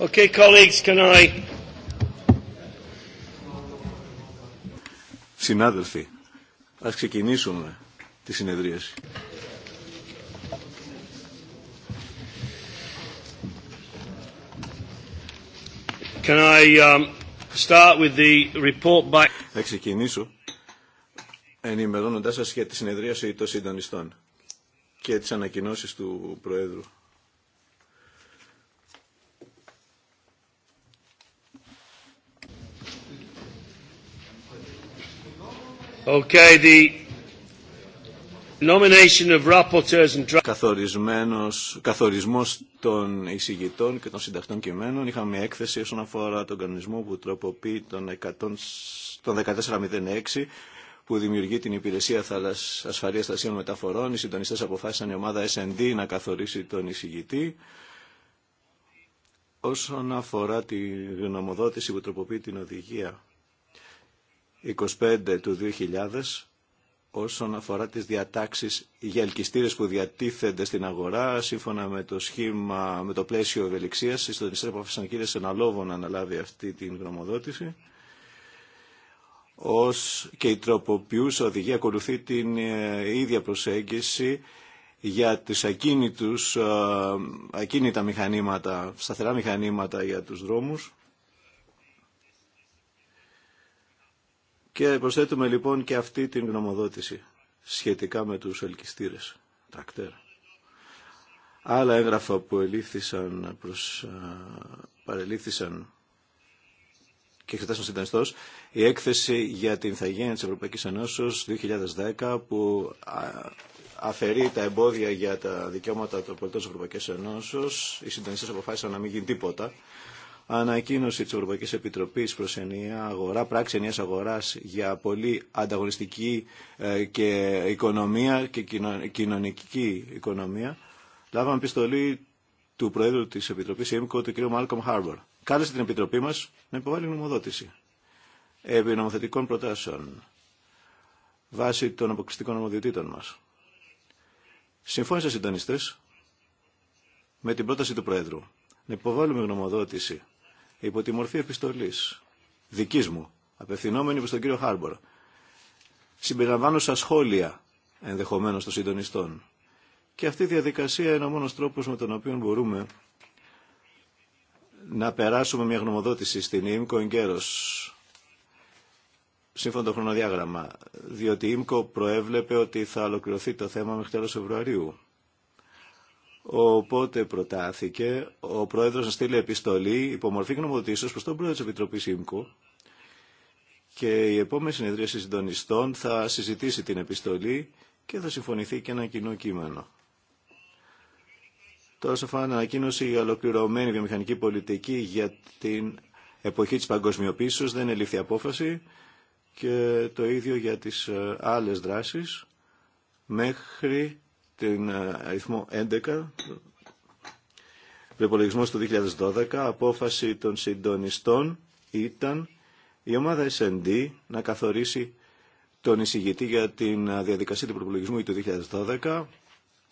Okay, colleagues, can I... Συνάδελφοι, ας ξεκινήσουμε τη συνεδρίαση. Can I, um, start with the report by... Θα ξεκινήσω ενημερώνοντάς σας για τη συνεδρίαση των συντονιστών και τις ανακοινώσεις του Προέδρου. Okay, Καθορισμένος, καθορισμός των εισηγητών και των συντακτών κειμένων. Είχαμε μια έκθεση όσον αφορά τον κανονισμό που τροποποιεί τον, 100, 1406 που δημιουργεί την υπηρεσία θαλασ... ασφαλείας θαλασσίων μεταφορών. Οι συντονιστές αποφάσισαν η ομάδα S&D να καθορίσει τον εισηγητή. Όσον αφορά τη γνωμοδότηση που τροποποιεί την οδηγία 25 του 2000 όσον αφορά τις διατάξεις για ελκυστήρες που διατίθενται στην αγορά σύμφωνα με το σχήμα, με το πλαίσιο ευελιξίας. Στον Στονιστέρα αποφασίσαν κύριε να αναλάβει αυτή την γνωμοδότηση. Ως και η τροποποιούσα οδηγία ακολουθεί την ε, ίδια προσέγγιση για τις ακίνητους, ε, ακίνητα μηχανήματα, σταθερά μηχανήματα για τους δρόμους Και προσθέτουμε λοιπόν και αυτή την γνωμοδότηση σχετικά με τους ελκυστήρες, τρακτέρ. Άλλα έγγραφα που ελήφθησαν, προς, παρελήφθησαν και εξετάσαν συντανιστός, η έκθεση για την θαγένεια της Ευρωπαϊκής Ενώσεως 2010 που αφαιρεί τα εμπόδια για τα δικαιώματα των πολιτών της Ευρωπαϊκής Ενώσεως. Οι συντονιστές αποφάσισαν να μην γίνει τίποτα Ανακοίνωση της Ευρωπαϊκής Επιτροπής προς ενιαία αγορά, πράξη ενιαία αγοράς για πολύ ανταγωνιστική ε, και οικονομία και κοινωνική οικονομία. Λάβαμε επιστολή του Προέδρου της Επιτροπής ΕΜΚΟ, του κ. Μάλκομ Χάρμπορ. Κάλεσε την Επιτροπή μα να υποβάλει νομοδότηση επί νομοθετικών προτάσεων βάσει των αποκλειστικών νομοδιοτήτων μα. Συμφώνησα, συντονιστέ με την πρόταση του Προέδρου να υποβάλουμε γνωμοδότηση υπό τη μορφή επιστολής, δική μου, απευθυνόμενη προς τον κύριο Χάρμπορ, συμπεριλαμβάνωσα σχόλια ενδεχομένως των συντονιστών. Και αυτή η διαδικασία είναι ο μόνος τρόπος με τον οποίο μπορούμε να περάσουμε μια γνωμοδότηση στην ΙΜΚΟ καιρό. σύμφωνα το χρονοδιάγραμμα, διότι η ΙΜΚΟ προέβλεπε ότι θα ολοκληρωθεί το θέμα μέχρι τέλος Φεβρουαρίου. Οπότε προτάθηκε ο πρόεδρος να στείλει επιστολή υπομορφή γνωμοτήσεω προς τον πρόεδρο τη Επιτροπή και η επόμενη συνεδρίαση συντονιστών θα συζητήσει την επιστολή και θα συμφωνηθεί και ένα κοινό κείμενο. Τώρα σε ανακοίνωση για ολοκληρωμένη βιομηχανική πολιτική για την εποχή τη παγκοσμιοποίηση, δεν ελήφθη απόφαση και το ίδιο για τις ε, άλλες δράσεις μέχρι την ε, αριθμό 11, προπολογισμό του 2012, απόφαση των συντονιστών ήταν η ομάδα S&D να καθορίσει τον εισηγητή για την ε, διαδικασία του προπολογισμού του 2012.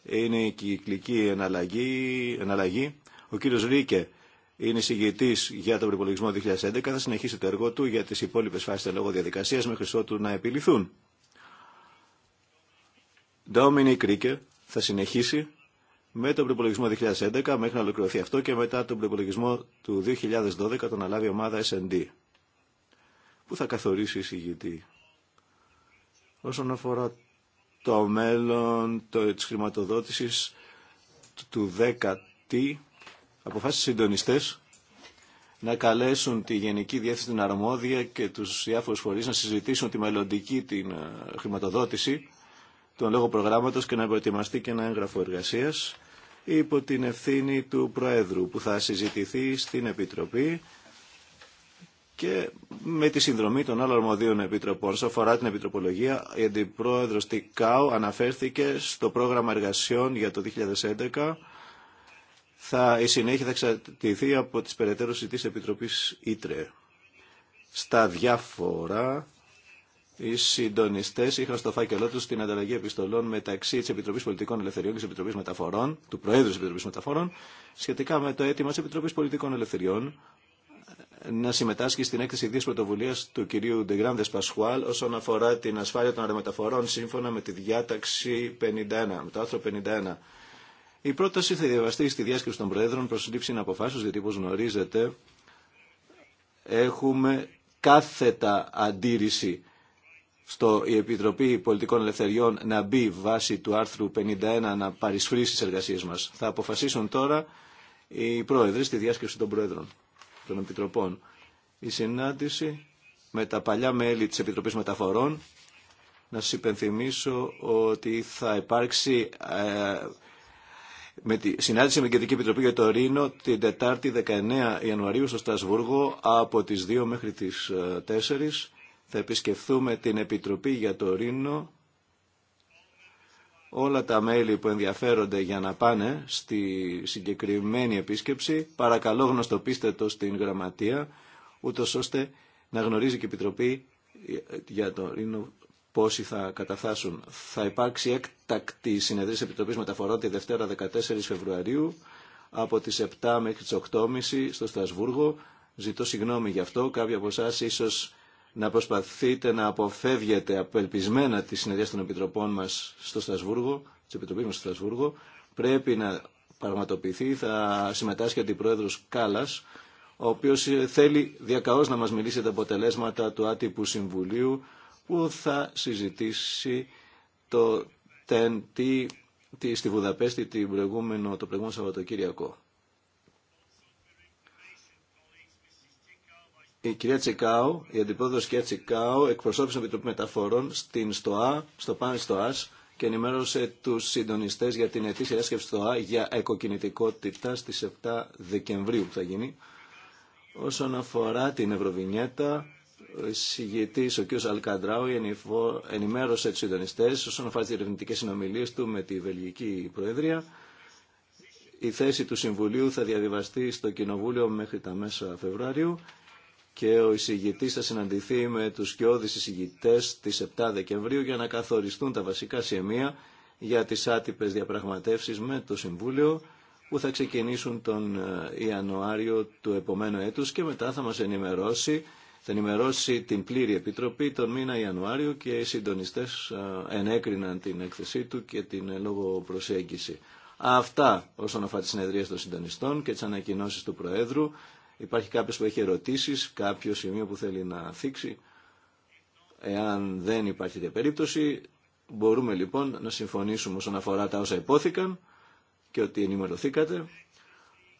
Είναι η κυκλική εναλλαγή. εναλλαγή. Ο κύριος Ρίκε είναι εισηγητή για τον προπολογισμό 2011. Θα συνεχίσει το έργο του για τις υπόλοιπες φάσεις λόγω διαδικασίας μέχρι ότου να επιληθούν. Ντόμινι Ρίκε θα συνεχίσει με τον προπολογισμό 2011 μέχρι να ολοκληρωθεί αυτό και μετά τον προπολογισμό του 2012 τον αλάβει η ομάδα S&D που θα καθορίσει η συγγητή. Όσον αφορά το μέλλον το, της χρηματοδότησης του 10T αποφάσισε οι συντονιστές να καλέσουν τη Γενική Διεύθυνση την Αρμόδια και τους διάφορους φορείς να συζητήσουν τη μελλοντική την ε, χρηματοδότηση τον λόγο προγράμματο και να προετοιμαστεί και ένα έγγραφο εργασίας υπό την ευθύνη του Προέδρου που θα συζητηθεί στην Επιτροπή και με τη συνδρομή των άλλων αρμοδίων επιτροπών. Σε αφορά την επιτροπολογία, η Αντιπρόεδρο Τικάου αναφέρθηκε στο πρόγραμμα εργασιών για το 2011. Θα, η συνέχεια θα εξαρτηθεί από τις περαιτέρω της Επιτροπής Ήτρε. Στα διάφορα οι συντονιστέ είχαν στο φάκελό του την ανταλλαγή επιστολών μεταξύ τη Επιτροπή Πολιτικών Ελευθεριών και τη Επιτροπή Μεταφορών, του Προέδρου τη Επιτροπή Μεταφορών, σχετικά με το αίτημα τη Επιτροπή Πολιτικών Ελευθεριών να συμμετάσχει στην έκθεση ιδίας πρωτοβουλία του κυρίου Ντεγκράνδε Πασχουάλ όσον αφορά την ασφάλεια των αερομεταφορών σύμφωνα με τη διάταξη 51, με το άρθρο 51. Η πρόταση θα διαβαστεί στη διάσκεψη των Προέδρων προ λήψη αποφάσεω, γιατί όπω γνωρίζετε έχουμε κάθετα αντίρρηση στο η Επιτροπή Πολιτικών Ελευθεριών να μπει βάσει του άρθρου 51 να παρισφρήσει τις εργασίες μας. Θα αποφασίσουν τώρα οι πρόεδροι στη διάσκεψη των πρόεδρων των Επιτροπών. Η συνάντηση με τα παλιά μέλη της Επιτροπής Μεταφορών να σας υπενθυμίσω ότι θα υπάρξει ε, με τη συνάντηση με την Κεντρική Επιτροπή για το Ρήνο την Τετάρτη 19 Ιανουαρίου στο Στασβούργο από τις 2 μέχρι τις 4 ε, θα επισκεφθούμε την Επιτροπή για το Ρήνο. Όλα τα μέλη που ενδιαφέρονται για να πάνε στη συγκεκριμένη επίσκεψη, παρακαλώ γνωστοποιήστε το στην γραμματεία, ούτως ώστε να γνωρίζει και η Επιτροπή για το Ρήνο πόσοι θα καταθάσουν. Θα υπάρξει έκτακτη συνεδρία Επιτροπής Μεταφορών τη Δευτέρα 14 Φεβρουαρίου από τις 7 μέχρι τις 8.30 στο Στρασβούργο. Ζητώ συγγνώμη γι' αυτό. Κάποιοι από εσά ίσως να προσπαθείτε να αποφεύγετε απελπισμένα τη συνεδρία των Επιτροπών μας στο Στασβούργο, τη Επιτροπή μα στο Στασβούργο. Πρέπει να πραγματοποιηθεί, θα συμμετάσχει ο Πρόεδρος Κάλλας, ο οποίος θέλει διακαώς να μας μιλήσει τα αποτελέσματα του άτυπου συμβουλίου που θα συζητήσει το TNT στη Βουδαπέστη το προηγούμενο Σαββατοκύριακο. η κυρία Τσικάου, η αντιπρόδοση κυρία Τσικάου, εκπροσώπησε την Επιτροπή Μεταφορών στην ΣΤΟΑ, στο πάνελ ΣΤΟΑΣ και ενημέρωσε του συντονιστέ για την ετήσια έσκεψη ΣΤΟΑ για εκοκινητικότητα στι 7 Δεκεμβρίου που θα γίνει. Όσον αφορά την Ευρωβινιέτα, ο εισηγητή, ο κ. Αλκαντράου, ενημέρωσε του συντονιστέ όσον αφορά τι ερευνητικέ συνομιλίε του με τη Βελγική Προεδρία. Η θέση του Συμβουλίου θα διαβιβαστεί στο Κοινοβούλιο μέχρι τα μέσα Φεβρουαρίου και ο εισηγητής θα συναντηθεί με τους σκιώδεις εισηγητές της 7 Δεκεμβρίου για να καθοριστούν τα βασικά σημεία για τις άτυπες διαπραγματεύσεις με το Συμβούλιο που θα ξεκινήσουν τον ε, Ιανουάριο του επομένου έτους και μετά θα μας ενημερώσει θα ενημερώσει την πλήρη επιτροπή τον μήνα Ιανουάριο και οι συντονιστές ε, ενέκριναν την έκθεσή του και την ε, λόγο προσέγγιση. Αυτά όσον αφορά τις συνεδρίες των συντονιστών και τις ανακοινώσεις του Προέδρου. Υπάρχει κάποιος που έχει ερωτήσεις, κάποιο σημείο που θέλει να θίξει. Εάν δεν υπάρχει τέτοια περίπτωση, μπορούμε λοιπόν να συμφωνήσουμε όσον αφορά τα όσα υπόθηκαν και ότι ενημερωθήκατε.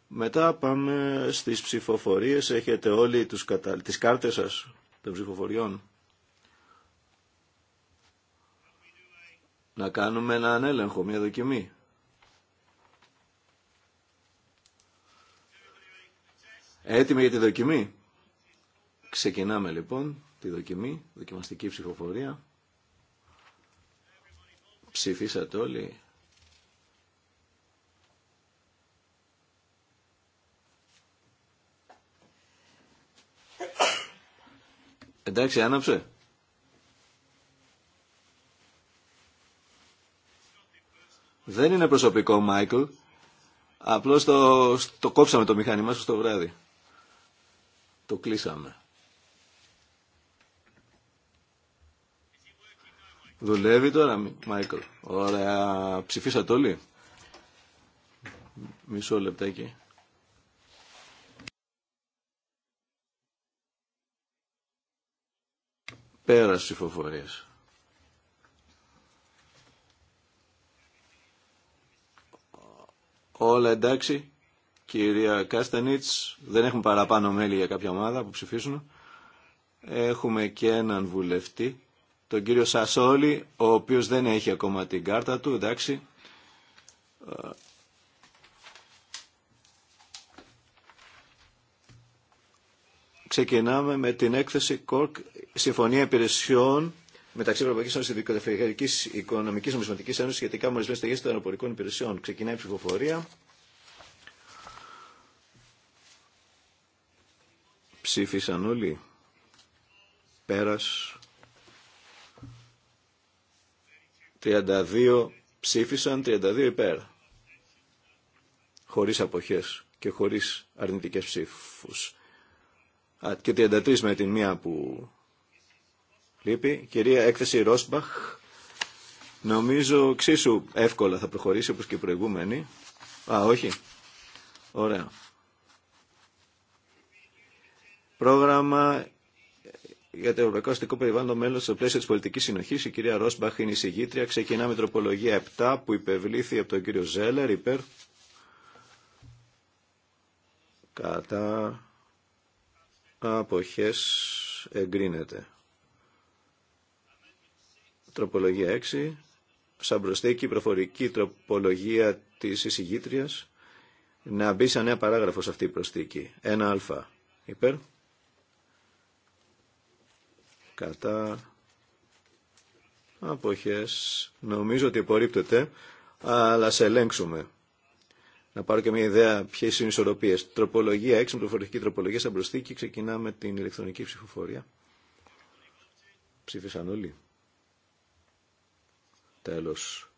Μετά πάμε στις ψηφοφορίες. Έχετε όλοι τους κατα... τις κάρτες σας των ψηφοφοριών. Να κάνουμε ένα ανέλεγχο, μια δοκιμή. Έτοιμοι για τη δοκιμή. Ξεκινάμε λοιπόν τη δοκιμή, δοκιμαστική ψηφοφορία. Ψηφίσατε όλοι. Εντάξει, άναψε. Δεν είναι προσωπικό, Μάικλ. Απλώς το, το κόψαμε το μηχάνημά σου στο βράδυ. Το κλείσαμε. Δουλεύει τώρα, Μάικλ. Ωραία. Ψηφίσατε όλοι. Μισό λεπτάκι. στις υφοφορίες. Όλα εντάξει. Κυρία Κάστανιτς, δεν έχουμε παραπάνω μέλη για κάποια ομάδα που ψηφίσουν. Έχουμε και έναν βουλευτή, τον κύριο Σασόλη, ο οποίος δεν έχει ακόμα την κάρτα του, εντάξει. Ξεκινάμε με την έκθεση ΚΟΡΚ, Συμφωνία Υπηρεσιών μεταξύ Ευρωπαϊκή Ένωση και Δικαιοδεφυγική Οικονομική Νομισματική Ένωση σχετικά με ορισμένε στεγέ των αεροπορικών υπηρεσιών. Ξεκινάει η ψηφοφορία. Ψήφισαν όλοι. Πέρας. 32 ψήφισαν, 32 υπέρ. Χωρίς αποχές και χωρίς αρνητικές ψήφους. και 33 με την μία που λείπει. Κυρία έκθεση Ρόσμπαχ. Νομίζω ξίσου εύκολα θα προχωρήσει όπως και οι προηγούμενη. Α, όχι. Ωραία πρόγραμμα για το Ευρωπαϊκό Αστικό Περιβάλλον μέλο στο πλαίσιο τη πολιτική συνοχή. Η κυρία Ρόσμπαχ είναι η συγγήτρια. Ξεκινά με τροπολογία 7 που υπευλήθη από τον κύριο Ζέλερ υπέρ. Κατά αποχέ. εγκρίνεται. Τροπολογία 6. Σαν προσθήκη προφορική τροπολογία τη εισηγήτρια. Να μπει σαν νέα σε αυτή η προσθήκη. 1α. Υπέρ κατά αποχές. Νομίζω ότι απορρίπτεται, αλλά σε ελέγξουμε. Να πάρω και μια ιδέα ποιε είναι οι ισορροπίε. Τροπολογία, έξι προφορική τροπολογία σαν προσθήκη. Ξεκινάμε την ηλεκτρονική ψηφοφορία. Ψήφισαν όλοι. Τέλος.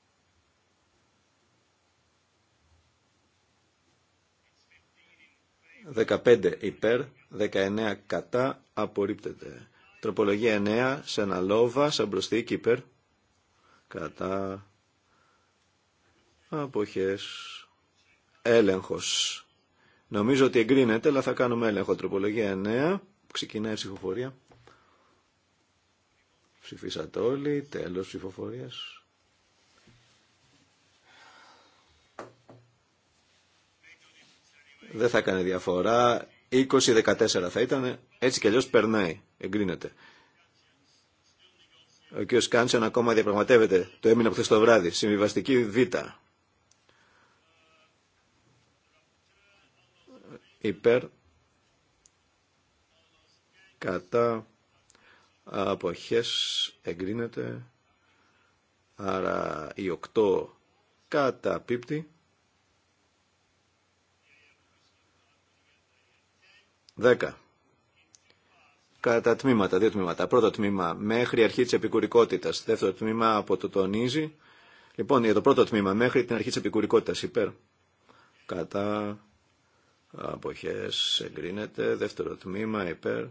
Δεκαπέντε υπέρ, 19 κατά, απορρίπτεται. Τροπολογία 9, σαν λόβα σαν προσθήκη Κατά. Αποχές. Έλεγχος. Νομίζω ότι εγκρίνεται, αλλά θα κάνουμε έλεγχο. Τροπολογία 9, ξεκινάει η ψηφοφορία. Ψηφίσατε όλοι, τέλος ψηφοφορίας. Δεν θα κάνει διαφορά. 20-14 θα ήταν, έτσι κι αλλιώς περνάει, εγκρίνεται. Ο κ. Κάντσεν ακόμα διαπραγματεύεται, το έμεινε από χθε το βράδυ, συμβιβαστική Β. Υπέρ, κατά, αποχές, εγκρίνεται, άρα η 8 κατά πίπτη. 10. Κατά τμήματα, δύο τμήματα. Πρώτο τμήμα μέχρι αρχή της επικουρικότητας. Δεύτερο τμήμα από το τονίζει. Λοιπόν, για το πρώτο τμήμα μέχρι την αρχή της επικουρικότητας υπέρ. Κατά αποχές εγκρίνεται. Δεύτερο τμήμα υπέρ.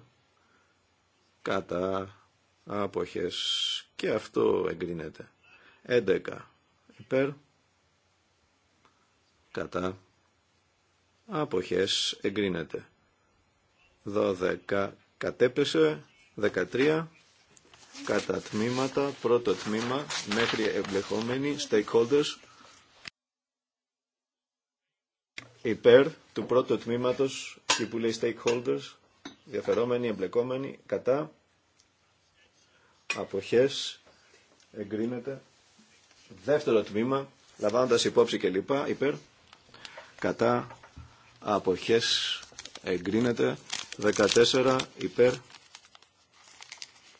Κατά αποχές και αυτό εγκρίνεται. 11 υπέρ. Κατά αποχές εγκρίνεται. 12 κατέπεσε, 13 κατά τμήματα, πρώτο τμήμα μέχρι εμπλεκόμενοι, stakeholders υπέρ του πρώτου τμήματος και που λέει stakeholders, διαφερόμενοι, εμπλεκόμενοι, κατά αποχές εγκρίνεται δεύτερο τμήμα λαμβάνοντας υπόψη και λοιπά υπέρ κατά αποχές εγκρίνεται 14 υπέρ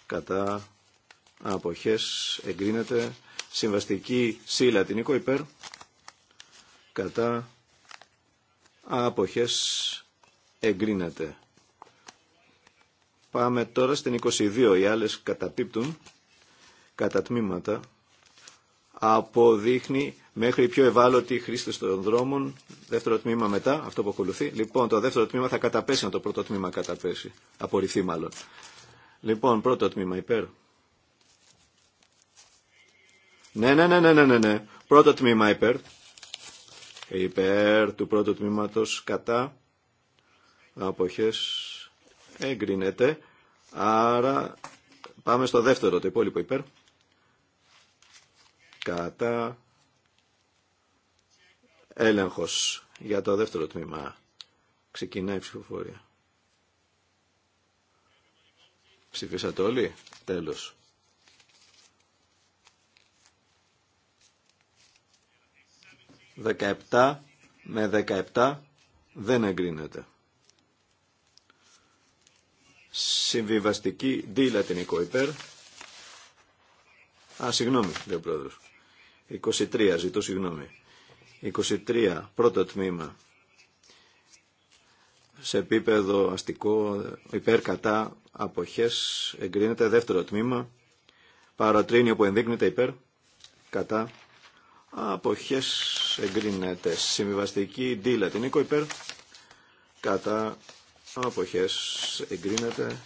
κατά αποχές εγκρίνεται συμβαστική C λατινικό υπέρ κατά αποχές εγκρίνεται. Πάμε τώρα στην 22. Οι άλλες καταπίπτουν κατά τμήματα αποδείχνει μέχρι πιο ευάλωτη χρήση των δρόμων. Δεύτερο τμήμα μετά, αυτό που ακολουθεί. Λοιπόν, το δεύτερο τμήμα θα καταπέσει αν το πρώτο τμήμα καταπέσει. Απορριφθεί μάλλον. Λοιπόν, πρώτο τμήμα υπέρ. Ναι, ναι, ναι, ναι, ναι, ναι, ναι. Πρώτο τμήμα υπέρ. Υπέρ του πρώτου τμήματος κατά αποχές εγκρίνεται. Άρα πάμε στο δεύτερο, το υπόλοιπο υπέρ κατά έλεγχος για το δεύτερο τμήμα. Ξεκινάει η ψηφοφορία. Ψηφίσατε όλοι. Τέλος. Δεκαεπτά με 17 δεν εγκρίνεται. Συμβιβαστική D λατινικό υπέρ. Α, συγγνώμη, λέει ο πρόεδρος. 23, ζητώ συγγνώμη. 23, πρώτο τμήμα. Σε επίπεδο αστικό, υπέρ κατά αποχές εγκρίνεται δεύτερο τμήμα. Παρατρίνιο που ενδείκνεται υπέρ κατά αποχές εγκρίνεται. Συμβιβαστική D λατινίκο υπέρ κατά αποχές εγκρίνεται.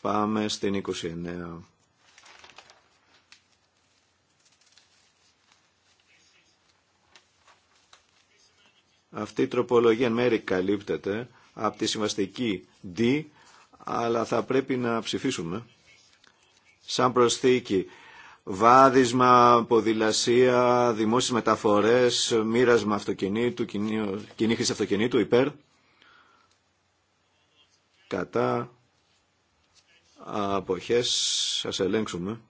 Πάμε στην 29. Αυτή η τροπολογία εν μέρη καλύπτεται από τη συμβαστική D, αλλά θα πρέπει να ψηφίσουμε. Σαν προσθήκη, βάδισμα, ποδηλασία, δημόσιες μεταφορές, μοίρασμα αυτοκινήτου, κοινή χρήση αυτοκινήτου, υπέρ, κατά, αποχές, ας ελέγξουμε.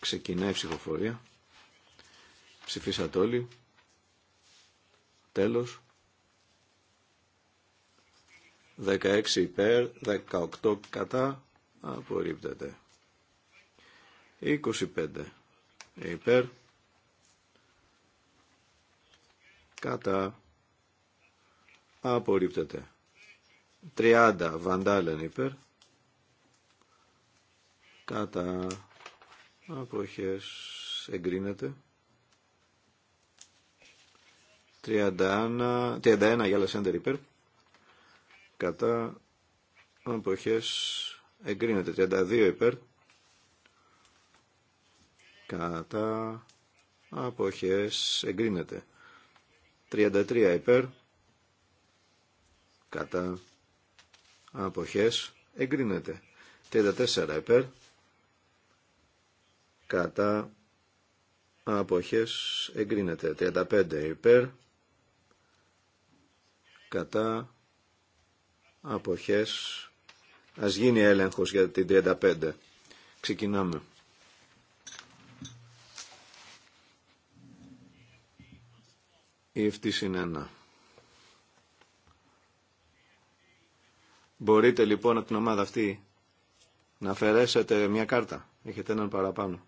Ξεκινάει η ψηφοφορία. Ψηφίσατε όλοι. Τέλος. 16 υπέρ, 18 κατά, απορρίπτεται. 25 υπέρ, κατά, απορρίπτεται. 30 βαντάλεν υπέρ, κατά, αποχές εγκρίνεται. 31, 31 για Λεσέντερ υπέρ. Κατά αποχές εγκρίνεται. 32 υπέρ. Κατά αποχές εγκρίνεται. 33 υπέρ. Κατά αποχές εγκρίνεται. 34 υπέρ. Κατά αποχές εγκρίνεται. 35 υπέρ κατά αποχές ας γίνει έλεγχος για την 35 ξεκινάμε η ευτής είναι μπορείτε λοιπόν από την ομάδα αυτή να αφαιρέσετε μια κάρτα έχετε έναν παραπάνω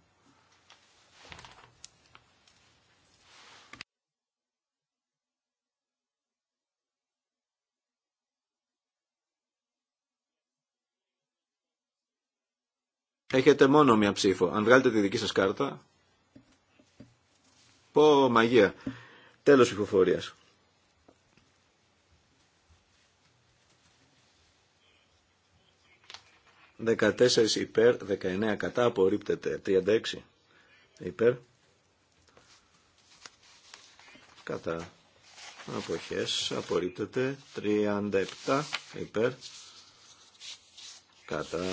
έχετε μόνο μία ψήφο. Αν βγάλετε τη δική σας κάρτα, πω μαγεία. Τέλος ψηφοφορίας. 14 υπέρ, 19 κατά, απορρίπτεται, 36 υπέρ, κατά, αποχές, απορρίπτεται, 37 υπέρ, κατά,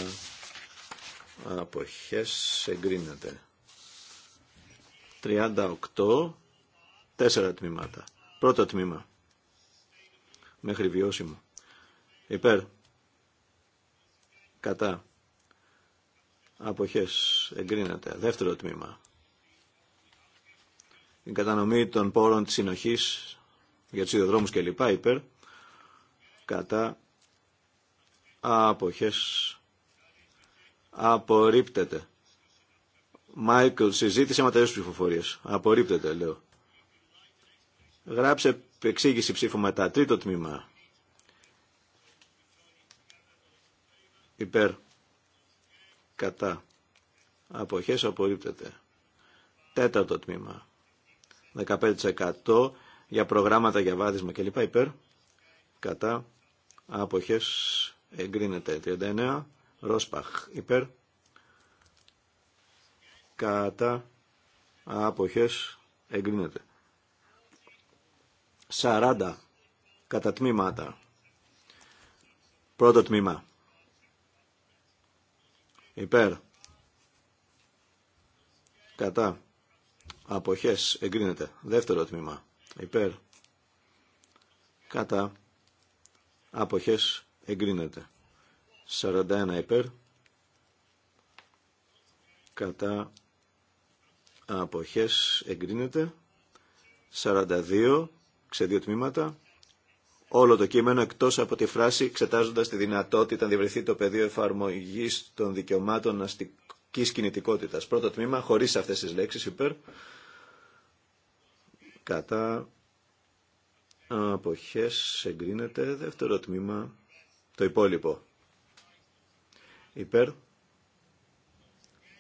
αποχές εγκρίνεται. 38, τέσσερα τμήματα. Πρώτο τμήμα, μέχρι βιώσιμο. Υπέρ, κατά, αποχές εγκρίνεται. Δεύτερο τμήμα, η κατανομή των πόρων της συνοχής για τους ιδιοδρόμους και υπέρ, κατά, αποχές Απορρίπτεται. Μάικλ, συζήτησε με τελείωσε ψηφοφορίε. Απορρίπτεται, λέω. Γράψε εξήγηση ψήφου μετά. Τρίτο τμήμα. Υπέρ. Κατά. Αποχές απορρίπτεται. Τέταρτο τμήμα. 15% για προγράμματα για βάδισμα κλπ. Υπέρ. Κατά. Αποχές εγκρίνεται. 39. Ρόσπαχ υπέρ κατά αποχές εγκρίνεται. 40 κατά τμήματα. Πρώτο τμήμα. Υπέρ. Κατά. Αποχές εγκρίνεται. Δεύτερο τμήμα. Υπέρ. Κατά. Αποχές εγκρίνεται. 41 υπέρ κατά αποχές εγκρίνεται 42 σε δύο τμήματα όλο το κείμενο εκτός από τη φράση εξετάζοντας τη δυνατότητα να διευρυθεί το πεδίο εφαρμογής των δικαιωμάτων αστικής κινητικότητας. Πρώτο τμήμα χωρίς αυτές τις λέξεις υπέρ κατά αποχές εγκρίνεται δεύτερο τμήμα το υπόλοιπο υπέρ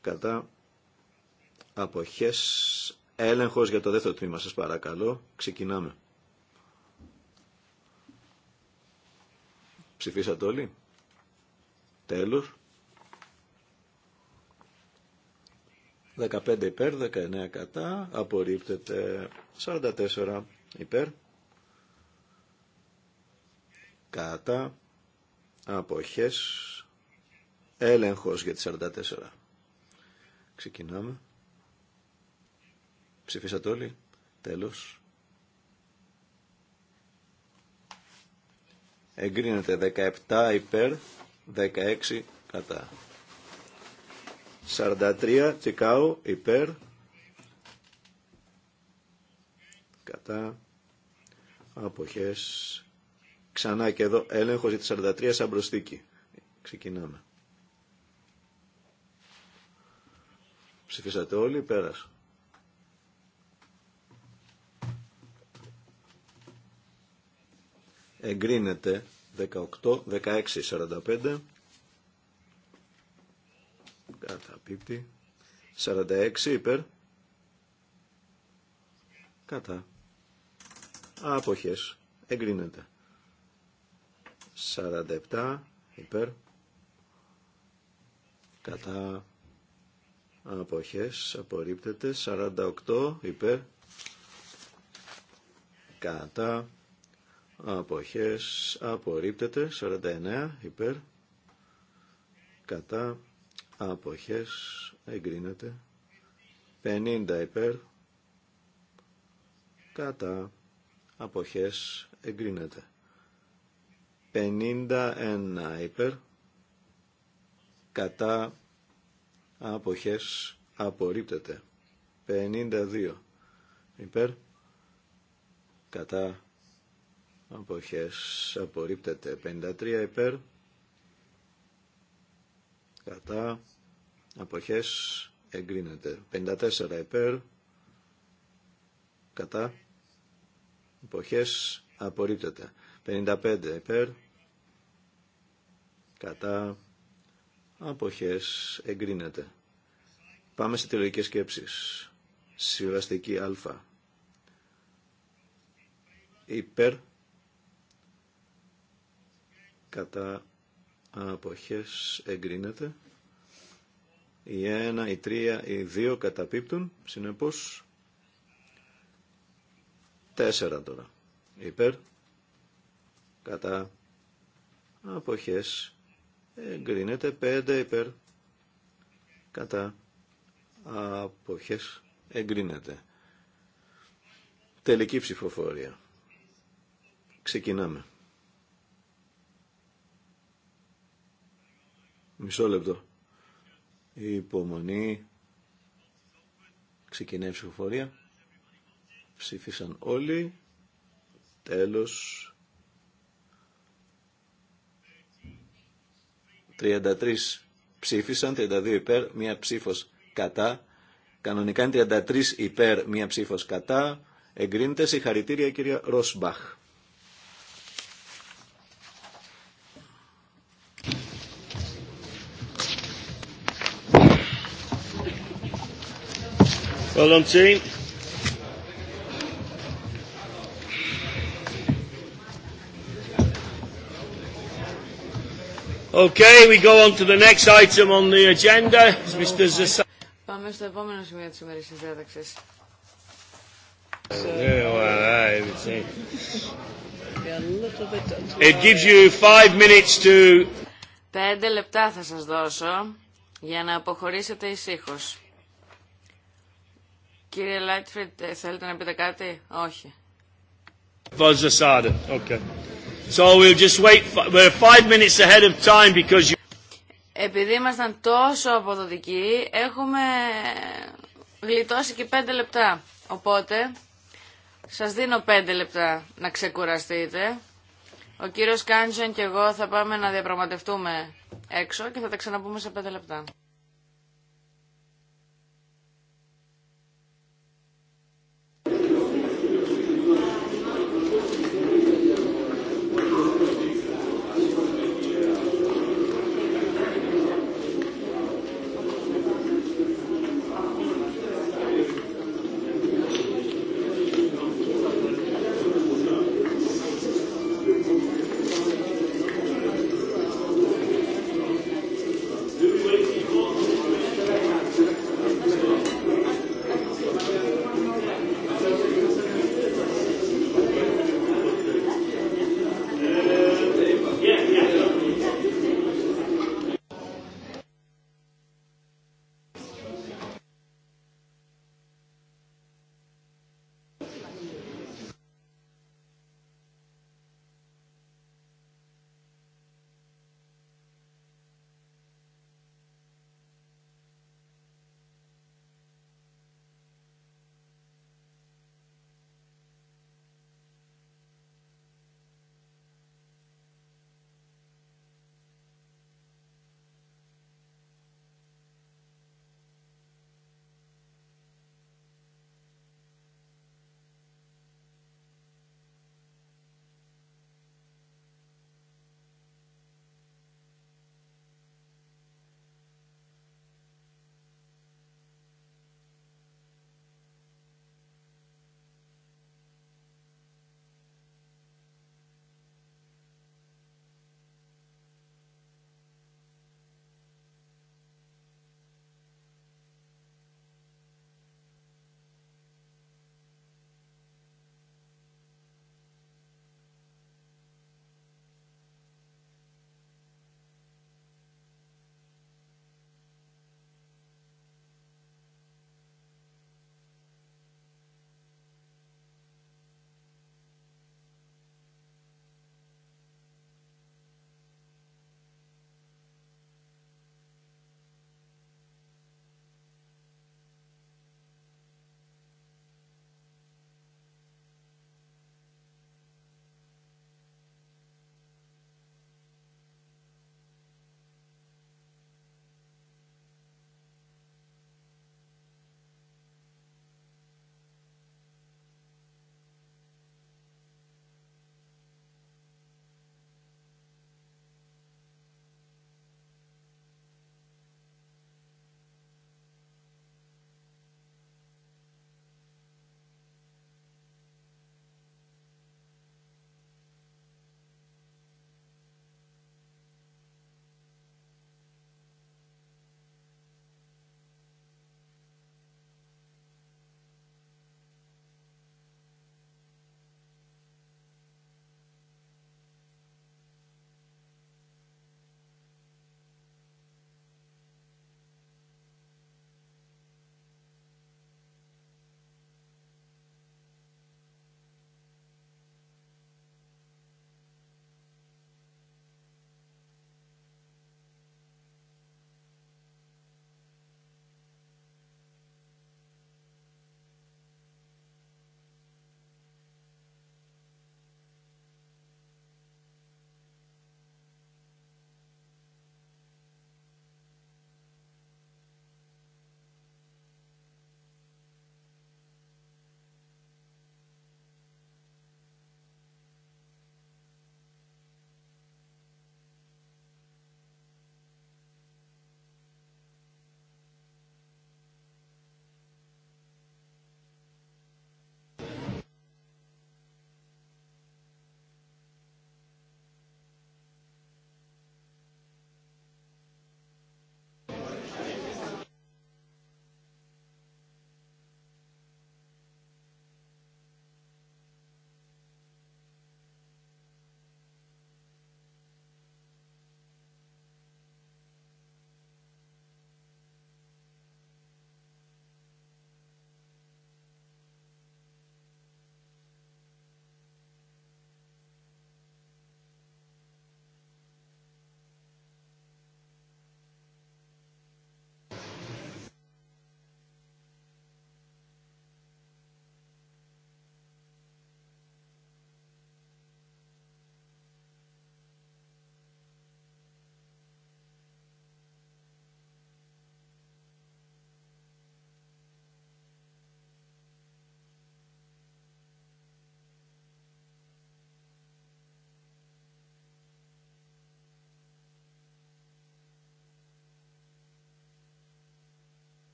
κατά αποχές έλεγχος για το δεύτερο τμήμα σας παρακαλώ ξεκινάμε ψηφίσατε όλοι τέλος 15 υπέρ, 19 κατά, απορρίπτεται 44 υπέρ, κατά, αποχές, Έλεγχος για τη 44. Ξεκινάμε. Ψηφίσατε όλοι. Τέλος. Εγκρίνεται 17 υπέρ, 16 κατά. 43 Τσικάου υπέρ, κατά, αποχές. Ξανά και εδώ έλεγχος για τη 43 σαν προσθήκη. Ξεκινάμε. Ψηφίσατε όλοι, πέρας. Εγκρίνεται 18-16-45. Καταπίπτει. 46 υπέρ. Κατά. Άποχες. Εγκρίνεται. 47 υπέρ. Κατά αποχές απορρίπτεται 48 υπέρ κατά αποχές απορρίπτεται 49 υπέρ κατά αποχές εγκρίνεται 50 υπέρ κατά αποχές εγκρίνεται 51 υπέρ κατά αποχές απορρίπτεται. 52 υπέρ κατά αποχές απορρίπτεται. 53 υπέρ κατά αποχές εγκρίνεται. 54 υπέρ κατά αποχές απορρίπτεται. 55 υπέρ κατά Αποχές εγκρίνεται. Πάμε σε τελογικές σκέψεις. Συμβαστική α. Υπέρ. Κατά αποχές εγκρίνεται. Η 1, η 3, η 2 καταπίπτουν. Συνεπώς 4 τώρα. Υπέρ. Κατά αποχές εγκρίνεται πέντε υπέρ κατά αποχές εγκρίνεται. Τελική ψηφοφορία. Ξεκινάμε. Μισό λεπτό. υπομονή. Ξεκινάει η ψηφοφορία. Ψήφισαν όλοι. Τέλος. 33 ψήφισαν, 32 υπέρ, μία ψήφος κατά. Κανονικά είναι 33 υπέρ, μία ψήφος κατά. Εγκρίνεται συγχαρητήρια κυρία Ροσμπαχ. Well done, Okay, we go on to the next item on the agenda. Mr. Zasa... Πάμε στο επόμενο σημείο της ημέρης της διάταξης. It gives you five minutes to... Πέντε λεπτά θα σας δώσω για να αποχωρήσετε ησύχως. Κύριε Λάιτφριντ, ε, θέλετε να πείτε κάτι? Όχι. Βαζεσάρε, okay. So we'll just wait. We're minutes ahead of time because you... Επειδή ήμασταν τόσο αποδοτικοί, έχουμε γλιτώσει και πέντε λεπτά. Οπότε, σας δίνω πέντε λεπτά να ξεκουραστείτε. Ο κύριος Κάντζεν και εγώ θα πάμε να διαπραγματευτούμε έξω και θα τα ξαναπούμε σε πέντε λεπτά.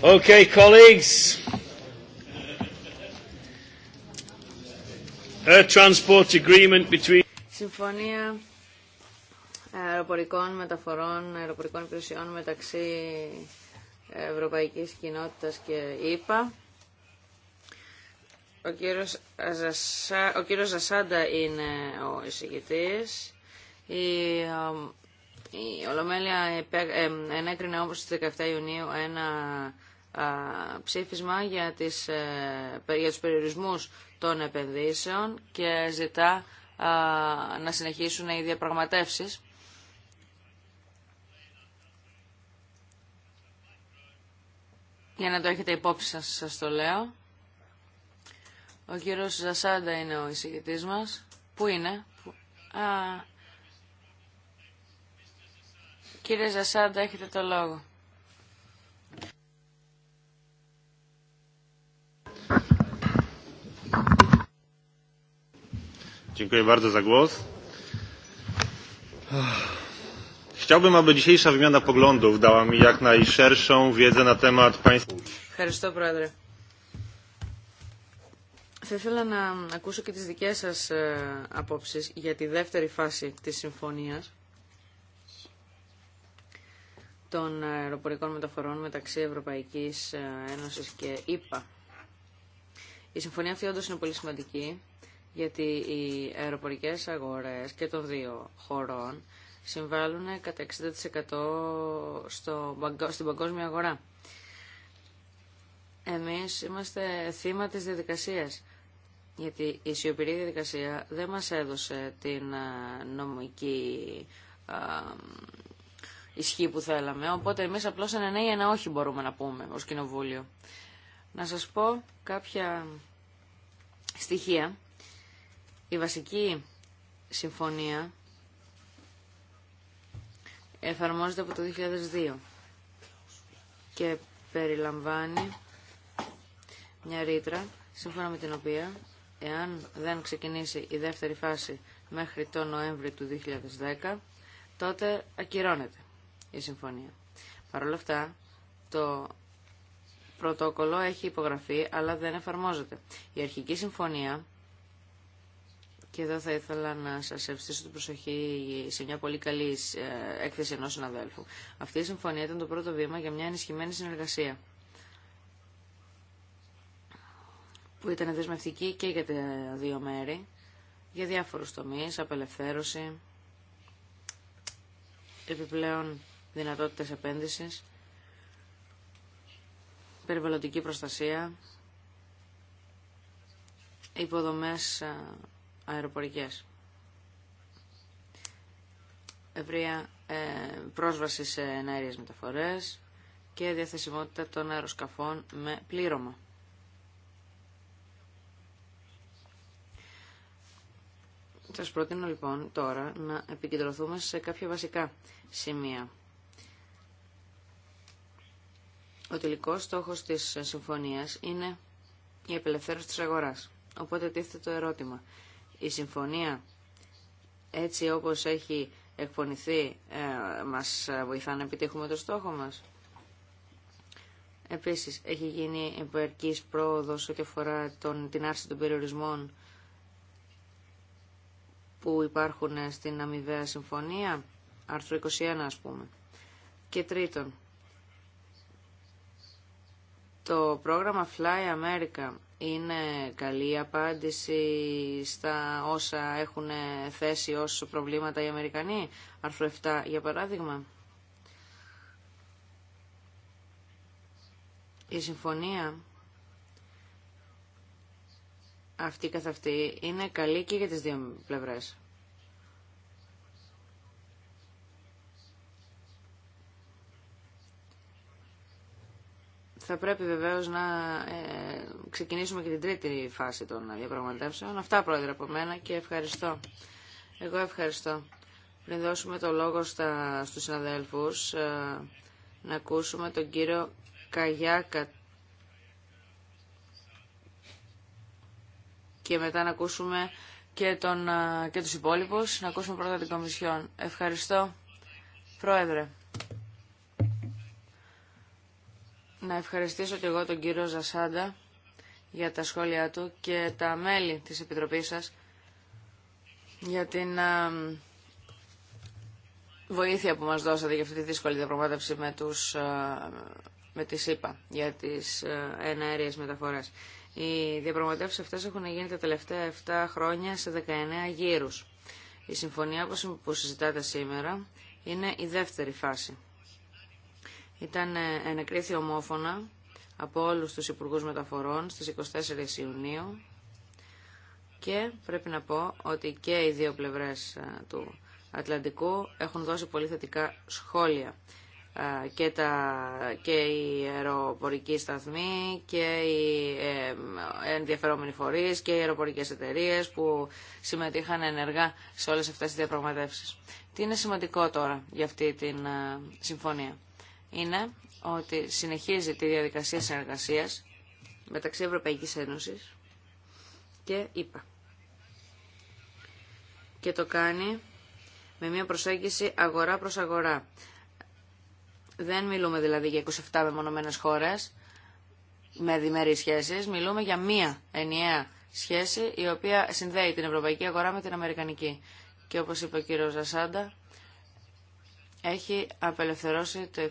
Okay, colleagues. transport agreement between... Συμφωνία αεροπορικών μεταφορών, αεροπορικών υπηρεσιών μεταξύ Ευρωπαϊκής Κοινότητας και ΕΠΑ. Ο κύριος, Ζασα... ο κύριος Ζασάντα είναι ο εισηγητής. Η, η Ολομέλεια ενέκρινε όμως στις 17 Ιουνίου ένα ψήφισμα για, τις, ε, για τους περιορισμούς των επενδύσεων και ζητά να συνεχίσουν οι διαπραγματεύσεις. Για να το έχετε υπόψη σας, σας το λέω. Ο κύριος Ζασάντα είναι ο εισηγητής μας. Πού είναι? Που... Α... Κύριε Ζασάντα, έχετε το λόγο. Dziękuję bardzo za głos. Chciałbym, aby Ευχαριστώ, Πρόεδρε. Θα ήθελα να ακούσω και τις δικές σας ε, απόψεις για τη δεύτερη φάση της συμφωνίας των αεροπορικών μεταφορών μεταξύ Ευρωπαϊκής ε, Ένωσης και ΕΠΑ. Η συμφωνία αυτή όντως είναι πολύ σημαντική γιατί οι αεροπορικές αγορές και των δύο χωρών συμβάλλουν κατά 60% στο, στην παγκόσμια αγορά. Εμείς είμαστε θύμα της διαδικασίας, γιατί η σιωπηρή διαδικασία δεν μας έδωσε την ε, νομική ε, ισχύ που θέλαμε, οπότε εμείς απλώς ένα ναι ή ένα όχι μπορούμε να πούμε ως κοινοβούλιο. Να σας πω κάποια στοιχεία η βασική συμφωνία εφαρμόζεται από το 2002 και περιλαμβάνει μια ρήτρα σύμφωνα με την οποία εάν δεν ξεκινήσει η δεύτερη φάση μέχρι το Νοέμβρη του 2010 τότε ακυρώνεται η συμφωνία. Παρ' όλα αυτά το πρωτόκολλο έχει υπογραφεί αλλά δεν εφαρμόζεται. Η αρχική συμφωνία και εδώ θα ήθελα να σα ευστήσω την προσοχή σε μια πολύ καλή ε, έκθεση ενό συναδέλφου. Αυτή η συμφωνία ήταν το πρώτο βήμα για μια ενισχυμένη συνεργασία που ήταν δεσμευτική και για τα δύο μέρη, για διάφορου τομεί, απελευθέρωση, επιπλέον δυνατότητες επένδυση, περιβαλλοντική προστασία, υποδομέ. Ε, αεροπορικές. Ευρεία ε, πρόσβαση σε εναέριες μεταφορές και διαθεσιμότητα των αεροσκαφών με πλήρωμα. Σας προτείνω λοιπόν τώρα να επικεντρωθούμε σε κάποια βασικά σημεία. Ο τελικό στόχος της συμφωνίας είναι η απελευθέρωση τη αγορά. Οπότε τίθεται το ερώτημα η συμφωνία έτσι όπως έχει εκπονηθεί ε, μας βοηθά να επιτύχουμε το στόχο μας. Επίσης, έχει γίνει υπερκής πρόοδος ό,τι αφορά τον, την άρση των περιορισμών που υπάρχουν στην αμοιβαία συμφωνία, άρθρο 21 ας πούμε. Και τρίτον, το πρόγραμμα Fly America είναι καλή απάντηση στα όσα έχουν θέσει ως προβλήματα οι Αμερικανοί, άρθρο 7 για παράδειγμα. Η συμφωνία αυτή καθ' αυτή είναι καλή και για τις δύο πλευρές. Θα πρέπει βεβαίως να ε, ξεκινήσουμε και την τρίτη φάση των διαπραγματεύσεων. Αυτά πρόεδρε από μένα και ευχαριστώ. Εγώ ευχαριστώ. Πριν δώσουμε το λόγο στα, στους συναδέλφους, ε, να ακούσουμε τον κύριο Καγιάκα και μετά να ακούσουμε και, τον, ε, και τους υπόλοιπους, να ακούσουμε πρώτα την Κομισιόν. Ευχαριστώ, Πρόεδρε. Να ευχαριστήσω και εγώ τον κύριο Ζασάντα για τα σχόλιά του και τα μέλη της Επιτροπής σας για την βοήθεια που μας δώσατε για αυτή τη δύσκολη διαπραγμάτευση με, τους, με τη ΣΥΠΑ για τις εναέριες μεταφορές. Οι διαπραγματεύσεις αυτές έχουν γίνει τα τελευταία 7 χρόνια σε 19 γύρους. Η συμφωνία που συζητάτε σήμερα είναι η δεύτερη φάση ήταν ε, ενεκρίθη ομόφωνα από όλους τους Υπουργούς Μεταφορών στις 24 Ιουνίου και πρέπει να πω ότι και οι δύο πλευρές ε, του Ατλαντικού έχουν δώσει πολύ θετικά σχόλια ε, και, τα, και οι αεροπορικοί σταθμοί και οι ενδιαφερόμενοι φορείς και οι αεροπορικές εταιρείες που συμμετείχαν ενεργά σε όλες αυτές τις διαπραγματεύσεις. Τι είναι σημαντικό τώρα για αυτή τη συμφωνία είναι ότι συνεχίζει τη διαδικασία συνεργασίας μεταξύ Ευρωπαϊκής Ένωσης και ΕΠΑ. Και το κάνει με μια προσέγγιση αγορά προς αγορά. Δεν μιλούμε δηλαδή για 27 μεμονωμένες χώρες με διμερείς σχέσεις, μιλούμε για μία ενιαία σχέση η οποία συνδέει την ευρωπαϊκή αγορά με την αμερικανική. Και όπως είπε ο κύριος Ζασάντα, έχει απελευθερώσει το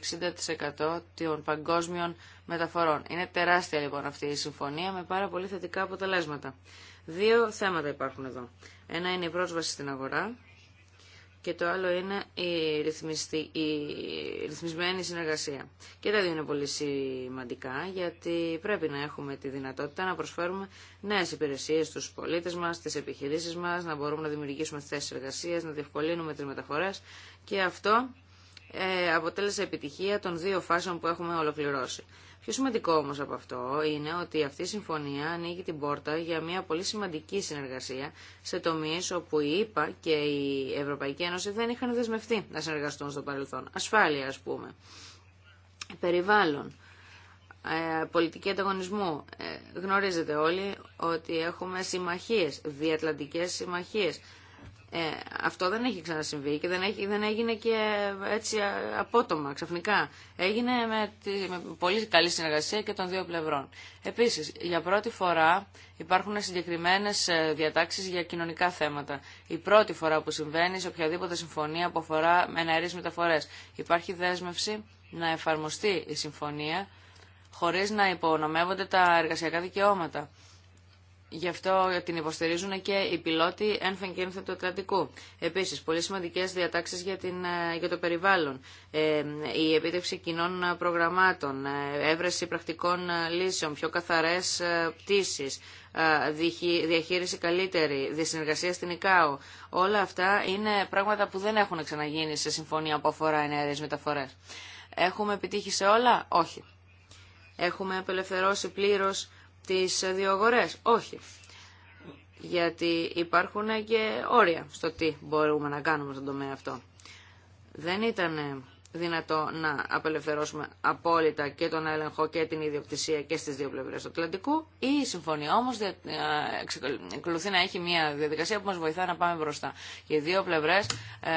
60% των παγκόσμιων μεταφορών. Είναι τεράστια λοιπόν αυτή η συμφωνία με πάρα πολύ θετικά αποτελέσματα. Δύο θέματα υπάρχουν εδώ. Ένα είναι η πρόσβαση στην αγορά και το άλλο είναι η, ρυθμισμένη συνεργασία. Και τα δύο είναι πολύ σημαντικά γιατί πρέπει να έχουμε τη δυνατότητα να προσφέρουμε νέες υπηρεσίες στους πολίτες μας, στις επιχειρήσεις μας, να μπορούμε να δημιουργήσουμε θέσεις εργασίας, να διευκολύνουμε τις μεταφορές και αυτό ε, αποτέλεσε επιτυχία των δύο φάσεων που έχουμε ολοκληρώσει. Πιο σημαντικό όμω από αυτό είναι ότι αυτή η συμφωνία ανοίγει την πόρτα για μια πολύ σημαντική συνεργασία σε τομεί όπου η ΕΠΑ και η Ευρωπαϊκή Ένωση δεν είχαν δεσμευτεί να συνεργαστούν στο παρελθόν. Ασφάλεια, α πούμε. Περιβάλλον. Ε, πολιτική ανταγωνισμού. Ε, γνωρίζετε όλοι ότι έχουμε συμμαχίε, διατλαντικέ συμμαχίε ε, αυτό δεν έχει ξανασυμβεί και δεν, έχει, δεν έγινε και ε, έτσι ε, απότομα, ξαφνικά. Έγινε με, με πολύ καλή συνεργασία και των δύο πλευρών. Επίσης, για πρώτη φορά υπάρχουν συγκεκριμένες ε, διατάξεις για κοινωνικά θέματα. Η πρώτη φορά που συμβαίνει σε οποιαδήποτε συμφωνία που αφορά εναερείς μεταφορές. Υπάρχει δέσμευση να εφαρμοστεί η συμφωνία χωρίς να υπονομεύονται τα εργασιακά δικαιώματα. Γι' αυτό την υποστηρίζουν και οι πιλότοι ένθεν και ένθεν του Ατλαντικού. Επίση, πολύ σημαντικέ διατάξει ε, για, το περιβάλλον. Ε, η επίτευξη κοινών προγραμμάτων, ε, έβρεση πρακτικών λύσεων, πιο καθαρέ πτήσει, διαχείριση καλύτερη, δυσυνεργασία στην ΙΚΑΟ. Όλα αυτά είναι πράγματα που δεν έχουν ξαναγίνει σε συμφωνία που αφορά ενέργειε μεταφορέ. Έχουμε επιτύχει σε όλα, όχι. Έχουμε απελευθερώσει πλήρω τις δύο αγορές. Όχι. Γιατί υπάρχουν και όρια στο τι μπορούμε να κάνουμε στον τομέα αυτό. Δεν ήταν δυνατό να απελευθερώσουμε απόλυτα και τον έλεγχο και την ιδιοκτησία και στις δύο πλευρές του Ατλαντικού. Η συμφωνία όμως εξακολουθεί να έχει μια διαδικασία που μας βοηθά να πάμε μπροστά. Και οι δύο πλευρές ε,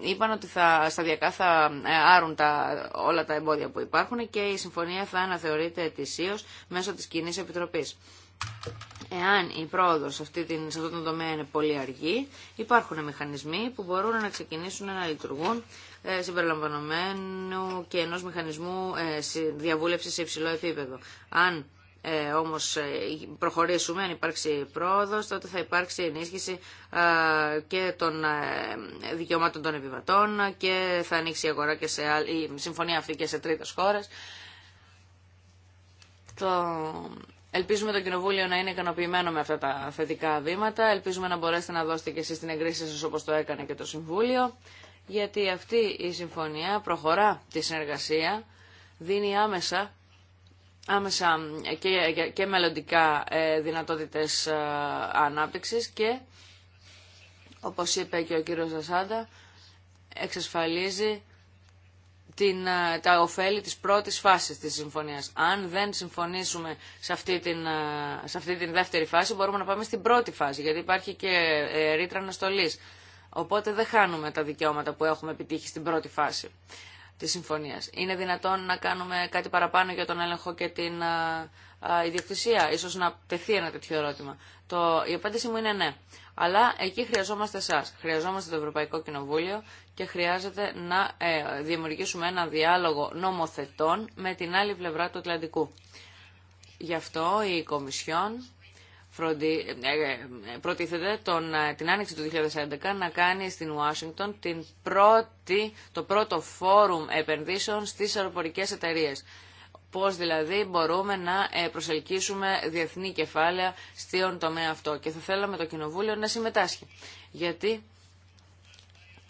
είπαν ότι θα, σταδιακά θα ε, άρουν τα, όλα τα εμπόδια που υπάρχουν και η συμφωνία θα αναθεωρείται ετησίως μέσω της κοινή επιτροπής. Εάν η πρόοδο σε, αυτή την, σε αυτό τομέα είναι πολύ αργή, υπάρχουν μηχανισμοί που μπορούν να ξεκινήσουν να λειτουργούν ε, συμπεριλαμβανομένου και ενό μηχανισμού ε, διαβούλευση σε υψηλό επίπεδο. Αν ε, όμως ε, προχωρήσουμε, αν υπάρξει πρόοδος, τότε θα υπάρξει ενίσχυση ε, και των δικαιωμάτων των επιβατών και θα ανοίξει η, αγορά και σε, η συμφωνία αυτή και σε τρίτε χώρε. Το Ελπίζουμε το Κοινοβούλιο να είναι ικανοποιημένο με αυτά τα θετικά βήματα. Ελπίζουμε να μπορέσετε να δώσετε και εσείς την εγκρίση σας όπως το έκανε και το Συμβούλιο. Γιατί αυτή η συμφωνία προχωρά τη συνεργασία, δίνει άμεσα, άμεσα και, και μελλοντικά ε, δυνατότητες ε, ανάπτυξης και, όπως είπε και ο κύριος Ζασάντα, εξασφαλίζει την, τα ωφέλη της πρώτης φάσης της συμφωνίας. Αν δεν συμφωνήσουμε σε αυτή, την, σε αυτή την δεύτερη φάση, μπορούμε να πάμε στην πρώτη φάση, γιατί υπάρχει και ε, ρήτρα αναστολής. Οπότε δεν χάνουμε τα δικαιώματα που έχουμε επιτύχει στην πρώτη φάση της συμφωνίας. Είναι δυνατόν να κάνουμε κάτι παραπάνω για τον έλεγχο και την ιδιοκτησία. Ίσως να τεθεί ένα τέτοιο ερώτημα. Το, η απάντηση μου είναι ναι. Αλλά εκεί χρειαζόμαστε εσά. Χρειαζόμαστε το Ευρωπαϊκό Κοινοβούλιο και χρειάζεται να ε, δημιουργήσουμε ένα διάλογο νομοθετών με την άλλη πλευρά του Ατλαντικού. Γι' αυτό η Κομισιόν ε, ε, προτίθεται τον, την άνοιξη του 2011 να κάνει στην Ουάσιγκτον το πρώτο φόρουμ επενδύσεων στις αεροπορικές εταιρείες. Πώς δηλαδή μπορούμε να προσελκύσουμε διεθνή κεφάλαια στον τομέα αυτό. Και θα θέλαμε το Κοινοβούλιο να συμμετάσχει. Γιατί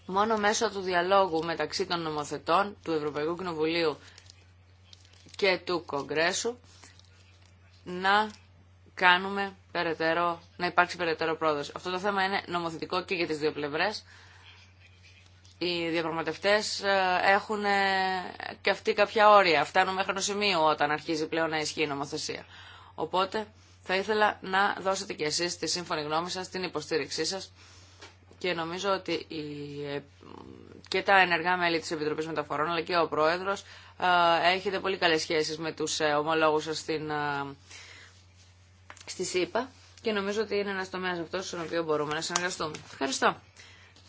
Μόνο μέσω του διαλόγου μεταξύ των νομοθετών του Ευρωπαϊκού Κοινοβουλίου και του Κογκρέσου να κάνουμε περαιτέρω, να υπάρξει περαιτέρω πρόοδος. Αυτό το θέμα είναι νομοθετικό και για τις δύο πλευρές. Οι διαπραγματευτές ε, έχουν ε, και αυτοί κάποια όρια. Φτάνουν μέχρι το σημείο όταν αρχίζει πλέον να ισχύει η νομοθεσία. Οπότε θα ήθελα να δώσετε και εσείς τη σύμφωνη γνώμη σας, την υποστήριξή σας και νομίζω ότι ε, και τα ενεργά μέλη της Επιτροπής Μεταφορών αλλά και ο Πρόεδρος ε, έχετε πολύ καλές σχέσεις με τους ε, ομολόγους σας στην, στη ΣΥΠΑ και νομίζω ότι είναι ένας τομέας αυτός στον οποίο μπορούμε να συνεργαστούμε. Ευχαριστώ.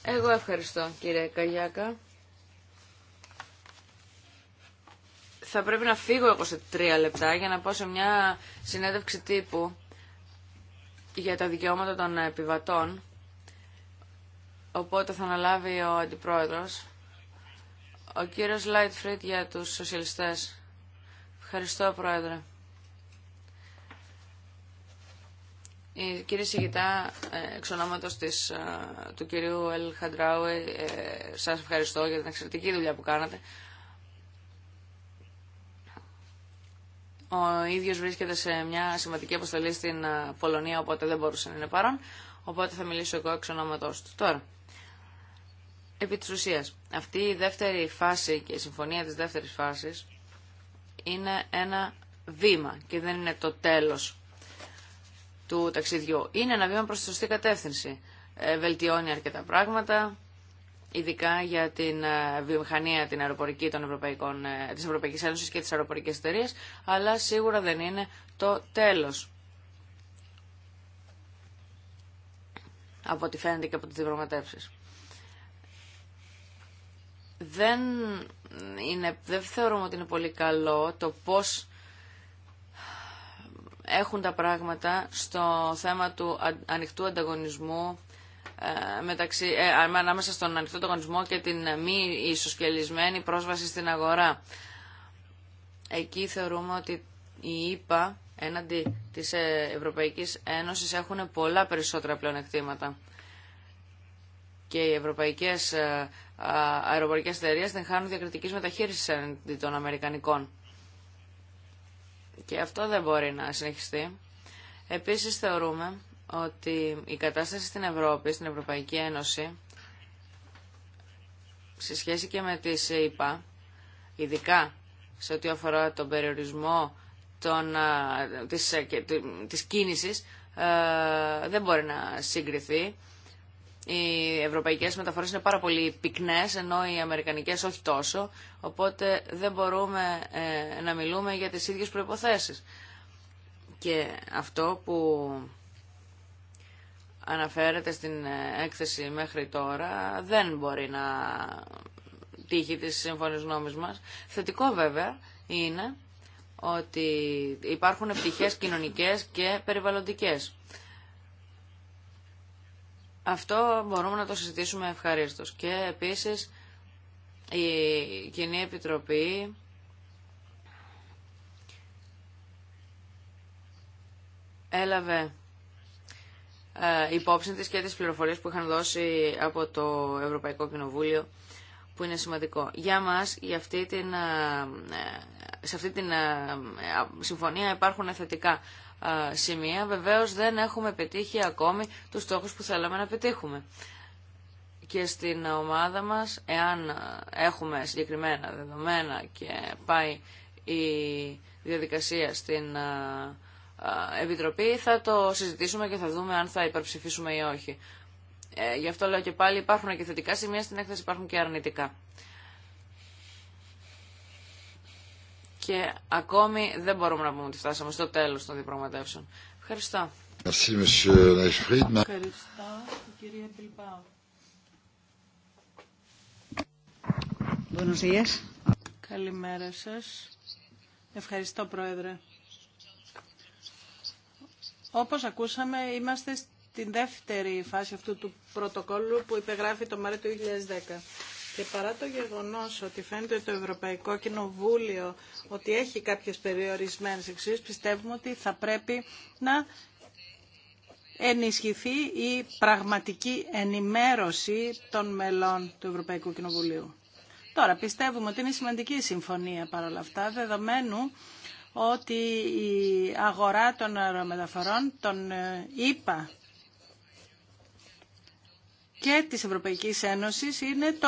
Εγώ ευχαριστώ κύριε Καγιάκα. Θα πρέπει να φύγω 23 λεπτά για να πάω σε μια συνέντευξη τύπου για τα δικαιώματα των επιβατών Οπότε θα αναλάβει ο Αντιπρόεδρος. Ο κύριος Λάιτφριτ για τους σοσιαλιστές. Ευχαριστώ, Πρόεδρε. Η κύριε Σιγητά, εξ ονόματος της, ε, του κυρίου Ελ Χαντράουε, σας ευχαριστώ για την εξαιρετική δουλειά που κάνατε. Ο ίδιος βρίσκεται σε μια σημαντική αποστολή στην ε, Πολωνία, οπότε δεν μπορούσε να είναι παρόν, οπότε θα μιλήσω εγώ εξ ονόματός του. Τώρα, Επί αυτή η δεύτερη φάση και η συμφωνία της δεύτερης φάσης είναι ένα βήμα και δεν είναι το τέλος του ταξιδιού. Είναι ένα βήμα προς τη σωστή κατεύθυνση. Ε, βελτιώνει αρκετά πράγματα, ειδικά για την ε, βιομηχανία την αεροπορική των Ευρωπαϊκών, ε, της Ευρωπαϊκής Ένωσης και της αεροπορικής εταιρείας, αλλά σίγουρα δεν είναι το τέλος. Από ό,τι φαίνεται και από τις διαπραγματεύσει δεν, είναι, δεν θεωρούμε ότι είναι πολύ καλό το πώς έχουν τα πράγματα στο θέμα του ανοιχτού ανταγωνισμού ε, μεταξύ, ε, ανάμεσα στον ανοιχτό ανταγωνισμό και την μη ισοσκελισμένη πρόσβαση στην αγορά. Εκεί θεωρούμε ότι η ΕΠΑ έναντι της ε, Ευρωπαϊκής Ένωσης έχουν πολλά περισσότερα πλεονεκτήματα και οι ευρωπαϊκές ε, αεροπορικέ εταιρείε δεν χάνουν διακριτική μεταχείρισης των Αμερικανικών. Και αυτό δεν μπορεί να συνεχιστεί. Επίση, θεωρούμε ότι η κατάσταση στην Ευρώπη, στην Ευρωπαϊκή Ένωση, σε σχέση και με τις ΕΙΠΑ, ειδικά σε ό,τι αφορά τον περιορισμό των, της, ε, της κίνησης, ε, δεν μπορεί να συγκριθεί οι ευρωπαϊκέ μεταφορέ είναι πάρα πολύ πυκνέ, ενώ οι Αμερικανικέ όχι τόσο, οπότε δεν μπορούμε ε, να μιλούμε για τι ίδιε προποθέσει. Και αυτό που αναφέρεται στην ε, έκθεση μέχρι τώρα δεν μπορεί να τύχει της συμφωνή νόμης μας. Θετικό βέβαια είναι ότι υπάρχουν πτυχές κοινωνικές και περιβαλλοντικές. Αυτό μπορούμε να το συζητήσουμε ευχαρίστως. Και επίσης η Κοινή Επιτροπή έλαβε ε, υπόψη της και τις πληροφορίες που είχαν δώσει από το Ευρωπαϊκό Κοινοβούλιο που είναι σημαντικό. Για μας, αυτή την, ε, ε, σε αυτή την συμφωνία υπάρχουν θετικά σημεία, βεβαίως δεν έχουμε πετύχει ακόμη τους στόχους που θέλαμε να πετύχουμε. Και στην ομάδα μας, εάν έχουμε συγκεκριμένα δεδομένα και πάει η διαδικασία στην Επιτροπή, θα το συζητήσουμε και θα δούμε αν θα υπερψηφίσουμε ή όχι. Ε, γι' αυτό λέω και πάλι υπάρχουν και θετικά σημεία στην έκθεση, υπάρχουν και αρνητικά. και ακόμη δεν μπορούμε να πούμε ότι φτάσαμε στο τέλος των διπραγματεύσεων. Ευχαριστώ. Ευχαριστώ, κυρία Καλημέρα σας. Ευχαριστώ, Πρόεδρε. Όπως ακούσαμε, είμαστε στην δεύτερη φάση αυτού του πρωτοκόλλου που υπεγράφει το Μάρτιο 2010. Και παρά το γεγονός ότι φαίνεται το Ευρωπαϊκό Κοινοβούλιο ότι έχει κάποιες περιορισμένες εξουσίες, πιστεύουμε ότι θα πρέπει να ενισχυθεί η πραγματική ενημέρωση των μελών του Ευρωπαϊκού Κοινοβουλίου. Τώρα, πιστεύουμε ότι είναι σημαντική η συμφωνία παρόλα αυτά, δεδομένου ότι η αγορά των αερομεταφορών, των ε, ΙΠΑ και της Ευρωπαϊκής Ένωσης είναι το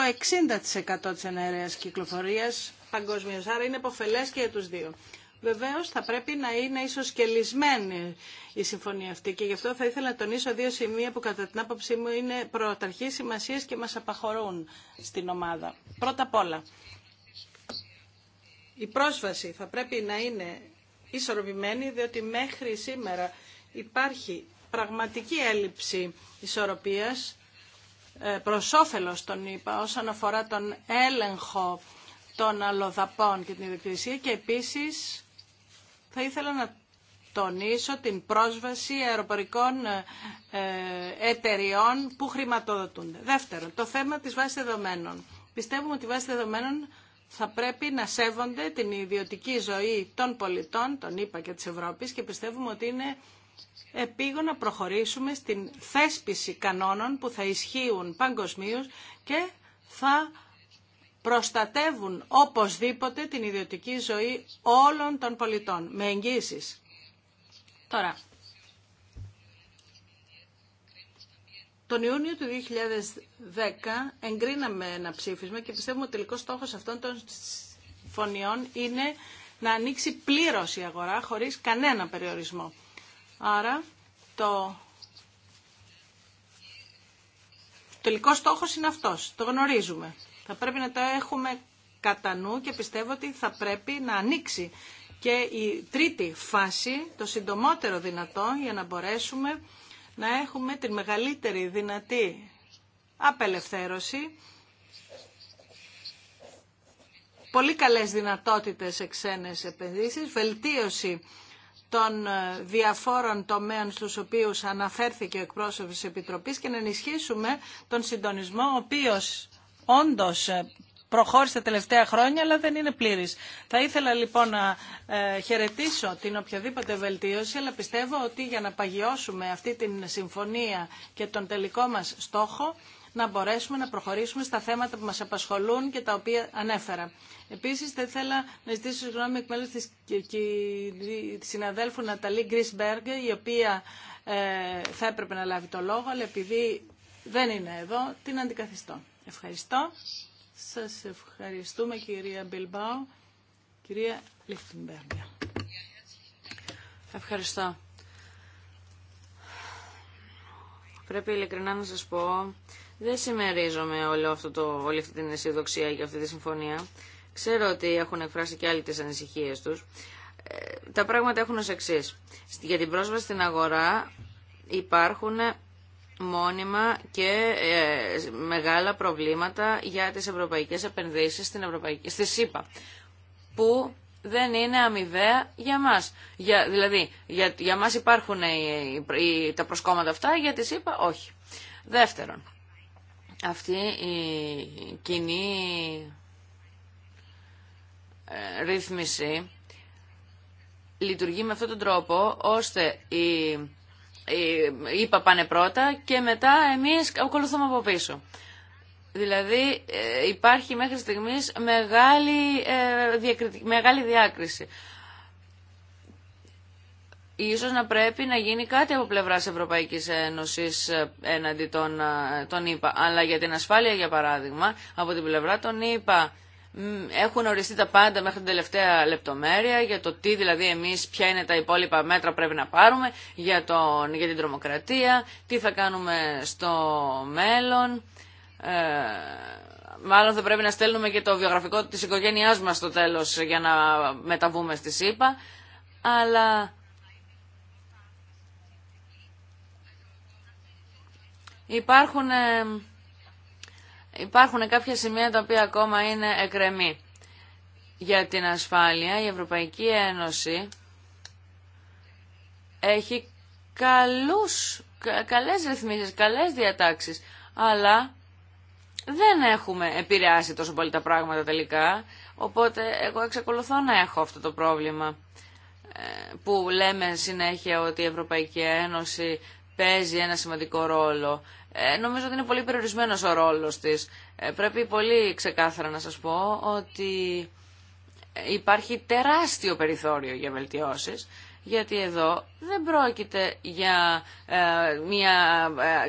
60% της εναέρειας κυκλοφορίας παγκοσμίω. Άρα είναι υποφελές και για τους δύο. Βεβαίω θα πρέπει να είναι ισοσκελισμένη η συμφωνία αυτή και γι' αυτό θα ήθελα να τονίσω δύο σημεία που κατά την άποψή μου είναι πρωταρχή σημασία και μας απαχωρούν στην ομάδα. Πρώτα απ' όλα, η πρόσβαση θα πρέπει να είναι ισορροπημένη διότι μέχρι σήμερα υπάρχει πραγματική έλλειψη ισορροπίας ε, προς όφελος τον είπα, όσον αφορά τον έλεγχο των αλλοδαπών και την ιδιοκτησία και επίσης θα ήθελα να τονίσω την πρόσβαση αεροπορικών ε, ε, εταιριών που χρηματοδοτούνται. Δεύτερον, το θέμα της βάσης δεδομένων. Πιστεύουμε ότι η βάση δεδομένων θα πρέπει να σέβονται την ιδιωτική ζωή των πολιτών, των ΗΠΑ και της Ευρώπης και πιστεύουμε ότι είναι επίγον να προχωρήσουμε στην θέσπιση κανόνων που θα ισχύουν παγκοσμίω και θα προστατεύουν οπωσδήποτε την ιδιωτική ζωή όλων των πολιτών με εγγύσεις. Τώρα, Τον Ιούνιο του 2010 εγκρίναμε ένα ψήφισμα και πιστεύουμε ότι ο τελικός στόχος αυτών των φωνιών είναι να ανοίξει πλήρως η αγορά χωρίς κανένα περιορισμό. Άρα το τελικό στόχος είναι αυτός. Το γνωρίζουμε. Θα πρέπει να το έχουμε κατά νου και πιστεύω ότι θα πρέπει να ανοίξει και η τρίτη φάση, το συντομότερο δυνατό, για να μπορέσουμε να έχουμε την μεγαλύτερη δυνατή απελευθέρωση, πολύ καλές δυνατότητες εξένες επενδύσεις, βελτίωση των ε, διαφόρων τομέων στους οποίους αναφέρθηκε ο εκπρόσωπος της Επιτροπής και να ενισχύσουμε τον συντονισμό ο οποίος όντως ε, προχώρησε τα τελευταία χρόνια αλλά δεν είναι πλήρης. Θα ήθελα λοιπόν να ε, χαιρετήσω την οποιαδήποτε βελτίωση αλλά πιστεύω ότι για να παγιώσουμε αυτή την συμφωνία και τον τελικό μας στόχο να μπορέσουμε να προχωρήσουμε στα θέματα που μας απασχολούν και τα οποία ανέφερα. Επίσης, θα ήθελα να ζητήσω συγγνώμη εκ μέλους της, συναδέλφου Ναταλή Γκρίσμπεργκ, η οποία ε, θα έπρεπε να λάβει το λόγο, αλλά επειδή δεν είναι εδώ, την αντικαθιστώ. Ευχαριστώ. Σας ευχαριστούμε κυρία Μπιλμπάου, κυρία Λιχτινμπέργια. Ευχαριστώ. Πρέπει ειλικρινά να σας πω δεν συμμερίζομαι όλο αυτό το, όλη αυτή την αισιοδοξία για αυτή τη συμφωνία. Ξέρω ότι έχουν εκφράσει και άλλοι τι ανησυχίε τους. Ε, τα πράγματα έχουν ω εξή. Για την πρόσβαση στην αγορά υπάρχουν μόνιμα και ε, μεγάλα προβλήματα για τις ευρωπαϊκές επενδύσεις στην Ευρωπαϊκή, στη ΣΥΠΑ, που δεν είναι αμοιβαία για μας. Για, δηλαδή, για, για μας υπάρχουν τα προσκόμματα αυτά, για τη ΣΥΠΑ όχι. Δεύτερον, αυτή η κοινή ε, ρύθμιση λειτουργεί με αυτόν τον τρόπο ώστε οι, οι πάνε πρώτα και μετά εμείς ακολουθούμε από πίσω. Δηλαδή ε, υπάρχει μέχρι στιγμής μεγάλη, ε, μεγάλη διάκριση ίσως να πρέπει να γίνει κάτι από πλευράς Ευρωπαϊκής Ένωσης ε, έναντι των, ε, των ΗΠΑ. Αλλά για την ασφάλεια, για παράδειγμα, από την πλευρά των ΗΠΑ έχουν οριστεί τα πάντα μέχρι την τελευταία λεπτομέρεια για το τι δηλαδή εμείς, ποια είναι τα υπόλοιπα μέτρα πρέπει να πάρουμε για, τον, για την τρομοκρατία, τι θα κάνουμε στο μέλλον. Ε, μάλλον θα πρέπει να στέλνουμε και το βιογραφικό της οικογένειάς μας στο τέλος για να μεταβούμε στη ΣΥΠΑ. Αλλά Υπάρχουν, ε, υπάρχουν κάποια σημεία τα οποία ακόμα είναι εκρεμή. Για την ασφάλεια η Ευρωπαϊκή Ένωση έχει καλούς, καλές ρυθμίσεις, καλές διατάξεις, αλλά δεν έχουμε επηρεάσει τόσο πολύ τα πράγματα τελικά, οπότε εγώ εξακολουθώ να έχω αυτό το πρόβλημα ε, που λέμε συνέχεια ότι η Ευρωπαϊκή Ένωση παίζει ένα σημαντικό ρόλο. Ε, νομίζω ότι είναι πολύ περιορισμένο ο ρόλος της. Ε, πρέπει πολύ ξεκάθαρα να σας πω ότι ε, υπάρχει τεράστιο περιθώριο για βελτιώσει, γιατί εδώ δεν πρόκειται για ε, μια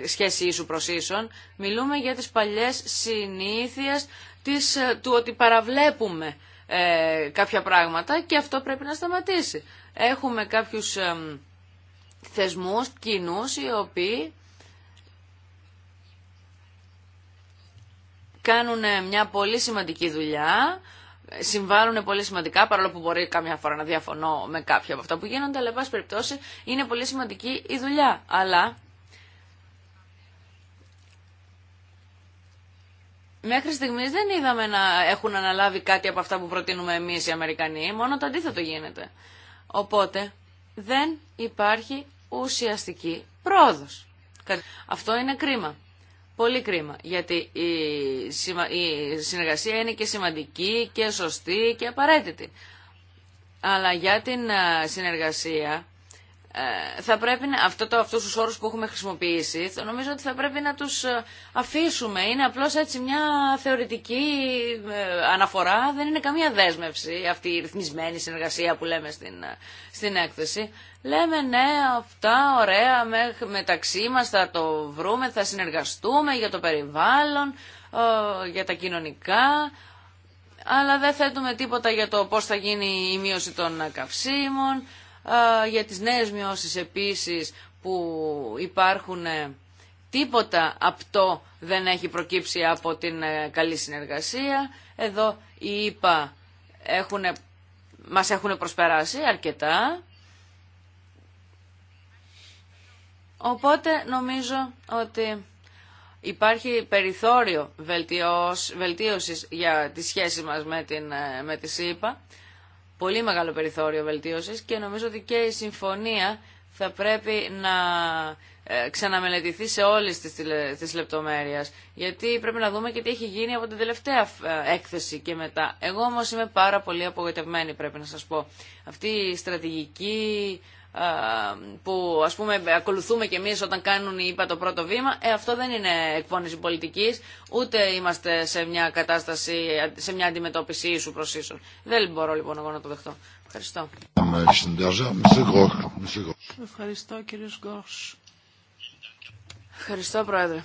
σχέση ίσου προς ίσον. Μιλούμε για τις παλιές συνήθειες της, του ότι παραβλέπουμε ε, κάποια πράγματα και αυτό πρέπει να σταματήσει. Έχουμε κάποιους θεσμούς κοινού οι οποίοι κάνουν μια πολύ σημαντική δουλειά, συμβάλλουν πολύ σημαντικά, παρόλο που μπορεί καμιά φορά να διαφωνώ με κάποια από αυτά που γίνονται, αλλά πάση περιπτώσει είναι πολύ σημαντική η δουλειά. Αλλά μέχρι στιγμή δεν είδαμε να έχουν αναλάβει κάτι από αυτά που προτείνουμε εμείς οι Αμερικανοί, μόνο το αντίθετο γίνεται. Οπότε δεν υπάρχει ουσιαστική πρόοδος. Αυτό είναι κρίμα. Πολύ κρίμα, γιατί η συνεργασία είναι και σημαντική και σωστή και απαραίτητη. Αλλά για την ε, συνεργασία ε, θα πρέπει αυτό το, αυτούς τους όρους που έχουμε χρησιμοποιήσει θα νομίζω ότι θα πρέπει να τους ε, αφήσουμε. Είναι απλώς έτσι μια θεωρητική αναφορά, δεν είναι καμία δέσμευση αυτή η ρυθμισμένη συνεργασία που λέμε στην έκθεση. Λέμε ναι, αυτά ωραία, με, μεταξύ μας θα το βρούμε, θα συνεργαστούμε για το περιβάλλον, ε, για τα κοινωνικά, αλλά δεν θέτουμε τίποτα για το πώς θα γίνει η μείωση των καυσίμων, ε, για τις νέες μειώσεις επίσης που υπάρχουν ε, τίποτα αυτό δεν έχει προκύψει από την καλή συνεργασία. Εδώ οι ΙΠΑ έχουν, μας έχουν προσπεράσει αρκετά Οπότε νομίζω ότι υπάρχει περιθώριο βελτίωσης για τη σχέση μας με, την, ε, με τη ΣΥΠΑ, πολύ μεγάλο περιθώριο βελτίωσης και νομίζω ότι και η συμφωνία θα πρέπει να ε, ξαναμελετηθεί σε όλες τις, τις λεπτομέρειες γιατί πρέπει να δούμε και τι έχει γίνει από την τελευταία ε, έκθεση και μετά. Εγώ όμως είμαι πάρα πολύ απογοητευμένη πρέπει να σας πω. Αυτή η στρατηγική που ας πούμε ακολουθούμε κι εμείς όταν κάνουν είπα, το πρώτο βήμα, ε, αυτό δεν είναι εκπόνηση πολιτικής, ούτε είμαστε σε μια κατάσταση, σε μια αντιμετώπιση ίσου προς ίσου. Δεν μπορώ λοιπόν εγώ να το δεχτώ. Ευχαριστώ. Ευχαριστώ κύριε Γκόρς. Ευχαριστώ Πρόεδρε.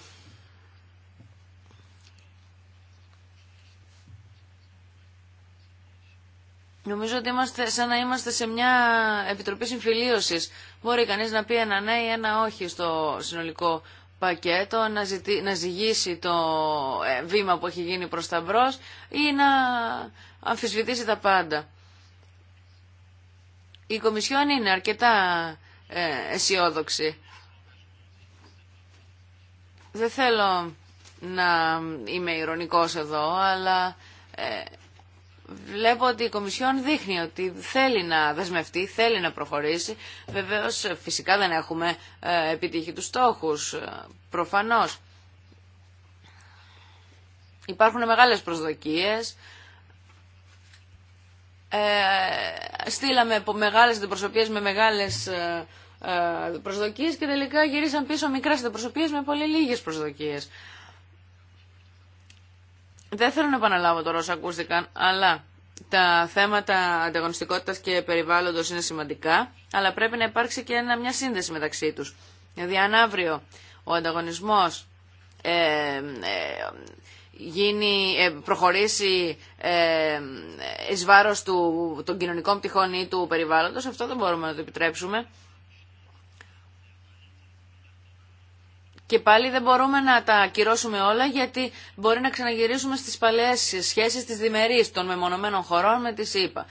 Νομίζω ότι είμαστε σαν να είμαστε σε μια επιτροπή συμφιλίωσης. Μπορεί κανεί να πει ένα ναι ή ένα όχι στο συνολικό πακέτο, να, ζητή να ζυγίσει το ε, βήμα που έχει γίνει προς τα μπρο ή να αμφισβητήσει τα πάντα. Η Κομισιόν είναι αρκετά ε, αισιόδοξη. Δεν θέλω να είμαι ηρωνικός εδώ, αλλά ε, Βλέπω ότι η Κομισιόν δείχνει ότι θέλει να δεσμευτεί, θέλει να προχωρήσει. Βεβαίως, φυσικά δεν έχουμε ε, επιτύχει τους στόχους, ε, προφανώς. Υπάρχουν μεγάλες προσδοκίες. Ε, στείλαμε μεγάλες αντιπροσωπείες με μεγάλες ε, προσδοκίες και τελικά γυρίσαν πίσω μικρές αντιπροσωπείες με πολύ λίγες προσδοκίες. Δεν θέλω να επαναλάβω τώρα όσα ακούστηκαν, αλλά τα θέματα ανταγωνιστικότητας και περιβάλλοντος είναι σημαντικά, αλλά πρέπει να υπάρξει και μια σύνδεση μεταξύ τους. Δηλαδή αν αύριο ο ανταγωνισμός ε, ε γίνει, ε, προχωρήσει ε, εις βάρος του, των κοινωνικών πτυχών ή του περιβάλλοντος, αυτό δεν μπορούμε να το επιτρέψουμε. Και πάλι δεν μπορούμε να τα ακυρώσουμε όλα γιατί μπορεί να ξαναγυρίσουμε στις παλαιές σχέσεις της διμερής των μεμονωμένων χωρών με τη ΣΥΠΑ.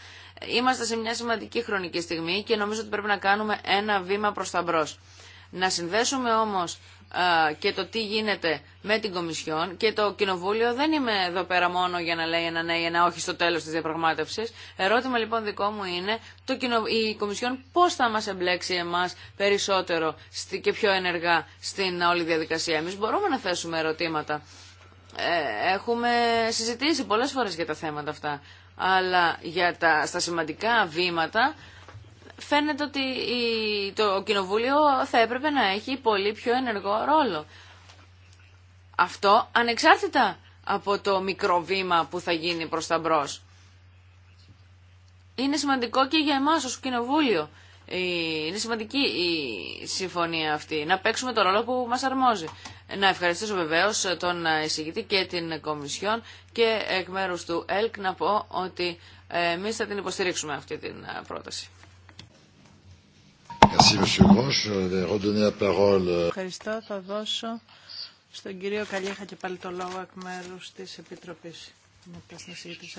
Είμαστε σε μια σημαντική χρονική στιγμή και νομίζω ότι πρέπει να κάνουμε ένα βήμα προς τα μπρος. Να συνδέσουμε όμως και το τι γίνεται με την Κομισιόν και το Κοινοβούλιο δεν είμαι εδώ πέρα μόνο για να λέει ένα ναι ή ένα όχι στο τέλος της διαπραγμάτευσης. Ερώτημα λοιπόν δικό μου είναι το η Κομισιόν πώς θα μας εμπλέξει εμάς περισσότερο και πιο ενεργά στην όλη διαδικασία. Εμείς μπορούμε να θέσουμε ερωτήματα. Ε, έχουμε συζητήσει πολλές φορές για τα θέματα αυτά αλλά για τα, στα σημαντικά βήματα φαίνεται ότι το Κοινοβούλιο θα έπρεπε να έχει πολύ πιο ενεργό ρόλο. Αυτό ανεξάρτητα από το μικρό βήμα που θα γίνει προς τα μπρος. Είναι σημαντικό και για εμάς ως Κοινοβούλιο. Είναι σημαντική η συμφωνία αυτή. Να παίξουμε το ρόλο που μας αρμόζει. Να ευχαριστήσω βεβαίως τον εισηγητή και την Κομισιόν και εκ μέρους του ΕΛΚ να πω ότι ε, εμείς θα την υποστηρίξουμε αυτή την ε, πρόταση. Euh, ευχαριστώ. Θα δώσω στον κύριο Καλιέχα και πάλι το λόγο εκ μέρου τη Επιτροπή.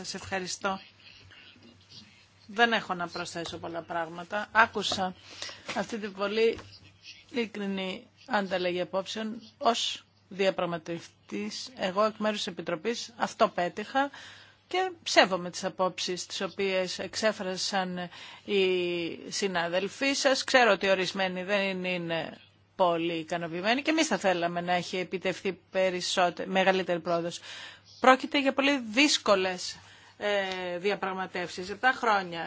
Σα ευχαριστώ. Δεν έχω να προσθέσω πολλά πράγματα. Άκουσα αυτή την πολύ ειλικρινή ανταλλαγή απόψεων ω διαπραγματεύτη, Εγώ εκ μέρου τη Επιτροπής αυτό πέτυχα και σέβομαι τις απόψεις τις οποίες εξέφρασαν οι συναδελφοί σας. Ξέρω ότι ορισμένοι δεν είναι πολύ ικανοποιημένοι και εμείς θα θέλαμε να έχει επιτευχθεί μεγαλύτερη πρόοδος. Πρόκειται για πολύ δύσκολες ε, διαπραγματεύσεις. 7 χρόνια,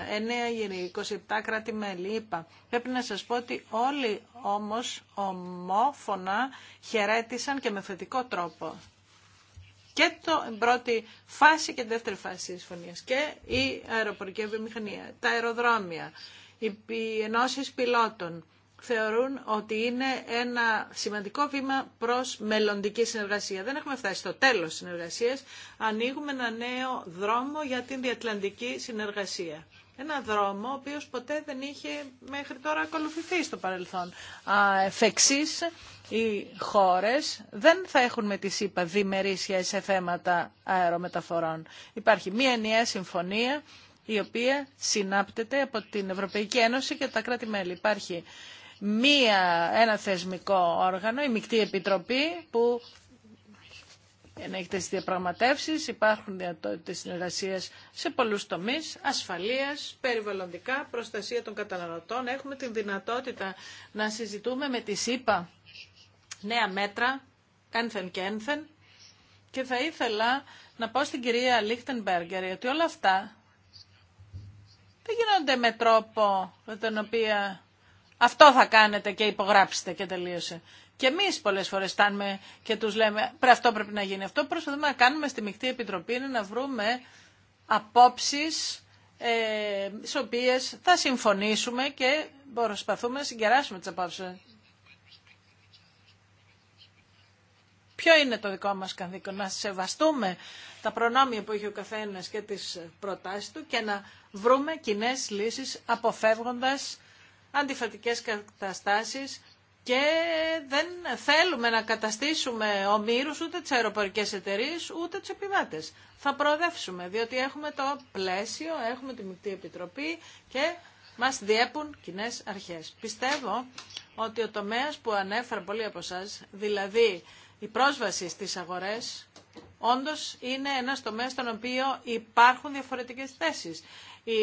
9 γύρι, 27 κράτη-μέλη, είπα. Πρέπει να σας πω ότι όλοι όμως ομόφωνα χαιρέτησαν και με θετικό τρόπο και την πρώτη φάση και δεύτερη φάση της συμφωνίας και η αεροπορική βιομηχανία, τα αεροδρόμια, οι ενώσεις πιλότων θεωρούν ότι είναι ένα σημαντικό βήμα προς μελλοντική συνεργασία. Δεν έχουμε φτάσει στο τέλος συνεργασίας. Ανοίγουμε ένα νέο δρόμο για την διατλαντική συνεργασία ένα δρόμο ο οποίος ποτέ δεν είχε μέχρι τώρα ακολουθηθεί στο παρελθόν. οι χώρες δεν θα έχουν με τις ΣΥΠΑ διμερίσια σε θέματα αερομεταφορών. Υπάρχει μία ενιαία συμφωνία η οποία συνάπτεται από την Ευρωπαϊκή Ένωση και τα κράτη-μέλη. Υπάρχει μία, ένα θεσμικό όργανο, η Μικτή Επιτροπή, που ενέχεται στις διαπραγματεύσεις, υπάρχουν δυνατότητες συνεργασία σε πολλούς τομείς, ασφαλείας, περιβαλλοντικά, προστασία των καταναλωτών. Έχουμε την δυνατότητα να συζητούμε με τη ΣΥΠΑ νέα μέτρα, ένθεν και ένθεν. Και θα ήθελα να πω στην κυρία Λίχτενμπέργκερ ότι όλα αυτά δεν γίνονται με τρόπο με τον οποίο αυτό θα κάνετε και υπογράψετε και τελείωσε. Και εμεί πολλέ φορέ στάνουμε και του λέμε αυτό πρέπει να γίνει. Αυτό προσπαθούμε να κάνουμε στη Μικτή Επιτροπή είναι να βρούμε απόψει ε, στι οποίε θα συμφωνήσουμε και προσπαθούμε να συγκεράσουμε τι απόψει. Ποιο είναι το δικό μας καθήκον, να σεβαστούμε τα προνόμια που έχει ο καθένας και τις προτάσεις του και να βρούμε κοινέ λύσεις αποφεύγοντας αντιφατικές καταστάσεις και δεν θέλουμε να καταστήσουμε ομήρους ούτε τις αεροπορικές εταιρείε ούτε του επιβάτες. Θα προοδεύσουμε διότι έχουμε το πλαίσιο, έχουμε τη Μικτή Επιτροπή και μας διέπουν κοινέ αρχές. Πιστεύω ότι ο τομέας που ανέφερα πολλοί από εσά, δηλαδή η πρόσβαση στις αγορές, όντως είναι ένας τομέας στον οποίο υπάρχουν διαφορετικές θέσεις. Η...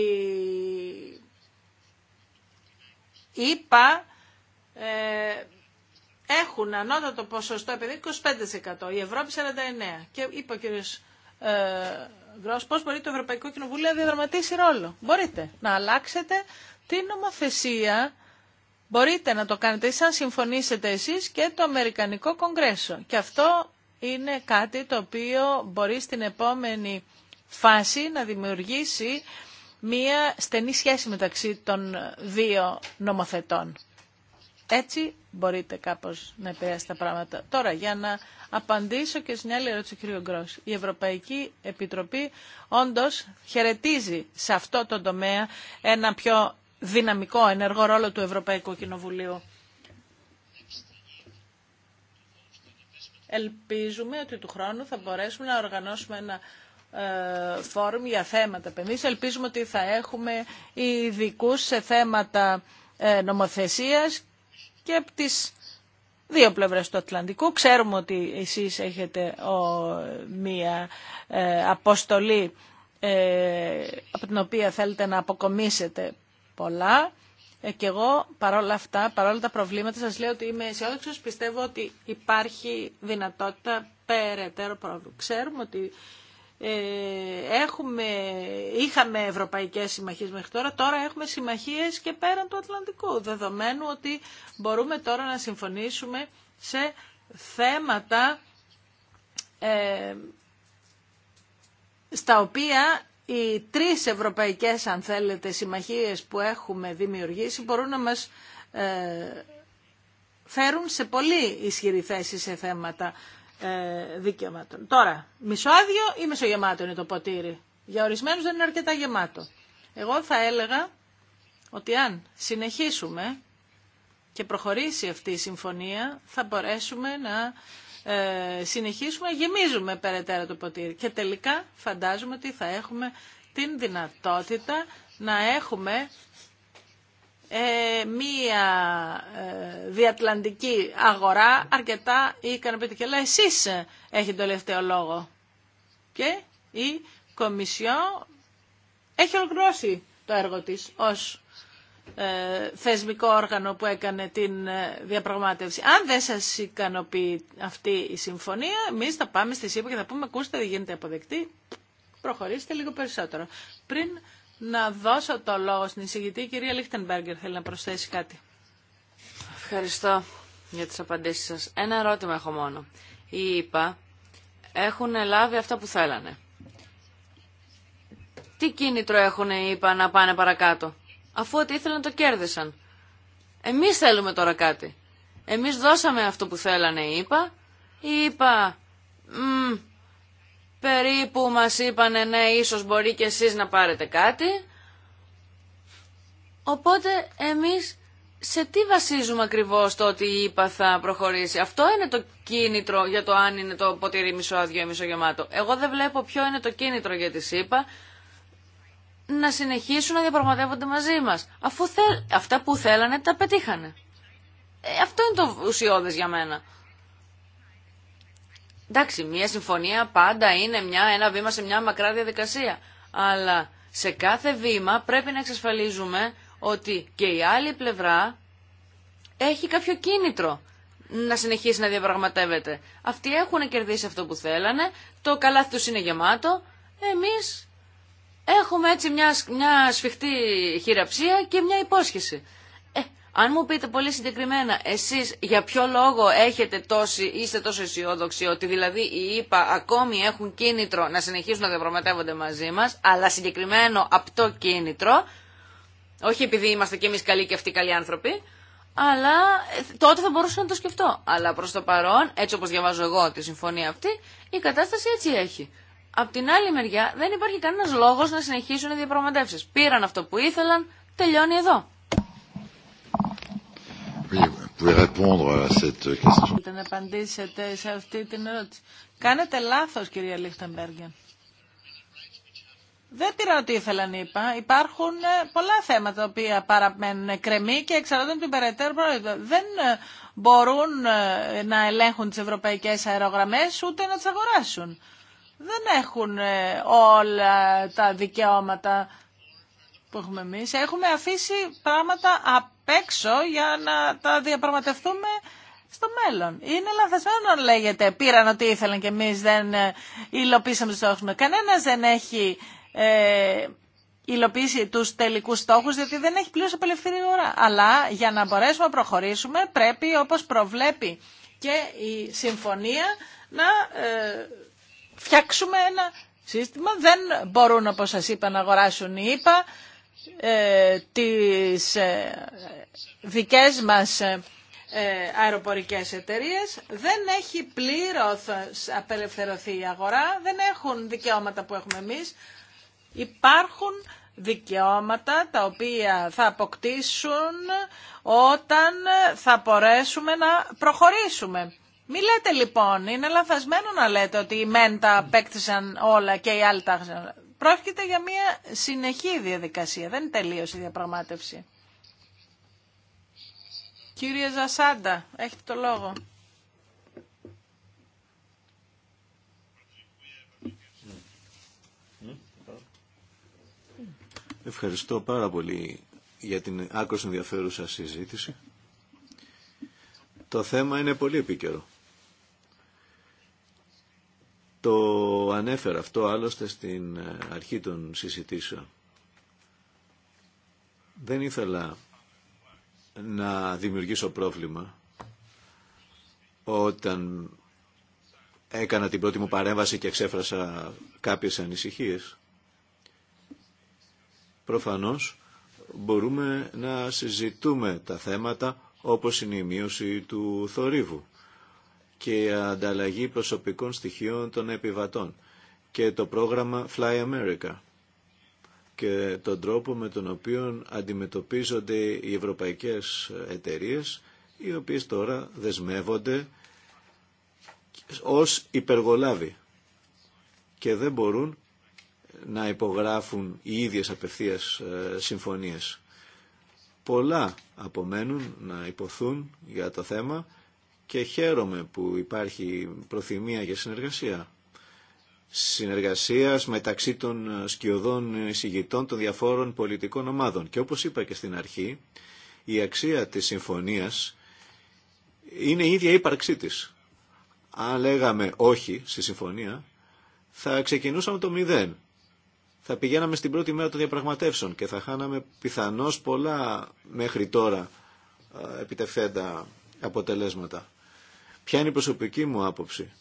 Είπα ε, έχουν ανώτατο ποσοστό επειδή 25%, η Ευρώπη 49%. Και είπε ο κύριος ε, πώς μπορεί το Ευρωπαϊκό Κοινοβούλιο να διαδραματίσει ρόλο. Μπορείτε να αλλάξετε την νομοθεσία, μπορείτε να το κάνετε σαν συμφωνήσετε εσείς και το Αμερικανικό Κογκρέσο. Και αυτό είναι κάτι το οποίο μπορεί στην επόμενη φάση να δημιουργήσει μία στενή σχέση μεταξύ των δύο νομοθετών. Έτσι μπορείτε κάπως να επηρεάσετε τα πράγματα. Τώρα, για να απαντήσω και στην άλλη ερώτηση του κ. Η Ευρωπαϊκή Επιτροπή όντως χαιρετίζει σε αυτό το τομέα ένα πιο δυναμικό ενεργό ρόλο του Ευρωπαϊκού Κοινοβουλίου. Ελπίζουμε ότι του χρόνου θα μπορέσουμε να οργανώσουμε ένα ε, φόρουμ για θέματα επενδύσεων. Ελπίζουμε ότι θα έχουμε ειδικού σε θέματα ε, νομοθεσίας και από τις δύο πλευρές του Ατλαντικού. Ξέρουμε ότι εσείς έχετε μία ε, αποστολή ε, από την οποία θέλετε να αποκομίσετε πολλά. Ε, και εγώ παρόλα αυτά, παρόλα τα προβλήματα σας λέω ότι είμαι αισιόδοξο. πιστεύω ότι υπάρχει δυνατότητα περαιτέρω πρόβλημα. Ξέρουμε ότι ε, έχουμε, είχαμε ευρωπαϊκές συμμαχίες μέχρι τώρα, τώρα έχουμε συμμαχίες και πέραν του Ατλαντικού, δεδομένου ότι μπορούμε τώρα να συμφωνήσουμε σε θέματα ε, στα οποία οι τρεις ευρωπαϊκές, αν θέλετε, συμμαχίες που έχουμε δημιουργήσει μπορούν να μας ε, φέρουν σε πολύ ισχυρή θέση σε θέματα ε, δικαιωμάτων. Τώρα, μισοάδιο ή μισογεμάτο είναι το ποτήρι. Για ορισμένους δεν είναι αρκετά γεμάτο. Εγώ θα έλεγα ότι αν συνεχίσουμε και προχωρήσει αυτή η συμφωνία, θα μπορέσουμε να ε, συνεχίσουμε να γεμίζουμε περαιτέρω το ποτήρι. Και τελικά φαντάζομαι ότι θα έχουμε την δυνατότητα να έχουμε ε, μία ε, διατλαντική αγορά αρκετά ικανοποιητική. Αλλά εσείς έχετε το τελευταίο λόγο. Και η Κομισιό έχει ολοκληρώσει το έργο της ως ε, θεσμικό όργανο που έκανε την διαπραγμάτευση. Αν δεν σας ικανοποιεί αυτή η συμφωνία, εμεί θα πάμε στη ΣΥΠΑ και θα πούμε, ακούστε, δεν γίνεται αποδεκτή, προχωρήστε λίγο περισσότερο. Πριν να δώσω το λόγο στην εισηγητή. Η κυρία Λίχτενμπέργκερ θέλει να προσθέσει κάτι. Ευχαριστώ για τις απαντήσεις σας. Ένα ερώτημα έχω μόνο. Η ΕΠΑ έχουν λάβει αυτά που θέλανε. Τι κίνητρο έχουν οι ΕΠΑ να πάνε παρακάτω, αφού ό,τι ήθελαν το κέρδισαν. Εμείς θέλουμε τώρα κάτι. Εμείς δώσαμε αυτό που θέλανε οι ΕΠΑ. Οι ΕΠΑ περίπου μας είπανε ναι ίσως μπορεί και εσείς να πάρετε κάτι. Οπότε εμείς σε τι βασίζουμε ακριβώς το ότι η θα προχωρήσει. Αυτό είναι το κίνητρο για το αν είναι το ποτήρι άδειο ή γεμάτο. Εγώ δεν βλέπω ποιο είναι το κίνητρο για τη ΣΥΠΑ να συνεχίσουν να διαπραγματεύονται μαζί μας. Αφού αυτά που θέλανε τα πετύχανε. Ε, αυτό είναι το ουσιώδες για μένα. Εντάξει, μια συμφωνία πάντα είναι μια, ένα βήμα σε μια μακρά διαδικασία. Αλλά σε κάθε βήμα πρέπει να εξασφαλίζουμε ότι και η άλλη πλευρά έχει κάποιο κίνητρο να συνεχίσει να διαπραγματεύεται. Αυτοί έχουν κερδίσει αυτό που θέλανε, το καλάθι τους είναι γεμάτο, εμείς έχουμε έτσι μια, μια σφιχτή χειραψία και μια υπόσχεση. Αν μου πείτε πολύ συγκεκριμένα, εσείς για ποιο λόγο έχετε τόση, είστε τόσο αισιόδοξοι ότι δηλαδή οι ΙΠΑ ακόμη έχουν κίνητρο να συνεχίσουν να διαπραγματεύονται μαζί μας, αλλά συγκεκριμένο απτό κίνητρο, όχι επειδή είμαστε και εμείς καλοί και αυτοί καλοί άνθρωποι, αλλά ε, τότε θα μπορούσα να το σκεφτώ. Αλλά προς το παρόν, έτσι όπως διαβάζω εγώ τη συμφωνία αυτή, η κατάσταση έτσι έχει. Απ' την άλλη μεριά δεν υπάρχει κανένας λόγος να συνεχίσουν οι διαπραγματεύσεις. Πήραν αυτό που ήθελαν, τελειώνει εδώ. Μπορείτε να απαντήσετε σε αυτή την ερώτηση. Κάνετε λάθος, κυρία Λίχτεμπεργκεν. Δεν πήρα ότι να είπα. Υπάρχουν ε, πολλά θέματα τα οποία παραμένουν κρεμή και εξαρτώνται από την περαιτέρω πρόεδρο. Δεν ε, μπορούν ε, να ελέγχουν τις ευρωπαϊκές αερογραμμές ούτε να τις αγοράσουν. Δεν έχουν όλα τα δικαιώματα που έχουμε εμεί. Έχουμε αφήσει πράγματα παίξω για να τα διαπραγματευτούμε στο μέλλον. Είναι λαθασμένο να λέγεται πήραν ό,τι ήθελαν και εμείς δεν ε, υλοποίησαμε τους στόχους. Κανένας δεν έχει ε, υλοποιήσει τους τελικούς στόχους διότι δεν έχει πλήρως απελευθερή ώρα. Αλλά για να μπορέσουμε να προχωρήσουμε πρέπει όπως προβλέπει και η συμφωνία να ε, φτιάξουμε ένα σύστημα. Δεν μπορούν όπως σας είπα να αγοράσουν οι ΙΠΑ. Ε, τις ε, δικές μας ε, αεροπορικές εταιρείες δεν έχει πλήρως απελευθερωθεί η αγορά, δεν έχουν δικαιώματα που έχουμε εμείς. Υπάρχουν δικαιώματα τα οποία θα αποκτήσουν όταν θα μπορέσουμε να προχωρήσουμε. Μη λέτε λοιπόν, είναι λαθασμένο να λέτε ότι οι μεν τα απέκτησαν όλα και οι άλλοι τα Πρόκειται για μια συνεχή διαδικασία, δεν τελείωσε η διαπραγμάτευση. Κύριε Ζασάντα, έχετε το λόγο. Ευχαριστώ πάρα πολύ για την άκρως ενδιαφέρουσα συζήτηση. Το θέμα είναι πολύ επίκαιρο. Το ανέφερα αυτό άλλωστε στην ε, αρχή των συζητήσεων. Δεν ήθελα να δημιουργήσω πρόβλημα όταν έκανα την πρώτη μου παρέμβαση και εξέφρασα κάποιες ανησυχίες. Προφανώς μπορούμε να συζητούμε τα θέματα όπως είναι η μείωση του θορύβου και η ανταλλαγή προσωπικών στοιχείων των επιβατών και το πρόγραμμα Fly America και τον τρόπο με τον οποίο αντιμετωπίζονται οι ευρωπαϊκές εταιρείες οι οποίες τώρα δεσμεύονται ως υπεργολάβοι και δεν μπορούν να υπογράφουν οι ίδιες απευθείας ε, συμφωνίες. Πολλά απομένουν να υποθούν για το θέμα και χαίρομαι που υπάρχει προθυμία για συνεργασία. Συνεργασίας μεταξύ των σκιωδών εισηγητών των διαφόρων πολιτικών ομάδων. Και όπως είπα και στην αρχή, η αξία της συμφωνίας είναι η ίδια ύπαρξή της. Αν λέγαμε όχι στη συμφωνία, θα ξεκινούσαμε το μηδέν. Θα πηγαίναμε στην πρώτη μέρα των διαπραγματεύσεων και θα χάναμε πιθανώς πολλά μέχρι τώρα ε, επιτευθέντα αποτελέσματα. Ποια είναι η προσωπική μου άποψη.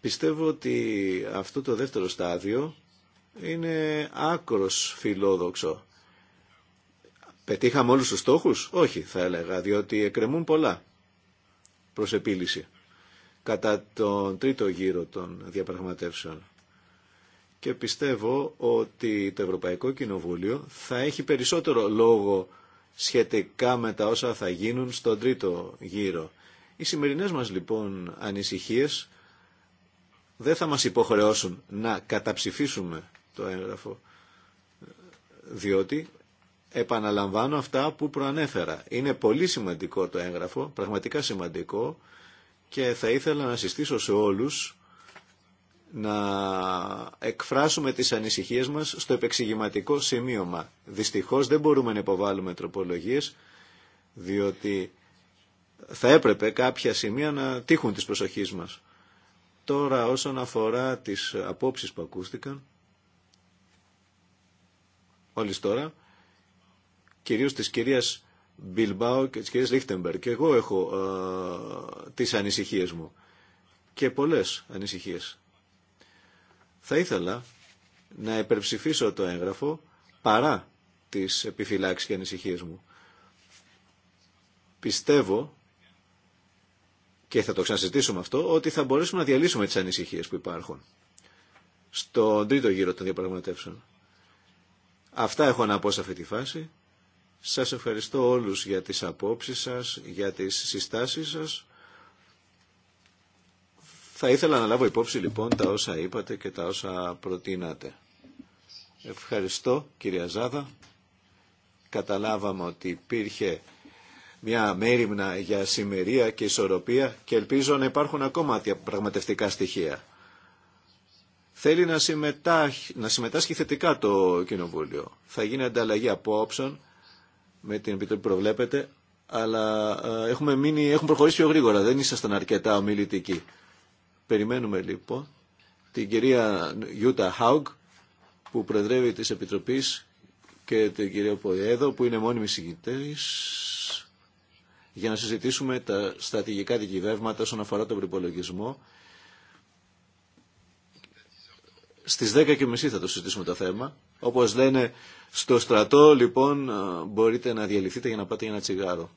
Πιστεύω ότι αυτό το δεύτερο στάδιο είναι άκρος φιλόδοξο. Πετύχαμε όλους τους στόχους. Όχι θα έλεγα διότι εκκρεμούν πολλά προς επίλυση κατά τον τρίτο γύρο των διαπραγματεύσεων. Και πιστεύω ότι το Ευρωπαϊκό Κοινοβούλιο θα έχει περισσότερο λόγο σχετικά με τα όσα θα γίνουν στον τρίτο γύρο. Οι σημερινές μας λοιπόν ανησυχίες δεν θα μας υποχρεώσουν να καταψηφίσουμε το έγγραφο, διότι επαναλαμβάνω αυτά που προανέφερα. Είναι πολύ σημαντικό το έγγραφο, πραγματικά σημαντικό και θα ήθελα να συστήσω σε όλους να εκφράσουμε τις ανησυχίες μας στο επεξηγηματικό σημείωμα. Δυστυχώς δεν μπορούμε να υποβάλουμε τροπολογίες, διότι θα έπρεπε κάποια σημεία να τύχουν της προσοχής μας. Τώρα όσον αφορά τις απόψεις που ακούστηκαν, όλες τώρα, κυρίως της κυρίας Μπιλμπάου και της κυρίας Λίχτεμπερ. Και εγώ έχω τις ανησυχίες μου και πολλές ανησυχίες. Θα ήθελα να υπερψηφίσω το έγγραφο παρά τις επιφυλάξεις και ανησυχίες μου. Πιστεύω και θα το ξανασυζητήσουμε αυτό, ότι θα μπορέσουμε να διαλύσουμε τις ανησυχίες που υπάρχουν στον τρίτο γύρο των διαπραγματεύσεων. Αυτά έχω να πω σε αυτή τη φάση. Σας ευχαριστώ όλους για τις απόψεις σας, για τις συστάσεις σας. Θα ήθελα να λάβω υπόψη λοιπόν τα όσα είπατε και τα όσα προτείνατε. Ευχαριστώ κυρία Ζάδα. Καταλάβαμε ότι υπήρχε μια μέρημνα για σημερία και ισορροπία και ελπίζω να υπάρχουν ακόμα πραγματευτικά στοιχεία. Θέλει να, συμμετάσχει, να συμμετάσχει θετικά το Κοινοβούλιο. Θα γίνει ανταλλαγή απόψεων με την Επιτροπή προβλέπετε, αλλά ε, έχουμε, μείνει, έχουμε προχωρήσει πιο γρήγορα, δεν ήσασταν αρκετά ομιλητικοί. Περιμένουμε λοιπόν την κυρία Γιούτα Χαουγ που προεδρεύει της Επιτροπής και την κυρία Ποδιέδο που είναι μόνιμη συγκητής για να συζητήσουμε τα στρατηγικά δικηβεύματα όσον αφορά τον προπολογισμό. Στις 10.30 θα το συζητήσουμε το θέμα. Όπως λένε στο στρατό, λοιπόν, μπορείτε να διαλυθείτε για να πάτε για ένα τσιγάρο.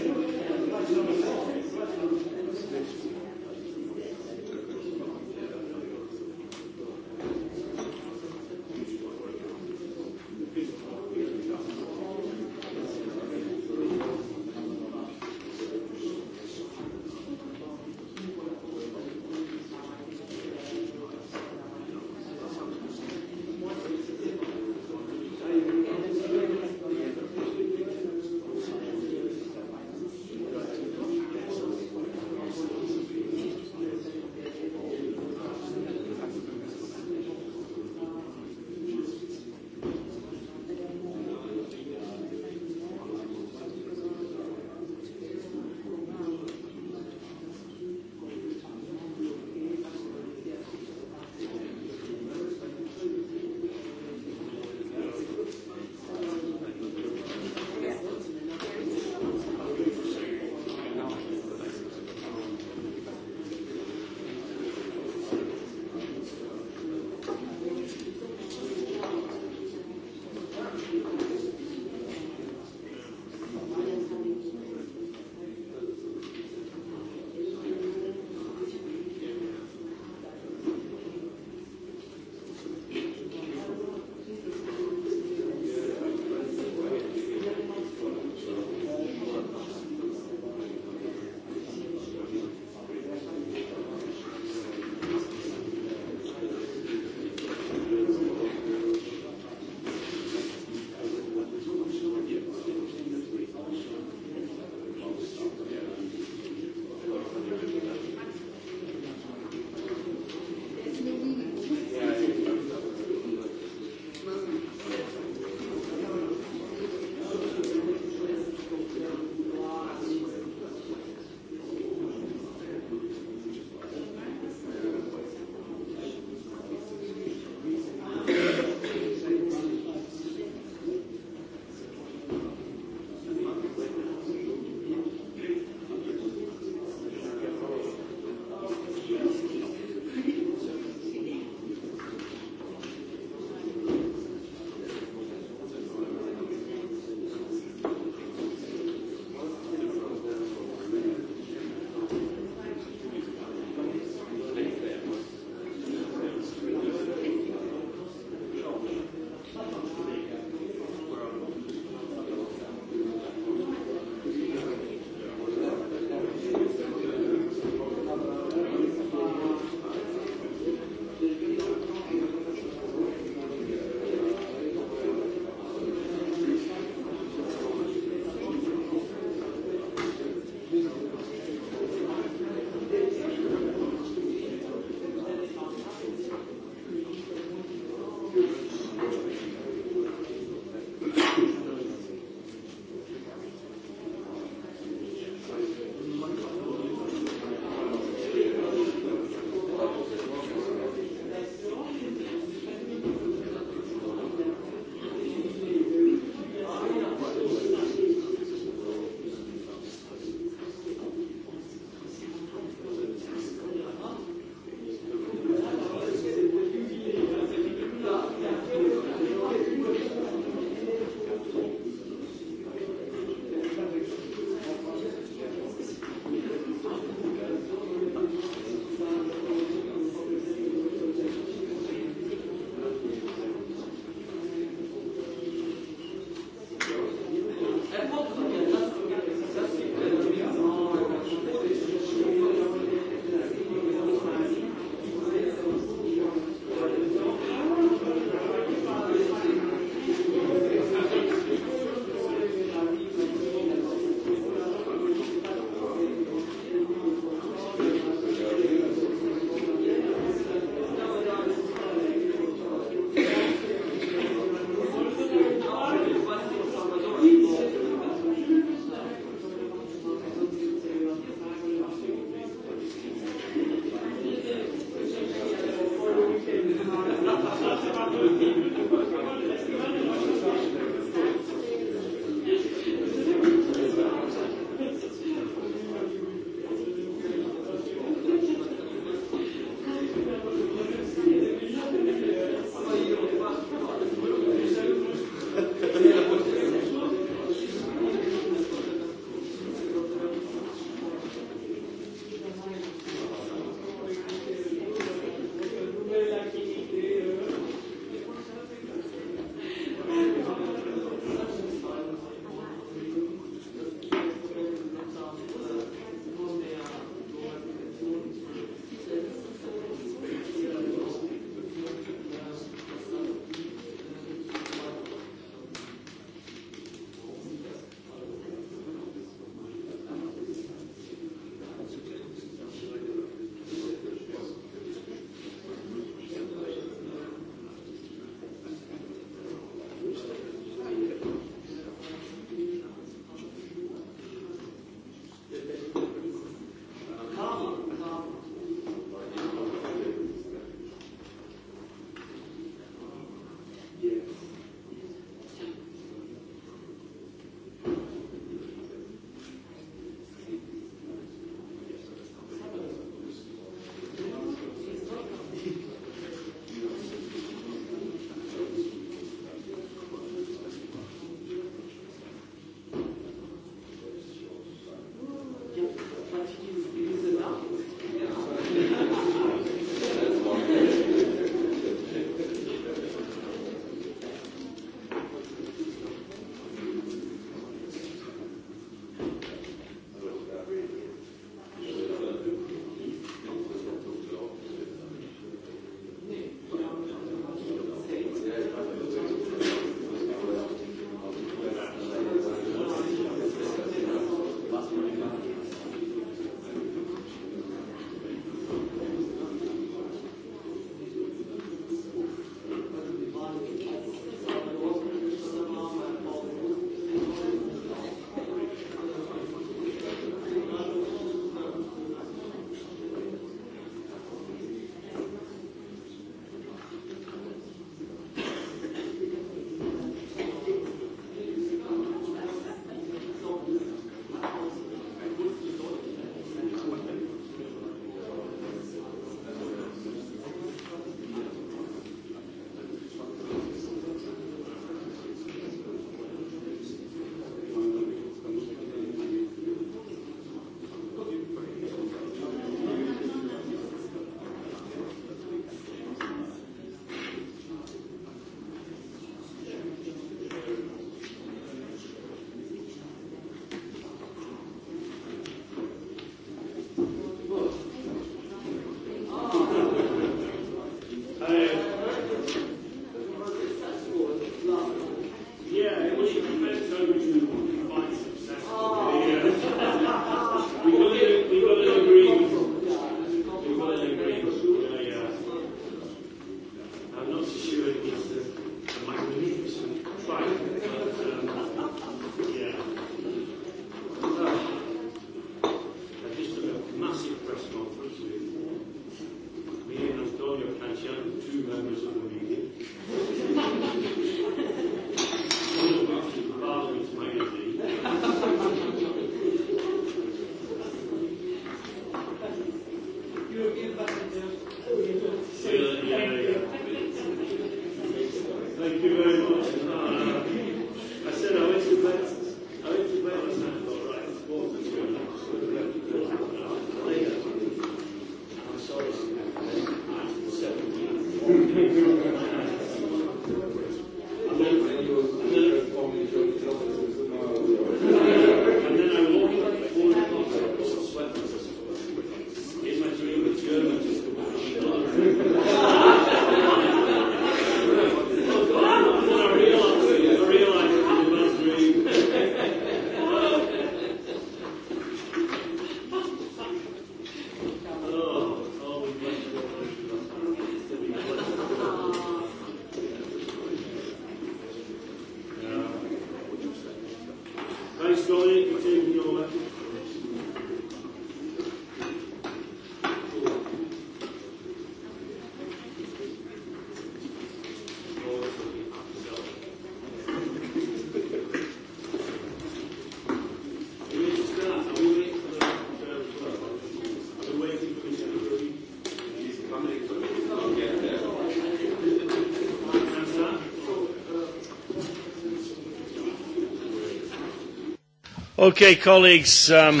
Okay, colleagues, um,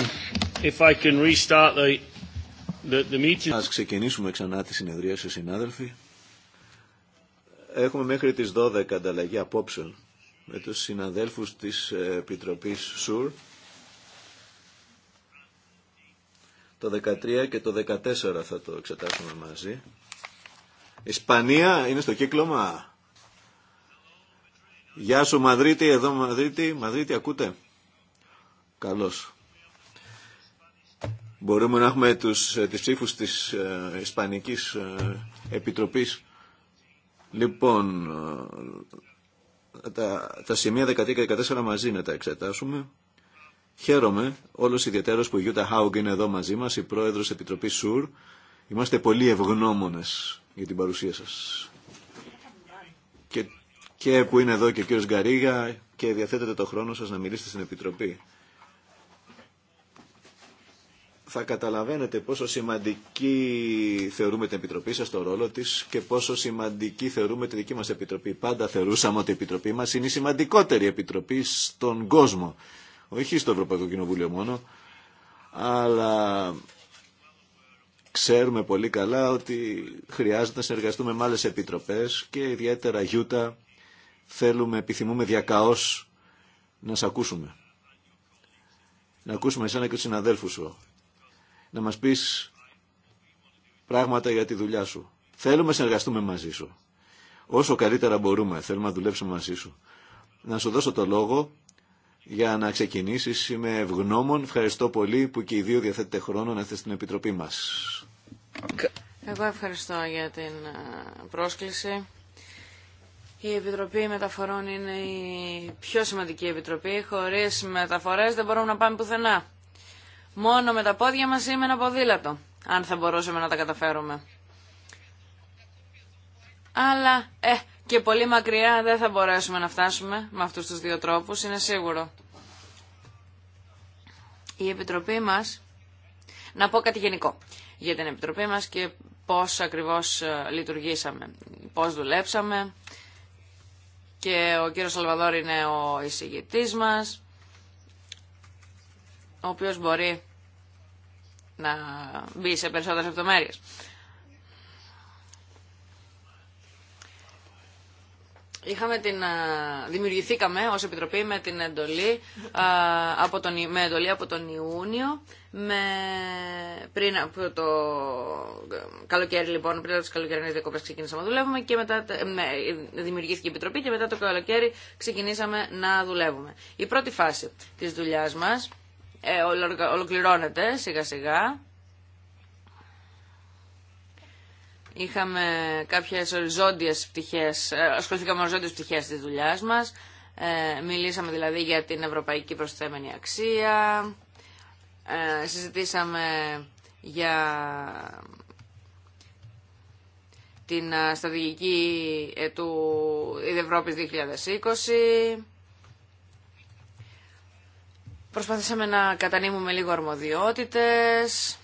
if I can restart the, the, the meeting. Ας ξεκινήσουμε ξανά τη συνεδρία συνεδρίαση, συνάδελφοι. Έχουμε μέχρι τις 12 ανταλλαγή απόψεων με τους συναδέλφους της ε, Επιτροπής ΣΟΥΡ. Το 13 και το 14 θα το εξετάσουμε μαζί. Ισπανία είναι στο κύκλωμα. Γεια σου Μαδρίτη, εδώ Μαδρίτη. Μαδρίτη ακούτε. Καλώς. Μπορούμε να έχουμε τους, ε, τις ψήφους της ε, Ισπανικής ε, Επιτροπής. Λοιπόν, ε, τα, τα σημεία 13 και 14 μαζί να τα εξετάσουμε. Χαίρομαι όλος ιδιαίτερος που η Γιούτα Χάουγκ είναι εδώ μαζί μας, η πρόεδρος Επιτροπής ΣΟΥΡ. Είμαστε πολύ ευγνώμονες για την παρουσία σας. Και, και που είναι εδώ και ο κύριος Γκαρίγα και διαθέτετε το χρόνο σας να μιλήσετε στην Επιτροπή θα καταλαβαίνετε πόσο σημαντική θεωρούμε την Επιτροπή σας, το ρόλο της και πόσο σημαντική θεωρούμε τη δική μας Επιτροπή. Πάντα θεωρούσαμε ότι η Επιτροπή μας είναι η σημαντικότερη Επιτροπή στον κόσμο. Όχι στο Ευρωπαϊκό Κοινοβούλιο μόνο, αλλά ξέρουμε πολύ καλά ότι χρειάζεται να συνεργαστούμε με άλλες επιτροπές και ιδιαίτερα Γιούτα θέλουμε, επιθυμούμε διακαώς να σε ακούσουμε. Να ακούσουμε εσένα και τους συναδέλφους σου να μας πεις πράγματα για τη δουλειά σου. Θέλουμε να συνεργαστούμε μαζί σου. Όσο καλύτερα μπορούμε, θέλουμε να δουλέψουμε μαζί σου. Να σου δώσω το λόγο για να ξεκινήσεις. Είμαι ευγνώμων. Ευχαριστώ πολύ που και οι δύο διαθέτετε χρόνο να είστε στην Επιτροπή μας. Εγώ ευχαριστώ για την ε, πρόσκληση. Η Επιτροπή Μεταφορών είναι η πιο σημαντική επιτροπή. Χωρίς μεταφορές δεν μπορούμε να πάμε πουθενά μόνο με τα πόδια μας ή με ένα ποδήλατο, αν θα μπορούσαμε να τα καταφέρουμε. Αλλά, ε, και πολύ μακριά δεν θα μπορέσουμε να φτάσουμε με αυτούς τους δύο τρόπους, είναι σίγουρο. Η Επιτροπή μας, να πω κάτι γενικό για την Επιτροπή μας και πώς ακριβώς ε, λειτουργήσαμε, πώς δουλέψαμε και ο κύριος Σαλβαδόρ είναι ο εισηγητής μας ο οποίο μπορεί να μπει σε περισσότερε λεπτομέρειε. Είχαμε την, δημιουργηθήκαμε ως Επιτροπή με την εντολή, από τον, με εντολή από τον Ιούνιο, με, πριν από το καλοκαίρι λοιπόν, πριν από τις καλοκαιρινές διακοπές ξεκινήσαμε να δουλεύουμε και μετά με, δημιουργήθηκε η Επιτροπή και μετά το καλοκαίρι ξεκινήσαμε να δουλεύουμε. Η πρώτη φάση της δουλειάς μας ε, ολοκληρώνεται σιγά σιγά. Είχαμε κάποιες οριζόντιες πτυχές, ε, ασχοληθήκαμε με οριζόντιες πτυχές της δουλειάς μας. Ε, μιλήσαμε δηλαδή για την ευρωπαϊκή προσθέμενη αξία. Ε, συζητήσαμε για την ε, στρατηγική ε, του Ευρώπης 2020. Προσπαθήσαμε να κατανείμουμε λίγο αρμοδιότητες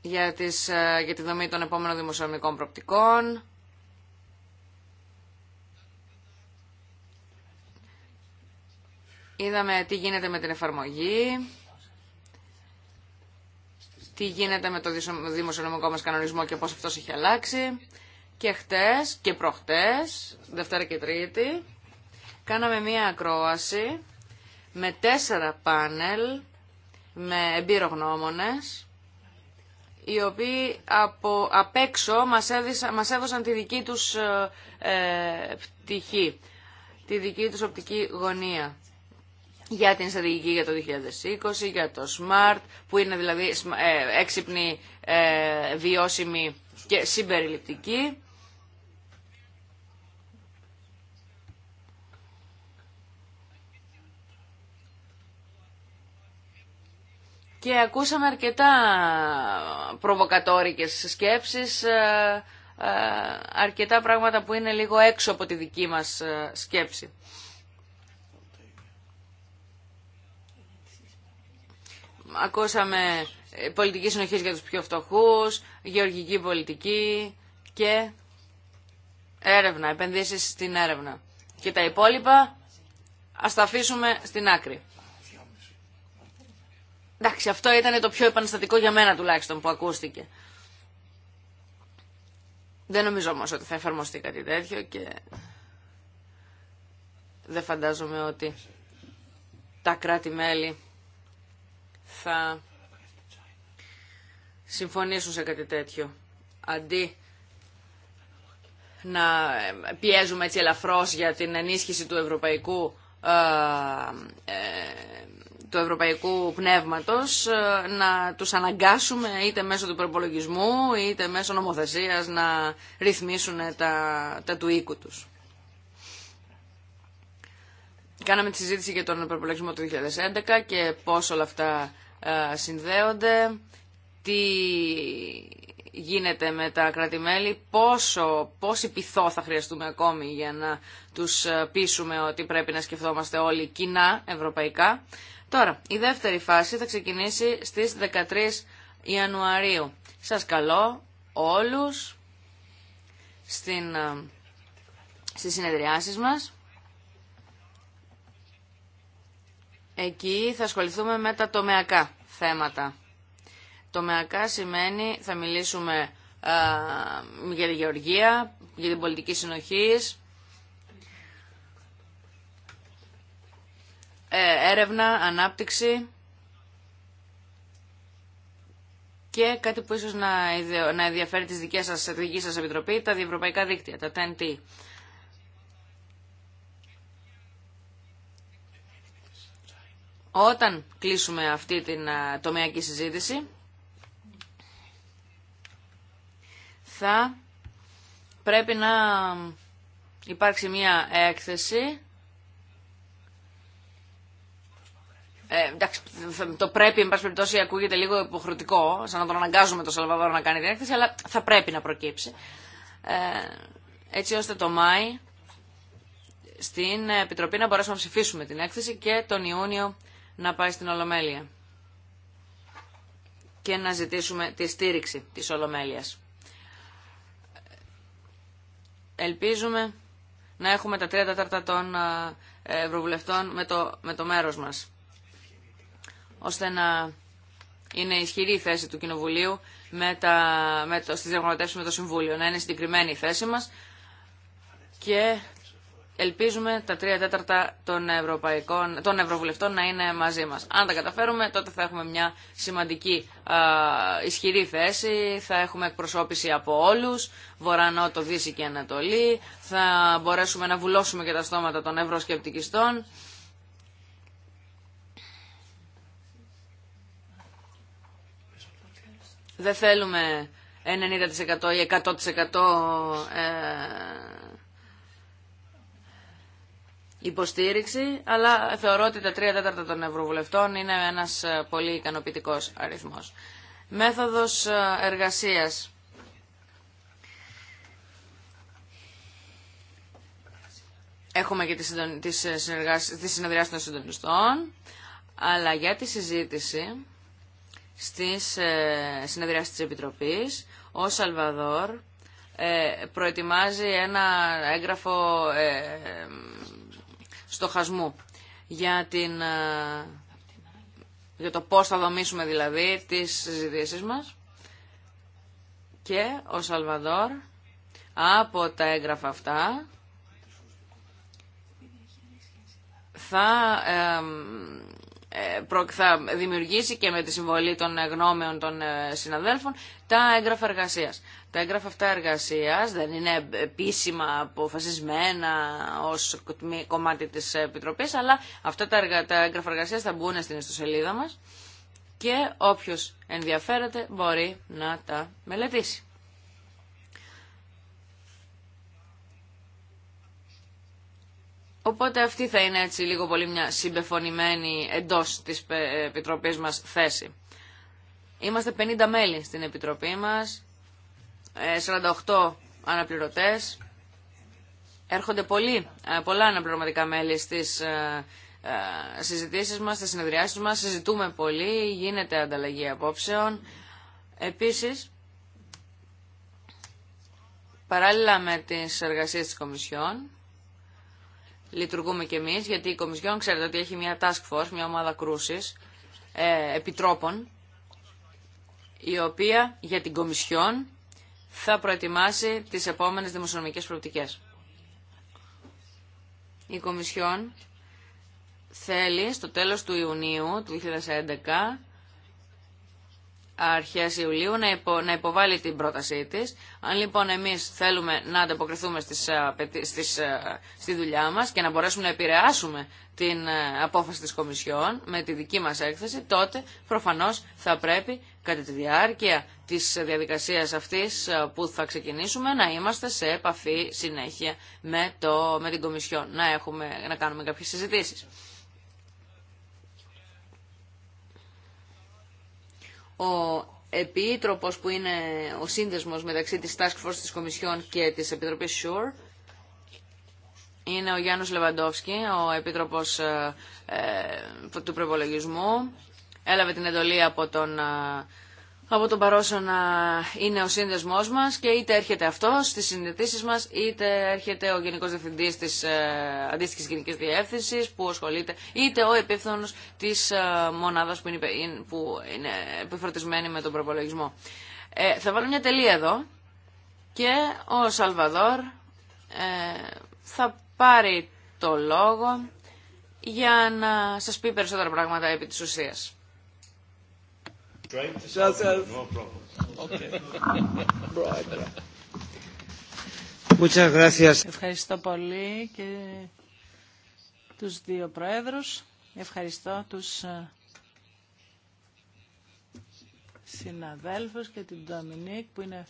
για, τις, ε, για τη δομή των επόμενων δημοσιονομικών προπτικών. Είδαμε τι γίνεται με την εφαρμογή, τι γίνεται με το δημοσιονομικό μας κανονισμό και πώς αυτός έχει αλλάξει. Και χτες και προχτές, Δευτέρα και Τρίτη, κάναμε μία ακρόαση με τέσσερα πάνελ με εμπειρογνώμονες οι οποίοι από απ' έξω μας, μας έδωσαν τη δική τους ε, ε, πτυχή, τη δική τους οπτική γωνία για την στρατηγική για το 2020, για το SMART, που είναι δηλαδή ε, έξυπνη, ε, βιώσιμη και συμπεριληπτική. και ακούσαμε αρκετά προβοκατόρικες σκέψεις, ε, ε, αρκετά πράγματα που είναι λίγο έξω από τη δική μας ε, σκέψη. Ακούσαμε πολιτική συνοχή για τους πιο φτωχούς, γεωργική πολιτική και έρευνα, επενδύσεις στην έρευνα. Και τα υπόλοιπα ας τα αφήσουμε στην άκρη. Εντάξει, αυτό ήταν το πιο επαναστατικό για μένα τουλάχιστον που ακούστηκε. Δεν νομίζω όμως ότι θα εφαρμοστεί κάτι τέτοιο και δεν φαντάζομαι ότι τα κράτη-μέλη θα συμφωνήσουν σε κάτι τέτοιο. Αντί να πιέζουμε έτσι ελαφρώς για την ενίσχυση του ευρωπαϊκού ε, ε του ευρωπαϊκού πνεύματος ε, να τους αναγκάσουμε είτε μέσω του προπολογισμού είτε μέσω νομοθεσίας να ρυθμίσουν τα, τα του οίκου τους. Κάναμε τη συζήτηση για τον προπολογισμό του 2011 και πώς όλα αυτά ε, συνδέονται, τι γίνεται με τα κρατημέλη, πόσο, πόση πειθό θα χρειαστούμε ακόμη για να τους ε, πείσουμε ότι πρέπει να σκεφτόμαστε όλοι κοινά ευρωπαϊκά. Τώρα, η δεύτερη φάση θα ξεκινήσει στις 13 Ιανουαρίου. Σας καλώ όλους στην, ε, στις συνεδριάσεις μας. Εκεί θα ασχοληθούμε με τα τομεακά θέματα. Τομεακά σημαίνει θα μιλήσουμε α, ε, για τη γεωργία, για την πολιτική συνοχής, Ε, έρευνα, ανάπτυξη και κάτι που ίσως να ενδιαφέρει τις δικές σας, τη δική σας επιτροπή, τα διευρωπαϊκά δίκτυα, τα TNT. Όταν κλείσουμε αυτή την τομεακή συζήτηση, θα πρέπει να υπάρξει μια έκθεση Ε, εντάξει, το πρέπει, εν πάση περιπτώσει, ακούγεται λίγο υποχρεωτικό, σαν να τον αναγκάζουμε το Σαλβαδόρο να κάνει την έκθεση, αλλά θα πρέπει να προκύψει. Ε, έτσι ώστε το Μάη στην Επιτροπή να μπορέσουμε να ψηφίσουμε την έκθεση και τον Ιούνιο να πάει στην Ολομέλεια και να ζητήσουμε τη στήριξη της Ολομέλειας. Ελπίζουμε να έχουμε τα τρία τέταρτα των ε, ευρωβουλευτών με το, με το μέρος μας ώστε να είναι ισχυρή η θέση του Κοινοβουλίου με τα, με το, στις διαπραγματεύσεις με το Συμβούλιο, να είναι συγκεκριμένη η θέση μας και ελπίζουμε τα τρία τέταρτα των, ευρωπαϊκών, των ευρωβουλευτών να είναι μαζί μας. Αν τα καταφέρουμε τότε θα έχουμε μια σημαντική ισχυρή θέση, θα έχουμε εκπροσώπηση από όλους, βορανό το δύση και ανατολή, θα μπορέσουμε να βουλώσουμε και τα στόματα των ευρωσκεπτικιστών Δεν θέλουμε 90% ή 100% ε, υποστήριξη, αλλά θεωρώ ότι τα 3 τέταρτα των ευρωβουλευτών είναι ένας ε, πολύ ικανοποιητικός αριθμός. Μέθοδος ε, εργασίας. Έχουμε και τις συνεδριάσεις των συντονιστών, αλλά για τη συζήτηση στις ε, συνεδριάσεις της Επιτροπής, ο Σαλβαδόρ ε, προετοιμάζει ένα έγγραφο ε, στοχασμού για, την, για το πώς θα δομήσουμε δηλαδή τις συζητήσεις μας και ο Σαλβαδόρ από τα έγγραφα αυτά θα ε, θα δημιουργήσει και με τη συμβολή των ε, γνώμεων των ε, συναδέλφων τα έγγραφα εργασία. Τα έγγραφα αυτά εργασία δεν είναι επίσημα αποφασισμένα ω κομμάτι τη Επιτροπή, αλλά αυτά τα έγγραφα εργασία θα μπουν στην ιστοσελίδα μα και όποιο ενδιαφέρεται μπορεί να τα μελετήσει. Οπότε αυτή θα είναι έτσι λίγο πολύ μια συμπεφωνημένη εντός της ε, Επιτροπής μας θέση. Είμαστε 50 μέλη στην Επιτροπή μας, 48 ε, αναπληρωτές. Έρχονται πολλοί, ε, πολλά αναπληρωματικά μέλη στις συζητήσεις μας, στις συνεδριάσεις μας. Συζητούμε πολύ, γίνεται ανταλλαγή απόψεων. Επίσης, παράλληλα με τις εργασίες της Κομισιόν, λειτουργούμε κι εμείς, γιατί η Κομισιόν ξέρετε ότι έχει μια task force, μια ομάδα κρούσης, ε, επιτρόπων, η οποία για την Κομισιόν θα προετοιμάσει τις επόμενες δημοσιονομικές προοπτικές. Η Κομισιόν θέλει στο τέλος του Ιουνίου του 2011 αρχέ Ιουλίου να, υποβάλει την πρότασή τη. Αν λοιπόν εμείς θέλουμε να ανταποκριθούμε στις, ε, στις, ε, στη δουλειά μας και να μπορέσουμε να επηρεάσουμε την ε, απόφαση της Κομισιόν με τη δική μα έκθεση, τότε προφανώ θα πρέπει κατά τη διάρκεια της διαδικασίας αυτής που θα ξεκινήσουμε να είμαστε σε επαφή συνέχεια με, το, με την Κομισιόν, να, έχουμε, να κάνουμε κάποιε συζητήσει. Ο επίτροπος που είναι ο σύνδεσμος μεταξύ της Task Force της Κομισιόν και της Επιτροπής SURE είναι ο Γιάννος Λεβαντόφσκι, ο επίτροπος ε, ε, του προπολογισμού. Έλαβε την εντολή από τον ε, από τον παρόσο να είναι ο σύνδεσμός μας και είτε έρχεται αυτό στι συνδετήσεις μας, είτε έρχεται ο Γενικό Διευθυντή τη ε, αντίστοιχης Γενικής Διεύθυνσης που ασχολείται, είτε ο επίφθονο της ε, μονάδας που είναι, που είναι με τον προπολογισμό. Ε, θα βάλω μια τελεία εδώ και ο Σαλβαδόρ ε, θα πάρει το λόγο για να σας πει περισσότερα πράγματα επί της ουσίας. Ευχαριστώ πολύ και τους δύο Προέδρους. Ευχαριστώ τους ε, συναδέλφους και την Ντομινίκ που είναι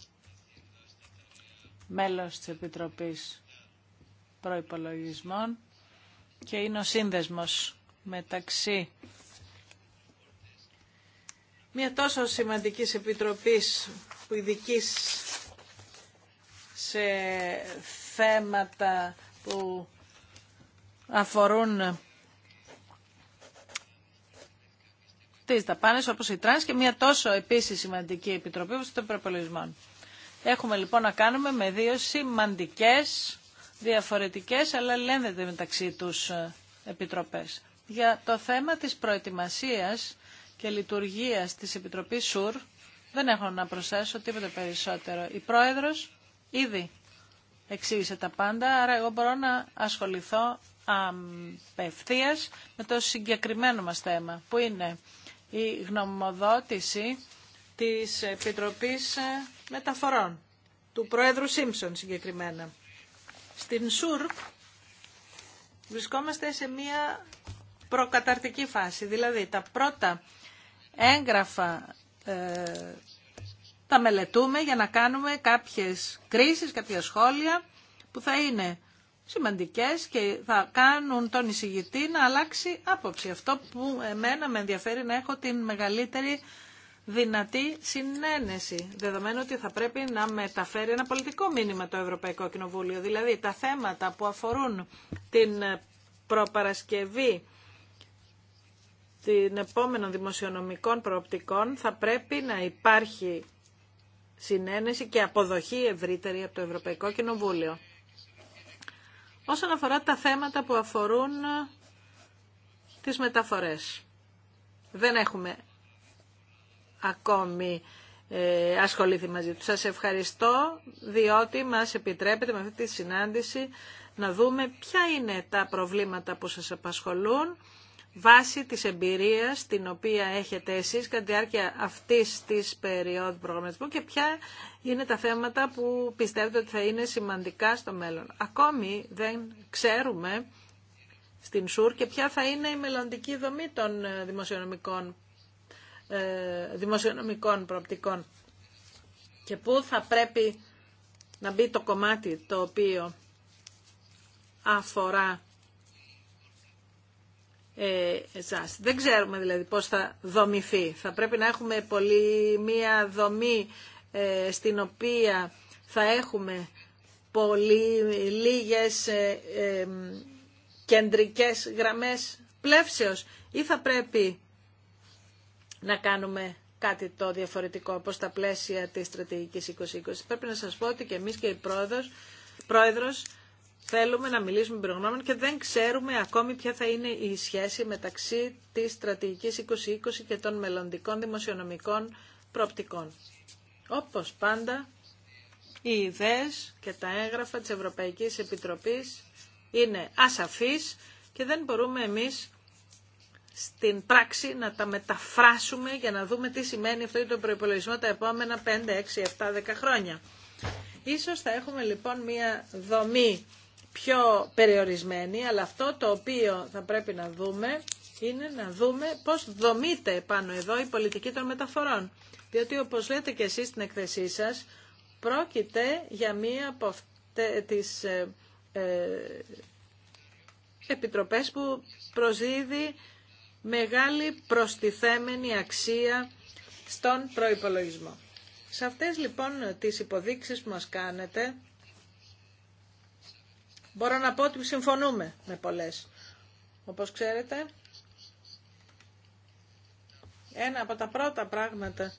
μέλος της Επιτροπής Προϋπολογισμών και είναι ο σύνδεσμος μεταξύ μια τόσο σημαντική επιτροπή που ειδική σε θέματα που αφορούν τις δαπάνες όπως η τρανς και μια τόσο επίσης σημαντική επιτροπή όπως το προπολογισμών. Έχουμε λοιπόν να κάνουμε με δύο σημαντικές, διαφορετικές αλλά λένε μεταξύ τους ε, επιτροπές. Για το θέμα της προετοιμασίας και λειτουργίας της Επιτροπής ΣΟΥΡ δεν έχω να προσθέσω τίποτα περισσότερο. Η Πρόεδρος ήδη εξήγησε τα πάντα, άρα εγώ μπορώ να ασχοληθώ απευθεία με το συγκεκριμένο μας θέμα, που είναι η γνωμοδότηση της Επιτροπής Μεταφορών, του Πρόεδρου Σίμψον συγκεκριμένα. Στην ΣΟΥΡ βρισκόμαστε σε μία προκαταρτική φάση, δηλαδή τα πρώτα έγγραφα ε, τα μελετούμε για να κάνουμε κάποιες κρίσεις, κάποια σχόλια που θα είναι σημαντικές και θα κάνουν τον εισηγητή να αλλάξει άποψη. Αυτό που εμένα με ενδιαφέρει να έχω την μεγαλύτερη δυνατή συνένεση, δεδομένου ότι θα πρέπει να μεταφέρει ένα πολιτικό μήνυμα το Ευρωπαϊκό Κοινοβούλιο. Δηλαδή τα θέματα που αφορούν την προπαρασκευή την επόμενων δημοσιονομικών προοπτικών θα πρέπει να υπάρχει συνένεση και αποδοχή ευρύτερη από το Ευρωπαϊκό Κοινοβούλιο. Όσον αφορά τα θέματα που αφορούν ε, τις μεταφορές. Δεν έχουμε ακόμη ε, μαζί του. Σας ευχαριστώ διότι μας επιτρέπετε με αυτή τη συνάντηση να δούμε ποια είναι τα προβλήματα που σας απασχολούν βάσει της εμπειρίας την οποία έχετε εσείς κατά τη διάρκεια αυτής της περίοδου προγραμματισμού και ποια είναι τα θέματα που πιστεύετε ότι θα είναι σημαντικά στο μέλλον. Ακόμη δεν ξέρουμε στην ΣΟΥΡ και ποια θα είναι η μελλοντική δομή των ε, δημοσιονομικών, ε, δημοσιονομικών προοπτικών και πού θα πρέπει να μπει το κομμάτι το οποίο αφορά ε, Δεν ξέρουμε δηλαδή πώς θα δομηθεί. Θα πρέπει να έχουμε πολύ μία δομή ε, στην οποία θα έχουμε πολύ λίγες ε, ε, κεντρικές γραμμές πλεύσεως ή θα πρέπει να κάνουμε κάτι το διαφορετικό από τα πλαίσια της στρατηγικής 2020. Πρέπει να σας πω ότι και εμείς και η πρόεδρος, πρόεδρος θέλουμε να μιλήσουμε με και δεν ξέρουμε ακόμη ποια θα είναι η σχέση μεταξύ της στρατηγικής 2020 και των μελλοντικών δημοσιονομικών προοπτικών. Όπως πάντα, οι ιδέες και τα έγγραφα της Ευρωπαϊκής Επιτροπής είναι ασαφείς και δεν μπορούμε εμείς στην πράξη να τα μεταφράσουμε για να δούμε τι σημαίνει αυτό για τον προϋπολογισμό τα επόμενα 5, 6, 7, 10 χρόνια. Ίσως θα έχουμε λοιπόν μία δομή πιο περιορισμένη, αλλά αυτό το οποίο θα πρέπει να δούμε είναι να δούμε πώς δομείται πάνω εδώ η πολιτική των μεταφορών. Διότι όπως λέτε και εσείς στην εκθεσή σας, πρόκειται για μία από αυτές τις ε, ε, επιτροπές που προσδίδει μεγάλη προστιθέμενη αξία στον προϋπολογισμό. Σε αυτές λοιπόν τις υποδείξεις που μας κάνετε, Μπορώ να πω ότι συμφωνούμε με πολλές. Όπως ξέρετε, ένα από τα πρώτα πράγματα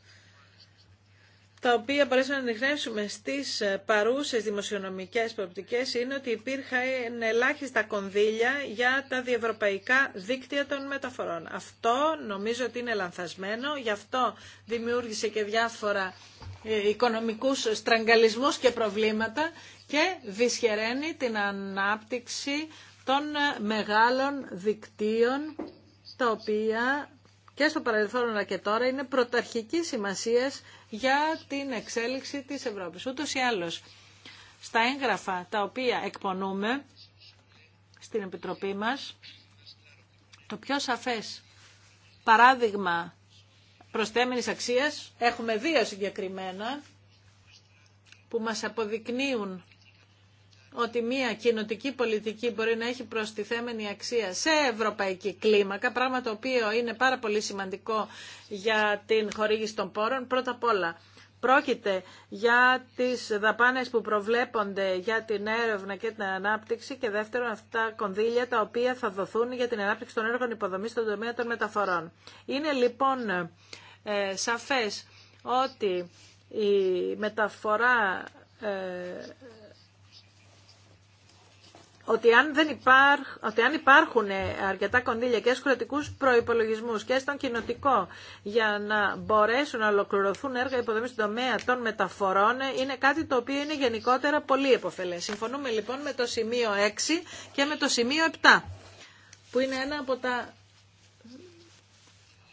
τα οποία μπορέσαμε να ανοιχνεύσουμε στις παρούσες δημοσιονομικές προοπτικές είναι ότι υπήρχαν ελάχιστα κονδύλια για τα διευρωπαϊκά δίκτυα των μεταφορών. Αυτό νομίζω ότι είναι λανθασμένο, γι' αυτό δημιούργησε και διάφορα οικονομικούς στραγγαλισμούς και προβλήματα και δυσχεραίνει την ανάπτυξη των ε, μεγάλων δικτύων τα οποία και στο παρελθόν αλλά και τώρα είναι πρωταρχική σημασία για την εξέλιξη της Ευρώπης. Ούτως ή άλλως, στα έγγραφα τα οποία εκπονούμε στην Επιτροπή μας, το πιο σαφές παράδειγμα προστέμενης αξίας. Έχουμε δύο συγκεκριμένα που μας αποδεικνύουν ότι μια κοινοτική πολιτική μπορεί να έχει προστιθέμενη αξία σε ευρωπαϊκή κλίμακα, πράγμα το οποίο είναι πάρα πολύ σημαντικό για την χορήγηση των πόρων. Πρώτα απ' όλα, πρόκειται για τις δαπάνες που προβλέπονται για την έρευνα και την ανάπτυξη και δεύτερον αυτά κονδύλια τα οποία θα δοθούν για την ανάπτυξη των έργων υποδομής στον τομέα των μεταφορών. Είναι λοιπόν ε, σαφές ότι η μεταφορά ε, ότι αν, δεν υπάρχ, ότι αν υπάρχουν αρκετά κονδύλια και στους κρατικούς προϋπολογισμούς και στον κοινοτικό για να μπορέσουν να ολοκληρωθούν έργα υποδομής στον τομέα των μεταφορών είναι κάτι το οποίο είναι γενικότερα πολύ επωφελές. Συμφωνούμε λοιπόν με το σημείο 6 και με το σημείο 7 που είναι ένα από τα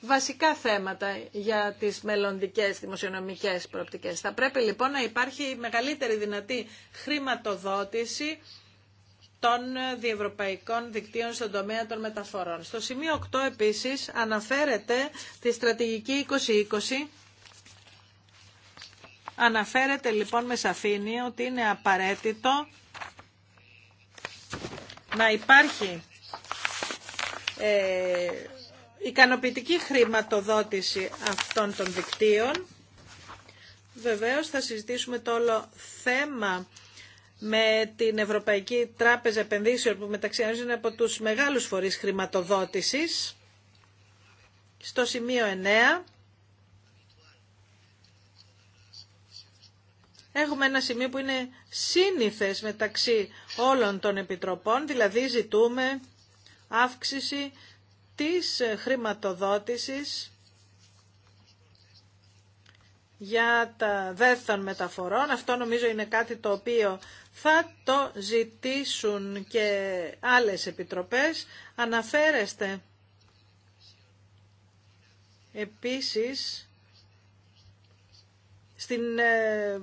βασικά θέματα για τις μελλοντικές δημοσιονομικές προοπτικές. Θα πρέπει λοιπόν να υπάρχει μεγαλύτερη δυνατή χρηματοδότηση των διευρωπαϊκών δικτύων στον τομέα των μεταφορών. Στο σημείο 8 επίσης αναφέρεται τη στρατηγική 2020 Αναφέρεται λοιπόν με σαφήνεια ότι είναι απαραίτητο να υπάρχει ε, ικανοποιητική χρηματοδότηση αυτών των δικτύων. Βεβαίως θα συζητήσουμε το όλο θέμα με την Ευρωπαϊκή Τράπεζα Επενδύσεων που μεταξύ άλλων είναι από τους μεγάλους φορείς χρηματοδότησης. Στο σημείο 9 έχουμε ένα σημείο που είναι σύνηθες μεταξύ όλων των επιτροπών, δηλαδή ζητούμε αύξηση της χρηματοδότησης για τα δέθων μεταφορών. Αυτό νομίζω είναι κάτι το οποίο θα το ζητήσουν και άλλες επιτροπές. Αναφέρεστε επίσης στην ε,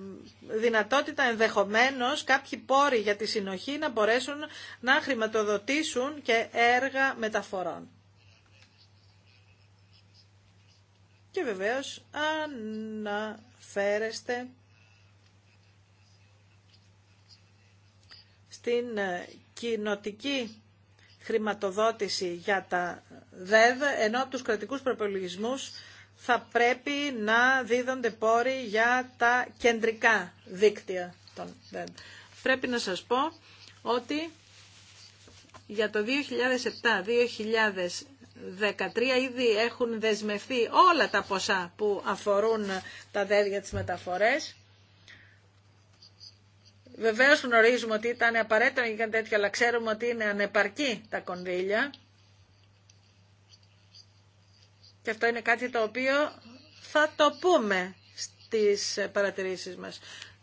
δυνατότητα ενδεχομένως κάποιοι πόροι για τη συνοχή να μπορέσουν να χρηματοδοτήσουν και έργα μεταφορών. και βεβαίως αναφέρεστε στην ε, κοινοτική χρηματοδότηση για τα ΔΕΔ, ενώ από τους κρατικούς προπολογισμούς θα πρέπει να δίδονται πόροι για τα κεντρικά δίκτυα των ΔΕΔ. Πρέπει να σας πω ότι για το 2007-2008, ήδη έχουν δεσμευθεί όλα τα ποσά που αφορούν τα δέδια της μεταφορές. Βεβαίως γνωρίζουμε ότι ήταν απαραίτητο να γίνουν τέτοιο, αλλά ξέρουμε ότι είναι ανεπαρκή τα κονδύλια. Και αυτό είναι κάτι το οποίο θα το πούμε στις παρατηρήσεις μας.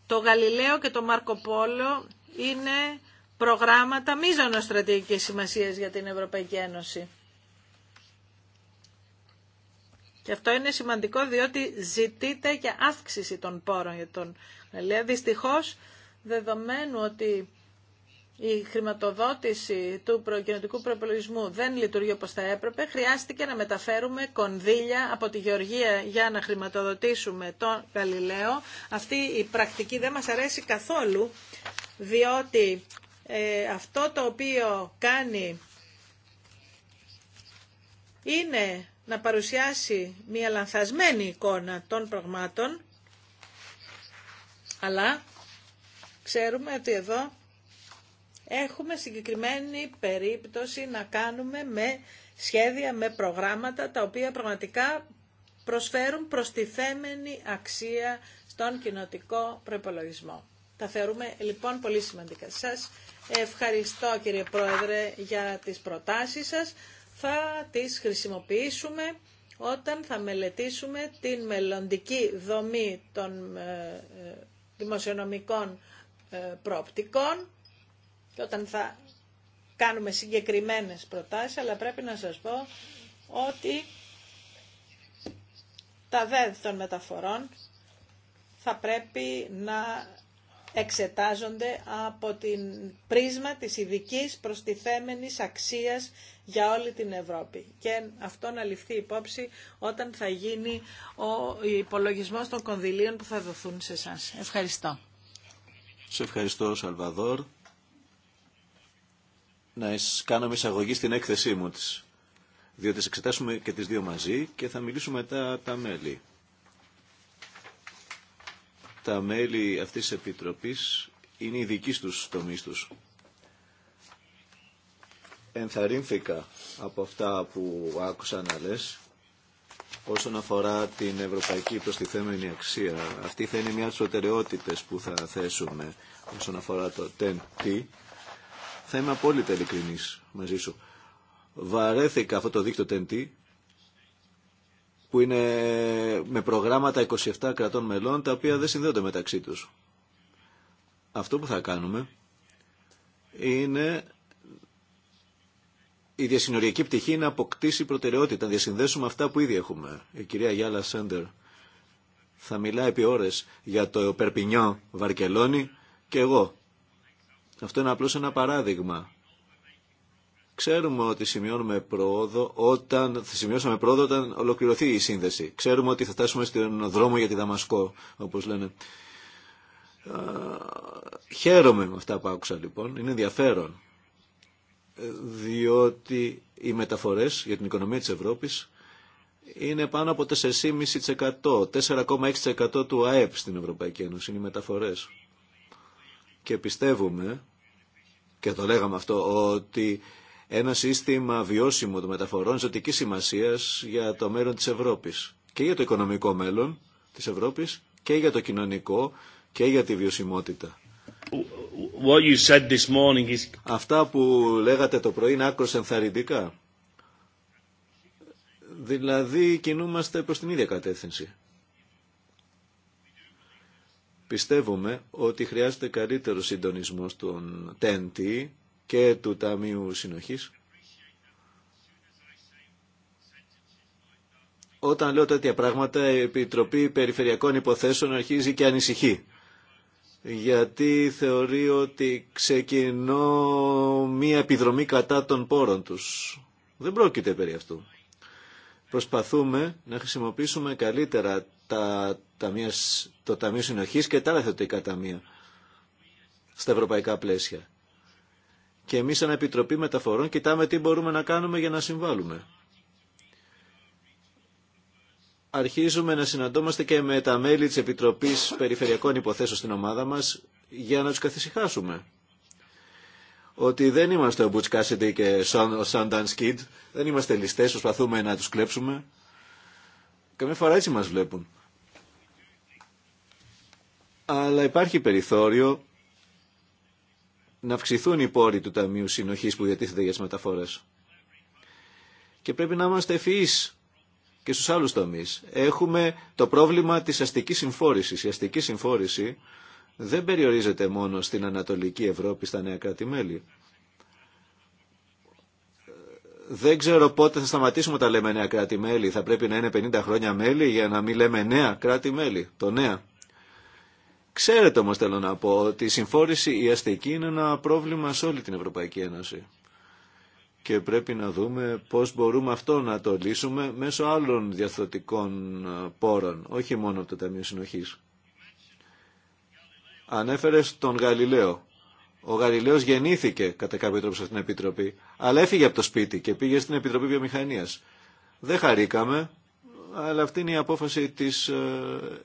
Το Γαλιλαίο και το Μάρκο Πόλο είναι προγράμματα μίζωνος στρατηγικής σημασίας για την Ευρωπαϊκή Ένωση. Και αυτό είναι σημαντικό διότι ζητείται και αύξηση των πόρων για τον Γαλλία. Δυστυχώς, δεδομένου ότι η χρηματοδότηση του προκοινωτικού προπολογισμού δεν λειτουργεί όπως θα έπρεπε, χρειάστηκε να μεταφέρουμε κονδύλια από τη Γεωργία για να χρηματοδοτήσουμε τον Γαλιλαίο. Αυτή η πρακτική δεν μας αρέσει καθόλου, διότι ε, αυτό το οποίο κάνει είναι να παρουσιάσει μία λανθασμένη εικόνα των πραγμάτων, αλλά ξέρουμε ότι εδώ έχουμε συγκεκριμένη περίπτωση να κάνουμε με σχέδια, με προγράμματα τα οποία πραγματικά προσφέρουν προστιθέμενη αξία στον κοινοτικό προπολογισμό. Τα θεωρούμε λοιπόν πολύ σημαντικά. Σας ευχαριστώ κύριε Πρόεδρε για τις προτάσεις σας θα τις χρησιμοποιήσουμε όταν θα μελετήσουμε την μελλοντική δομή των ε, ε, δημοσιονομικών ε, πρόπτικων και όταν θα κάνουμε συγκεκριμένες προτάσεις, αλλά πρέπει να σας πω ότι τα δέδη των μεταφορών θα πρέπει να εξετάζονται από την πρίσμα της ειδική προστιθέμενης αξίας για όλη την Ευρώπη. Και αυτό να ληφθεί υπόψη όταν θα γίνει ο υπολογισμός των κονδυλίων που θα δοθούν σε εσά. Ευχαριστώ. Σε ευχαριστώ, Σαλβαδόρ. Να κάνω εισαγωγή στην έκθεσή μου της. Διότι εξετάσουμε και τις δύο μαζί και θα μιλήσουμε μετά τα μέλη τα μέλη αυτής της Επιτροπής είναι οι δικοί τους τομείς τους. Ενθαρρύνθηκα από αυτά που άκουσα να λες όσον αφορά την ευρωπαϊκή προστιθέμενη αξία. Αυτή θα είναι μια από τις προτεραιότητες που θα θέσουμε όσον αφορά το TEN-T. Θα είμαι απόλυτα ειλικρινής μαζί σου. Βαρέθηκα αυτό το δίκτυο TEN-T που είναι με προγράμματα 27 κρατών μελών τα οποία δεν συνδέονται μεταξύ τους. Αυτό που θα κάνουμε είναι η διασυνοριακή πτυχή να αποκτήσει προτεραιότητα, να διασυνδέσουμε αυτά που ήδη έχουμε. Η κυρία Γιάλα Σέντερ θα μιλάει επί ώρες για το Περπινιό Βαρκελόνη και εγώ. Αυτό είναι απλώς ένα παράδειγμα Ξέρουμε ότι σημειώνουμε πρόοδο όταν, θα σημειώσαμε πρόοδο όταν ολοκληρωθεί η σύνδεση. Ξέρουμε ότι θα φτάσουμε στον δρόμο για τη Δαμασκό, όπως λένε. Χαίρομαι με αυτά που άκουσα λοιπόν, είναι ενδιαφέρον, ε, διότι οι μεταφορές για την οικονομία της Ευρώπης είναι πάνω από 4,5%, 4,6% του ΑΕΠ στην Ευρωπαϊκή Ένωση, είναι οι μεταφορές. Και πιστεύουμε, και το λέγαμε αυτό, ότι ένα σύστημα βιώσιμο των μεταφορών ζωτική σημασία για το μέλλον τη Ευρώπη και για το οικονομικό μέλλον της Ευρώπης και για το κοινωνικό και για τη βιωσιμότητα. What you said this morning is... Αυτά που λέγατε το πρωί είναι άκρο ενθαρρυντικά. Δηλαδή κινούμαστε προς την ίδια κατεύθυνση. Πιστεύουμε ότι χρειάζεται καλύτερο συντονισμό των TNT και του Ταμείου Συνοχής. Όταν λέω τέτοια πράγματα, η Επιτροπή Περιφερειακών Υποθέσεων αρχίζει και ανησυχεί. Γιατί θεωρεί ότι ξεκινώ μία επιδρομή κατά των πόρων τους. Δεν πρόκειται περί αυτού. Προσπαθούμε να χρησιμοποιήσουμε καλύτερα τα, το Ταμείο Συνοχής και τα άλλα θετικά ταμεία στα ευρωπαϊκά πλαίσια και εμείς σαν Επιτροπή Μεταφορών κοιτάμε τι μπορούμε να κάνουμε για να συμβάλλουμε. Αρχίζουμε να συναντόμαστε και με τα μέλη της Επιτροπής Περιφερειακών Υποθέσεων στην ομάδα μας για να τους καθησυχάσουμε. Ότι δεν είμαστε ο Cassidy και ο Sundance Kid, δεν είμαστε ληστές, προσπαθούμε να τους κλέψουμε. Καμιά φορά έτσι μας βλέπουν. Αλλά υπάρχει περιθώριο να αυξηθούν οι πόροι του Ταμείου Συνοχής που διατίθεται για τις μεταφορές. Και πρέπει να είμαστε ευφυείς και στους άλλους τομείς. Έχουμε το πρόβλημα της αστικής συμφόρησης. Η αστική συμφόρηση δεν περιορίζεται μόνο στην Ανατολική Ευρώπη, στα νέα κράτη-μέλη. Δεν ξέρω πότε θα σταματήσουμε τα λέμε νέα κράτη-μέλη. Θα πρέπει να είναι 50 χρόνια μέλη για να μην λέμε νέα κράτη-μέλη. Το νέα Ξέρετε όμως θέλω να πω ότι η συμφόρηση η αστική είναι ένα πρόβλημα σε όλη την Ευρωπαϊκή Ένωση. Και πρέπει να δούμε πώς μπορούμε αυτό να το λύσουμε μέσω άλλων διαθωτικών ε, πόρων, όχι μόνο από το Ταμείο Συνοχής. Ανέφερε τον Γαλιλαίο. Ο Γαλιλαίος γεννήθηκε κατά κάποιο τρόπο σε αυτήν την Επιτροπή, αλλά έφυγε από το σπίτι και πήγε στην Επιτροπή βιομηχανία. Δεν χαρήκαμε, αλλά αυτή είναι η απόφαση τη. Ε,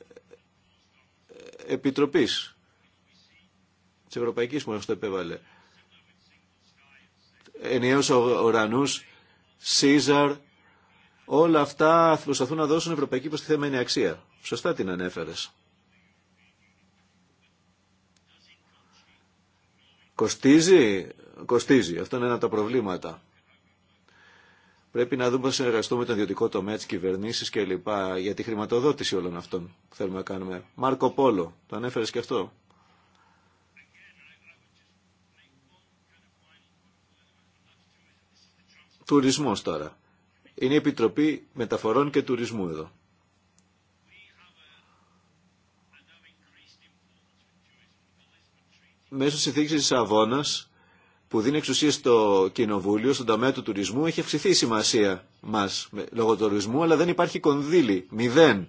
Επιτροπής της Ευρωπαϊκής μας το επέβαλε. ο ουρανούς, Σίζαρ, όλα αυτά προσπαθούν να δώσουν ευρωπαϊκή προστιθέμενη αξία. Σωστά την ανέφερες. Κοστίζει, κοστίζει. Αυτό είναι ένα από τα προβλήματα. Πρέπει να δούμε να συνεργαστούμε με τον ιδιωτικό τομέα, τι κυβερνήσει κλπ. για τη χρηματοδότηση όλων αυτών που θέλουμε να κάνουμε. Μάρκο Πόλο, το ανέφερε και αυτό. Τουρισμό τώρα. Είναι η Επιτροπή Μεταφορών και Τουρισμού εδώ. Μέσω συνθήκης τη Αβώνας που δίνει εξουσία στο κοινοβούλιο, στον τομέα του τουρισμού, έχει αυξηθεί η σημασία μα λόγω του τουρισμού, αλλά δεν υπάρχει κονδύλι. Μηδέν.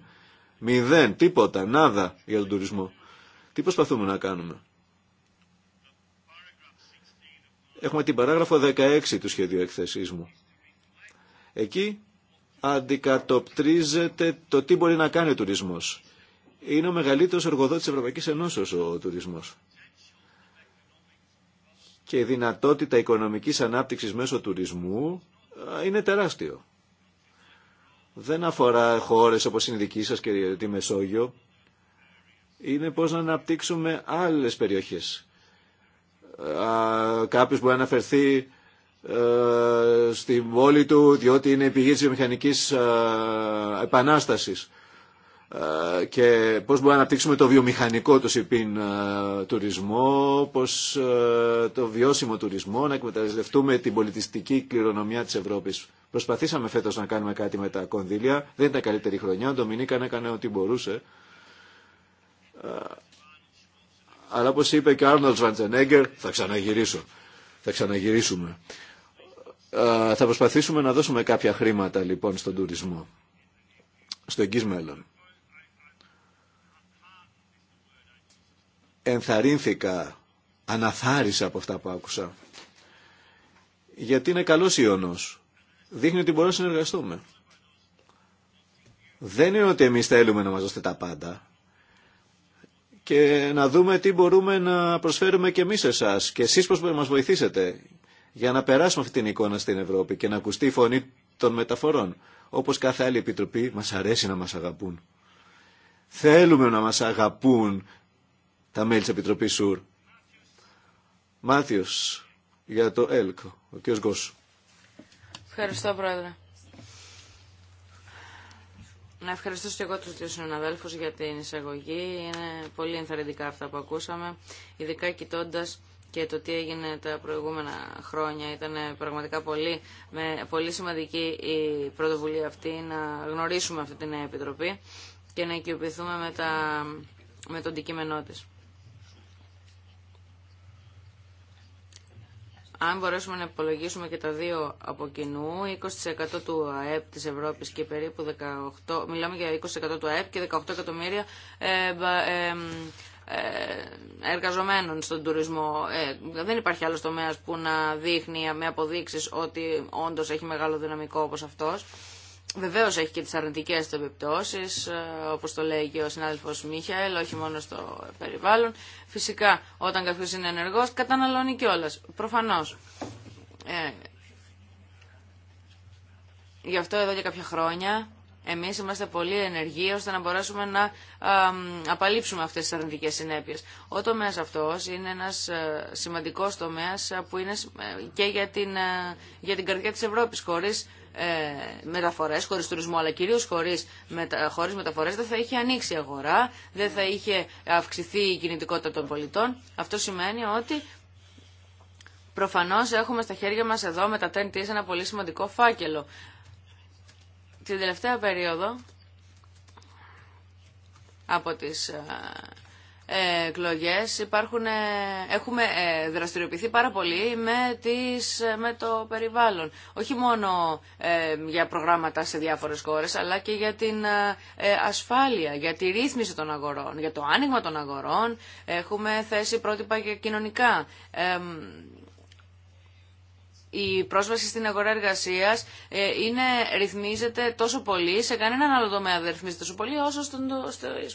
Μηδέν. Τίποτα. Νάδα για τον τουρισμό. Τι προσπαθούμε να κάνουμε. Έχουμε την παράγραφο 16 του σχεδίου εκθεσής μου. Εκεί αντικατοπτρίζεται το τι μπορεί να κάνει ο τουρισμός. Είναι ο μεγαλύτερος εργοδότης της Ευρωπαϊκής Ενώσεως ο τουρισμός και η δυνατότητα οικονομικής ανάπτυξης μέσω τουρισμού ε, είναι τεράστιο. Δεν αφορά χώρες όπως είναι η δική σας και τη Μεσόγειο. Είναι πώς να αναπτύξουμε άλλες περιοχές. Κάποιος μπορεί να αναφερθεί ε, στην πόλη του διότι είναι η πηγή της βιομηχανικής ε, επανάστασης. Ε, και πώς μπορούμε να αναπτύξουμε το βιομηχανικό του ΣΥΠΗΝ ε, τουρισμό, πώς ε, το βιώσιμο τουρισμό, να εκμεταλλευτούμε την πολιτιστική κληρονομιά της Ευρώπης. Προσπαθήσαμε φέτος να κάνουμε κάτι με τα κονδύλια, δεν ήταν καλύτερη χρονιά, ο Ντομινίκαν έκανε ό,τι μπορούσε. Αλλά όπως είπε και ο Άρνολτ Βαντζενέγκερ, θα ξαναγυρίσω, θα ξαναγυρίσουμε. Θα προσπαθήσουμε να δώσουμε κάποια χρήματα λοιπόν στον τουρισμό, στο εγγύς μέλλον. ενθαρρύνθηκα, αναθάρισα από αυτά που άκουσα. Γιατί είναι καλός ιονός. Δείχνει ότι μπορούμε να συνεργαστούμε. Δεν είναι ότι εμείς θέλουμε να μας δώσετε τα πάντα. Και να δούμε τι μπορούμε να προσφέρουμε και εμείς εσάς. Και εσείς πώς μπορείτε να μας βοηθήσετε για να περάσουμε αυτή την εικόνα στην Ευρώπη και να ακουστεί η φωνή των μεταφορών. Όπως κάθε άλλη επιτροπή μας αρέσει να μας αγαπούν. Θέλουμε να μας αγαπούν τα μέλη τη Επιτροπή ΣΟΥΡ. Μάθιος για το ΕΛΚΟ, ο κ. Γκόσου. Ευχαριστώ, Πρόεδρε. Να ευχαριστήσω και εγώ τους δύο συναδέλφους για την εισαγωγή. Είναι πολύ ενθαρρυντικά αυτά που ακούσαμε, ειδικά κοιτώντα και το τι έγινε τα προηγούμενα χρόνια. Ήταν πραγματικά πολύ, με, πολύ σημαντική η πρωτοβουλία αυτή να γνωρίσουμε αυτή την Επιτροπή και να οικειοποιηθούμε με, τα, με το αντικείμενό της. Αν μπορέσουμε να υπολογίσουμε και τα δύο από κοινού, 20% του ΑΕΠ της Ευρώπης και περίπου 18, μιλάμε για 20% του ΑΕΠ και 18 εκατομμύρια ε, ε, ε, εργαζομένων στον τουρισμό. Ε, δεν υπάρχει άλλος τομέας που να δείχνει με αποδείξεις ότι όντως έχει μεγάλο δυναμικό όπως αυτός. Βεβαίω έχει και τι αρνητικέ του επιπτώσει, ε, όπω το λέει και ο συνάδελφο Μίχαελ, όχι μόνο στο περιβάλλον. Φυσικά, όταν κάποιο είναι ενεργό, καταναλώνει κιόλα. Προφανώ. Ε, γι' αυτό εδώ για κάποια χρόνια εμεί είμαστε πολύ ενεργοί ώστε να μπορέσουμε να ε, απαλείψουμε αυτέ τι αρνητικέ συνέπειε. Ο τομέα αυτό είναι ένα ε, σημαντικό τομέα που είναι και για την, για την καρδιά τη Ευρώπη. Χωρί ε, μεταφορές, χωρίς τουρισμό, αλλά κυρίως χωρίς, μετα... χωρίς μεταφορές δεν θα είχε ανοίξει η αγορά, δεν θα είχε αυξηθεί η κινητικότητα των πολιτών. Αυτό σημαίνει ότι προφανώς έχουμε στα χέρια μας εδώ με τα TNT ένα πολύ σημαντικό φάκελο. Την τελευταία περίοδο από τις ε, εκλογέ έχουμε ε, δραστηριοποιηθεί πάρα πολύ με, τις, ε, με το περιβάλλον. Όχι μόνο ε, για προγράμματα σε διάφορες χώρες, αλλά και για την ασφάλεια, για τη ρύθμιση των αγορών, για το άνοιγμα των αγορών. Έχουμε θέσει πρότυπα και κοινωνικά. Η πρόσβαση στην αγορά εργασία είναι ρυθμίζεται τόσο πολύ, σε κανέναν άλλο τομέα δεν ρυθμίζεται τόσο πολύ όσο στι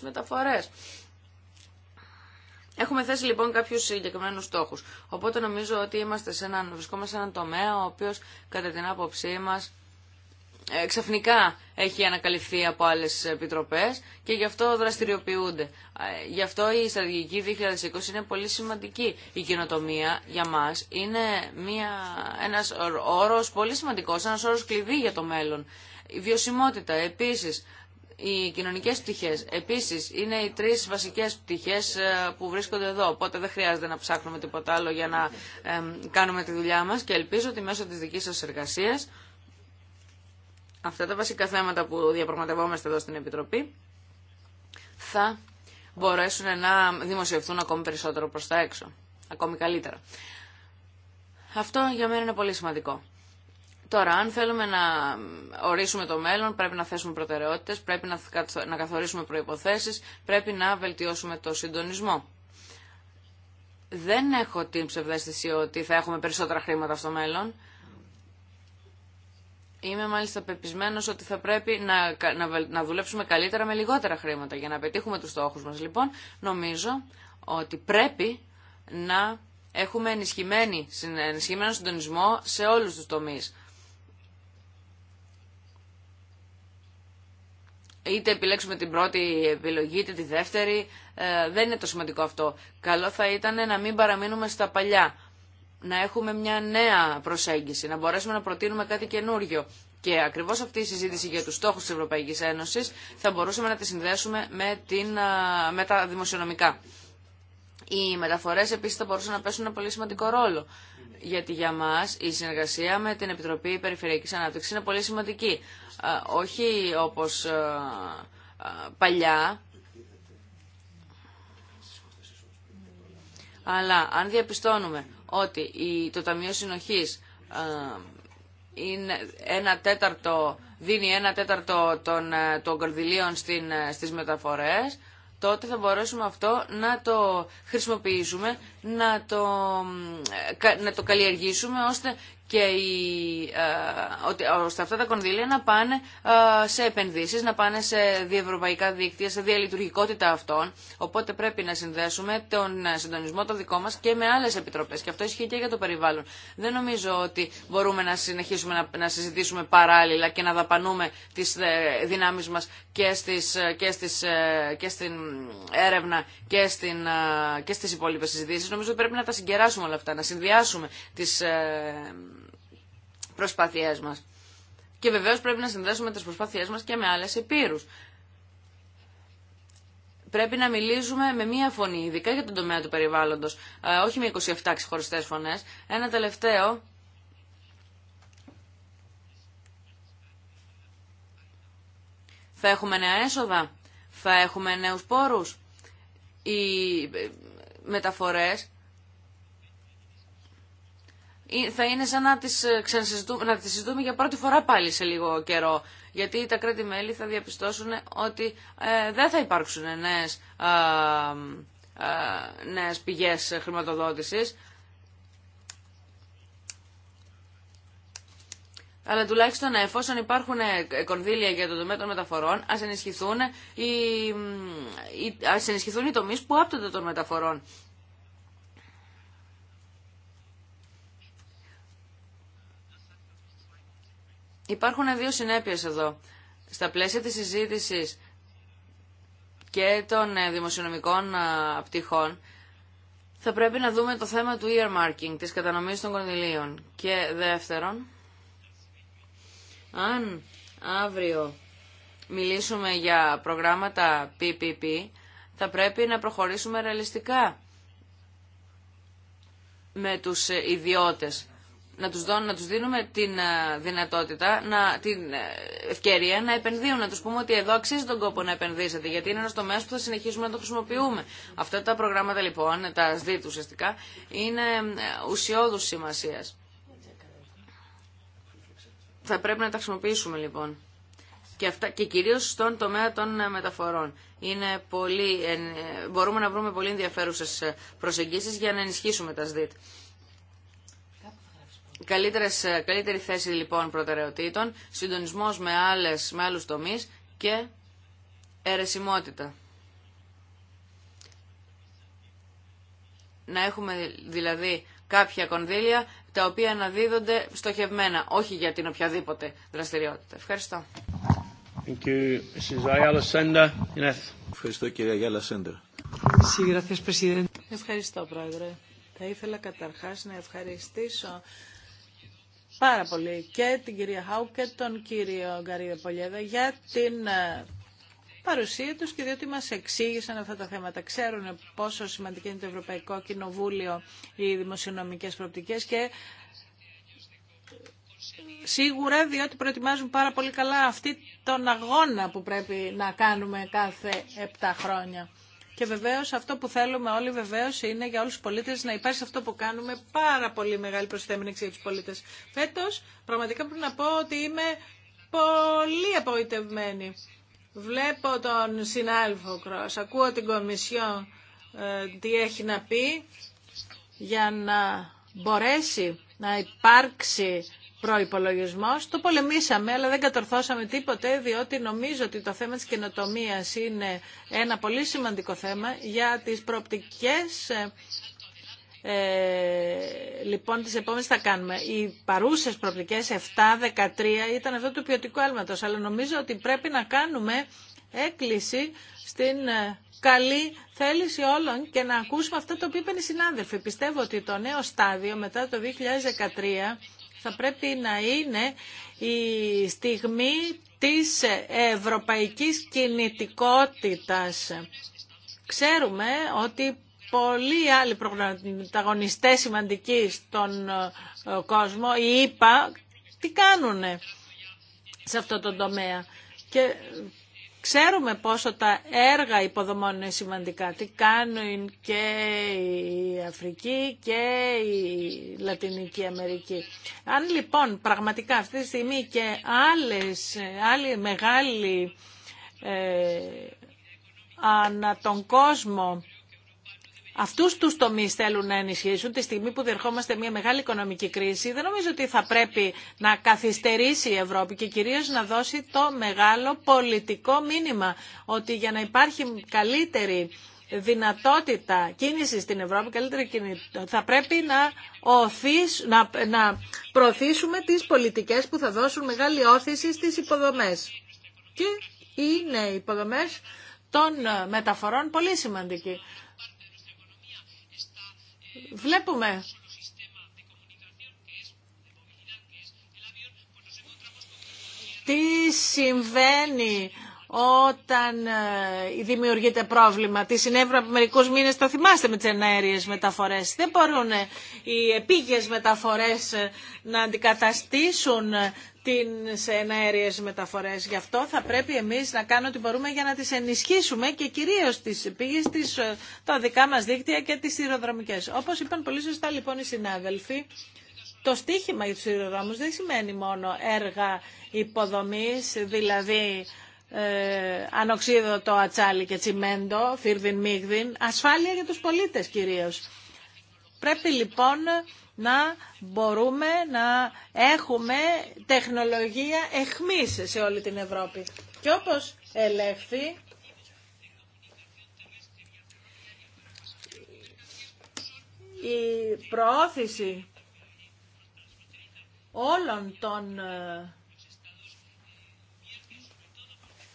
μεταφορέ. Έχουμε θέσει λοιπόν κάποιου συγκεκριμένου στόχου. Οπότε νομίζω ότι είμαστε σε έναν, βρισκόμαστε σε έναν τομέα ο οποίο κατά την άποψή μα ε, ξαφνικά έχει ανακαλυφθεί από άλλε επιτροπέ και γι' αυτό δραστηριοποιούνται. Ε, γι' αυτό η στρατηγική 2020 είναι πολύ σημαντική. Η κοινοτομία για μα είναι ένα όρο πολύ σημαντικό, ένα όρο κλειδί για το μέλλον. Η βιωσιμότητα επίση οι κοινωνικές πτυχές. Επίσης, είναι οι τρεις βασικές πτυχές ε, που βρίσκονται εδώ, οπότε δεν χρειάζεται να ψάχνουμε τίποτα άλλο για να κάνουμε τη δουλειά μας και ελπίζω ότι μέσω της δικής σας εργασίας αυτά τα βασικά θέματα που διαπραγματευόμαστε εδώ στην Επιτροπή θα μπορέσουν να δημοσιευθούν ακόμη περισσότερο προς τα έξω, ακόμη καλύτερα. Αυτό για μένα είναι πολύ σημαντικό. Τώρα, αν θέλουμε να ορίσουμε το μέλλον, πρέπει να θέσουμε προτεραιότητες, πρέπει να καθορίσουμε προϋποθέσεις, πρέπει να βελτιώσουμε το συντονισμό. Δεν έχω την ψευδέστηση ότι θα έχουμε περισσότερα χρήματα στο μέλλον. Είμαι μάλιστα πεπισμένος ότι θα πρέπει να, να, να δουλέψουμε καλύτερα με λιγότερα χρήματα. Για να πετύχουμε τους στόχους μας, λοιπόν, νομίζω ότι πρέπει να έχουμε ενισχυμένο συντονισμό σε όλους τους τομείς είτε επιλέξουμε την πρώτη επιλογή είτε τη δεύτερη, ε, δεν είναι το σημαντικό αυτό. Καλό θα ήταν να μην παραμείνουμε στα παλιά, να έχουμε μια νέα προσέγγιση, να μπορέσουμε να προτείνουμε κάτι καινούργιο. Και ακριβώς αυτή η συζήτηση για τους στόχους της Ευρωπαϊκής Ένωσης θα μπορούσαμε να τη συνδέσουμε με, την, ε, με τα δημοσιονομικά. Οι μεταφορές επίσης θα μπορούσαν να πέσουν ένα πολύ σημαντικό ρόλο. Γιατί για μας η συνεργασία με την Επιτροπή Περιφερειακής Ανάπτυξης είναι πολύ σημαντική όχι όπως παλιά, αλλά αν διαπιστώνουμε ότι το Ταμείο Συνοχής είναι ένα τέταρτο, δίνει ένα τέταρτο των, ε, των κορδιλίων στην, ε, στις μεταφορές, τότε θα μπορέσουμε αυτό να το χρησιμοποιήσουμε, να το, ε, να το καλλιεργήσουμε, ώστε και ε, ότι, ε, ώστε αυτά τα κονδύλια να πάνε ε, σε επενδύσει, να πάνε σε διευρωπαϊκά δίκτυα, σε διαλειτουργικότητα αυτών. Οπότε πρέπει να συνδέσουμε τον ε, συντονισμό το δικό μα και με άλλε επιτροπέ. Και αυτό ισχύει και για το περιβάλλον. Δεν νομίζω ότι μπορούμε να συνεχίσουμε να, να συζητήσουμε παράλληλα και να δαπανούμε τις δυνάμει μα και, στις, και, στις, και στην έρευνα και, στην, και στις υπόλοιπες συζητήσεις. Νομίζω ότι πρέπει να τα συγκεράσουμε όλα αυτά, να συνδυάσουμε τις προσπάθειές Και βεβαίως πρέπει να συνδέσουμε τις προσπάθειές μας και με άλλες επίρους. Πρέπει να μιλήσουμε με μία φωνή, ειδικά για τον τομέα του περιβάλλοντος, ε, όχι με 27 ξεχωριστέ φωνές. Ένα τελευταίο, Θα έχουμε νέα έσοδα. Θα έχουμε νέους πόρους. Οι ε, μεταφορές ε, θα είναι σαν να τις, ε, να τις συζητούμε για πρώτη φορά πάλι σε λίγο καιρό. Γιατί τα κράτη-μέλη θα διαπιστώσουν ότι ε, δεν θα υπάρξουν νέες, νέες πηγές χρηματοδότησης. Αλλά τουλάχιστον εφόσον υπάρχουν κονδύλια για το τομέα των μεταφορών, ας ενισχυθούν οι, οι, ας τομείς που άπτονται των μεταφορών. Υπάρχουν δύο συνέπειες εδώ. Στα πλαίσια της συζήτησης και των ε, δημοσιονομικών πτυχών, θα πρέπει να δούμε το θέμα του earmarking, της κατανομής των κονδυλίων. Και δεύτερον, αν αύριο μιλήσουμε για προγράμματα PPP, θα πρέπει να προχωρήσουμε ρεαλιστικά με τους ε, ιδιώτες να τους, δω, να τους δίνουμε την ε, δυνατότητα, να, την ε, ευκαιρία να επενδύουν, να τους πούμε ότι εδώ αξίζει τον κόπο να επενδύσετε, γιατί είναι ένας τομέας που θα συνεχίσουμε να το χρησιμοποιούμε. Αυτά τα προγράμματα λοιπόν, τα ΣΔΙΤ ουσιαστικά, είναι ε, ουσιώδους σημασίας. Θα πρέπει να τα χρησιμοποιήσουμε λοιπόν και, αυτά, και κυρίως στον τομέα των μεταφορών. Είναι πολύ, μπορούμε να βρούμε πολύ ενδιαφέρουσες προσεγγίσεις για να ενισχύσουμε τα ΣΔΙΤ. Καλύτερες, ε, καλύτερη θέση λοιπόν προτεραιοτήτων, συντονισμός με, άλλες, με άλλους τομείς και αιρεσιμότητα. Να έχουμε δηλαδή κάποια κονδύλια τα οποία να δίδονται στοχευμένα, όχι για την οποιαδήποτε δραστηριότητα. Ευχαριστώ. Thank you. Ευχαριστώ κυρία Γιάλα Σέντερ. Ευχαριστώ πρόεδρε. Θα ήθελα καταρχάς να ευχαριστήσω πάρα πολύ και την κυρία Χάου και τον κύριο Γκαρίδε Πολιέδα για την ε, παρουσία τους και διότι μας εξήγησαν αυτά τα θέματα. Ξέρουν πόσο σημαντικό είναι το Ευρωπαϊκό Κοινοβούλιο οι δημοσιονομικές προοπτικές και σίγουρα διότι προετοιμάζουν πάρα πολύ καλά αυτή τον αγώνα που πρέπει να κάνουμε κάθε 7 χρόνια. Και βεβαίω αυτό που θέλουμε όλοι βεβαίω είναι για όλου του πολίτε να υπάρχει αυτό που κάνουμε πάρα πολύ μεγάλη προσθέμενη για του πολίτε. Φέτο, πραγματικά πρέπει να πω ότι είμαι πολύ απογοητευμένη. Βλέπω τον συνάδελφο Κρός, ακούω την Κομισιό ε, τι έχει να πει για να μπορέσει να υπάρξει Προπολογισμό. Το πολεμήσαμε, αλλά δεν κατορθώσαμε τίποτε, διότι νομίζω ότι το θέμα τη καινοτομία είναι ένα πολύ σημαντικό θέμα για τι προοπτικέ. ε, λοιπόν, τις επόμενες θα κάνουμε. Οι παρουσες προπτικές... προοπτικές 7-13 ήταν αυτό του ποιοτικού έλματος. αλλά νομίζω ότι πρέπει να κάνουμε έκκληση στην ε, καλή θέληση όλων και να ακούσουμε αυτά το οποίο είπαν οι συνάδελφοι. Πιστεύω ότι το νέο στάδιο μετά το 2013 θα πρέπει να είναι η στιγμή της ευρωπαϊκής κινητικότητας. Ξέρουμε ότι πολλοί άλλοι πρωταγωνιστές σημαντικοί στον ε, κόσμο, οι τι κάνουνε σε αυτό το τομέα. Και Ξέρουμε πόσο τα έργα υποδομών είναι σημαντικά. Τι κάνουν και η Αφρική και η Λατινική Αμερική. Αν λοιπόν πραγματικά αυτή τη στιγμή και άλλες, άλλοι μεγάλοι ε, ανά τον κόσμο Αυτού τους τομεί θέλουν να ενισχύσουν τη στιγμή που δερχόμαστε μια μεγάλη οικονομική κρίση. Δεν νομίζω ότι θα πρέπει να καθυστερήσει η Ευρώπη και κυρίως να δώσει το μεγάλο πολιτικό μήνυμα ότι για να υπάρχει καλύτερη δυνατότητα κίνηση στην Ευρώπη, καλύτερη κινητό, θα πρέπει να, οθείς, να, να προωθήσουμε τι πολιτικέ που θα δώσουν μεγάλη όθηση στι υποδομέ. Και είναι οι υποδομέ των μεταφορών πολύ σημαντικοί. Βλέπουμε τι συμβαίνει όταν ε, δημιουργείται πρόβλημα. Τι συνέβη από μερικού μήνε το θυμάστε με τι ενέργειε μεταφορέ. Δεν μπορούν ε, οι επίγειες μεταφορέ ε, να αντικαταστήσουν τι ενέργειε μεταφορέ. Γι' αυτό θα πρέπει εμεί να κάνουμε ό,τι μπορούμε για να τι ενισχύσουμε και κυρίω τι επίγειε, τα δικά μα δίκτυα και τι σειροδρομικές. Όπω είπαν πολύ σωστά λοιπόν οι συνάδελφοι, το στίχημα για τους σειροδρόμους δεν σημαίνει μόνο έργα υποδομής, δηλαδή ε, ανοξίδωτο ατσάλι και τσιμέντο, φίρδιν μίγδιν, ασφάλεια για τους πολίτες κυρίως. Πρέπει λοιπόν να μπορούμε να έχουμε τεχνολογία εχμής σε όλη την Ευρώπη. Και όπως ελέγχθη, η προώθηση όλων των ε,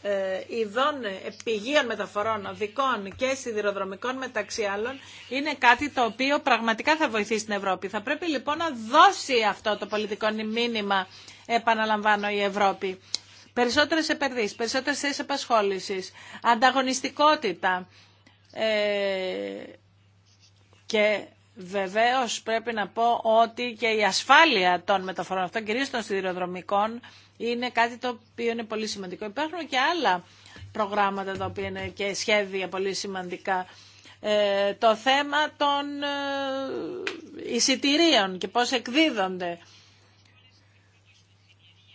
ε, ειδών ε, πηγείων μεταφορών, οδικών και σιδηροδρομικών μεταξύ άλλων, είναι κάτι το οποίο πραγματικά θα βοηθήσει την Ευρώπη. Θα πρέπει λοιπόν να δώσει αυτό το πολιτικό μήνυμα, επαναλαμβάνω, η Ευρώπη. Περισσότερες επενδύσει, περισσότερες θέσει απασχόληση, ανταγωνιστικότητα ε, και βεβαίως πρέπει να πω ότι και η ασφάλεια των μεταφορών αυτών, κυρίως των σιδηροδρομικών, είναι κάτι το οποίο είναι πολύ σημαντικό. Υπάρχουν και άλλα προγράμματα τα οποία είναι και σχέδια πολύ σημαντικά. Ε, το θέμα των ε, εισιτηρίων και πώς εκδίδονται.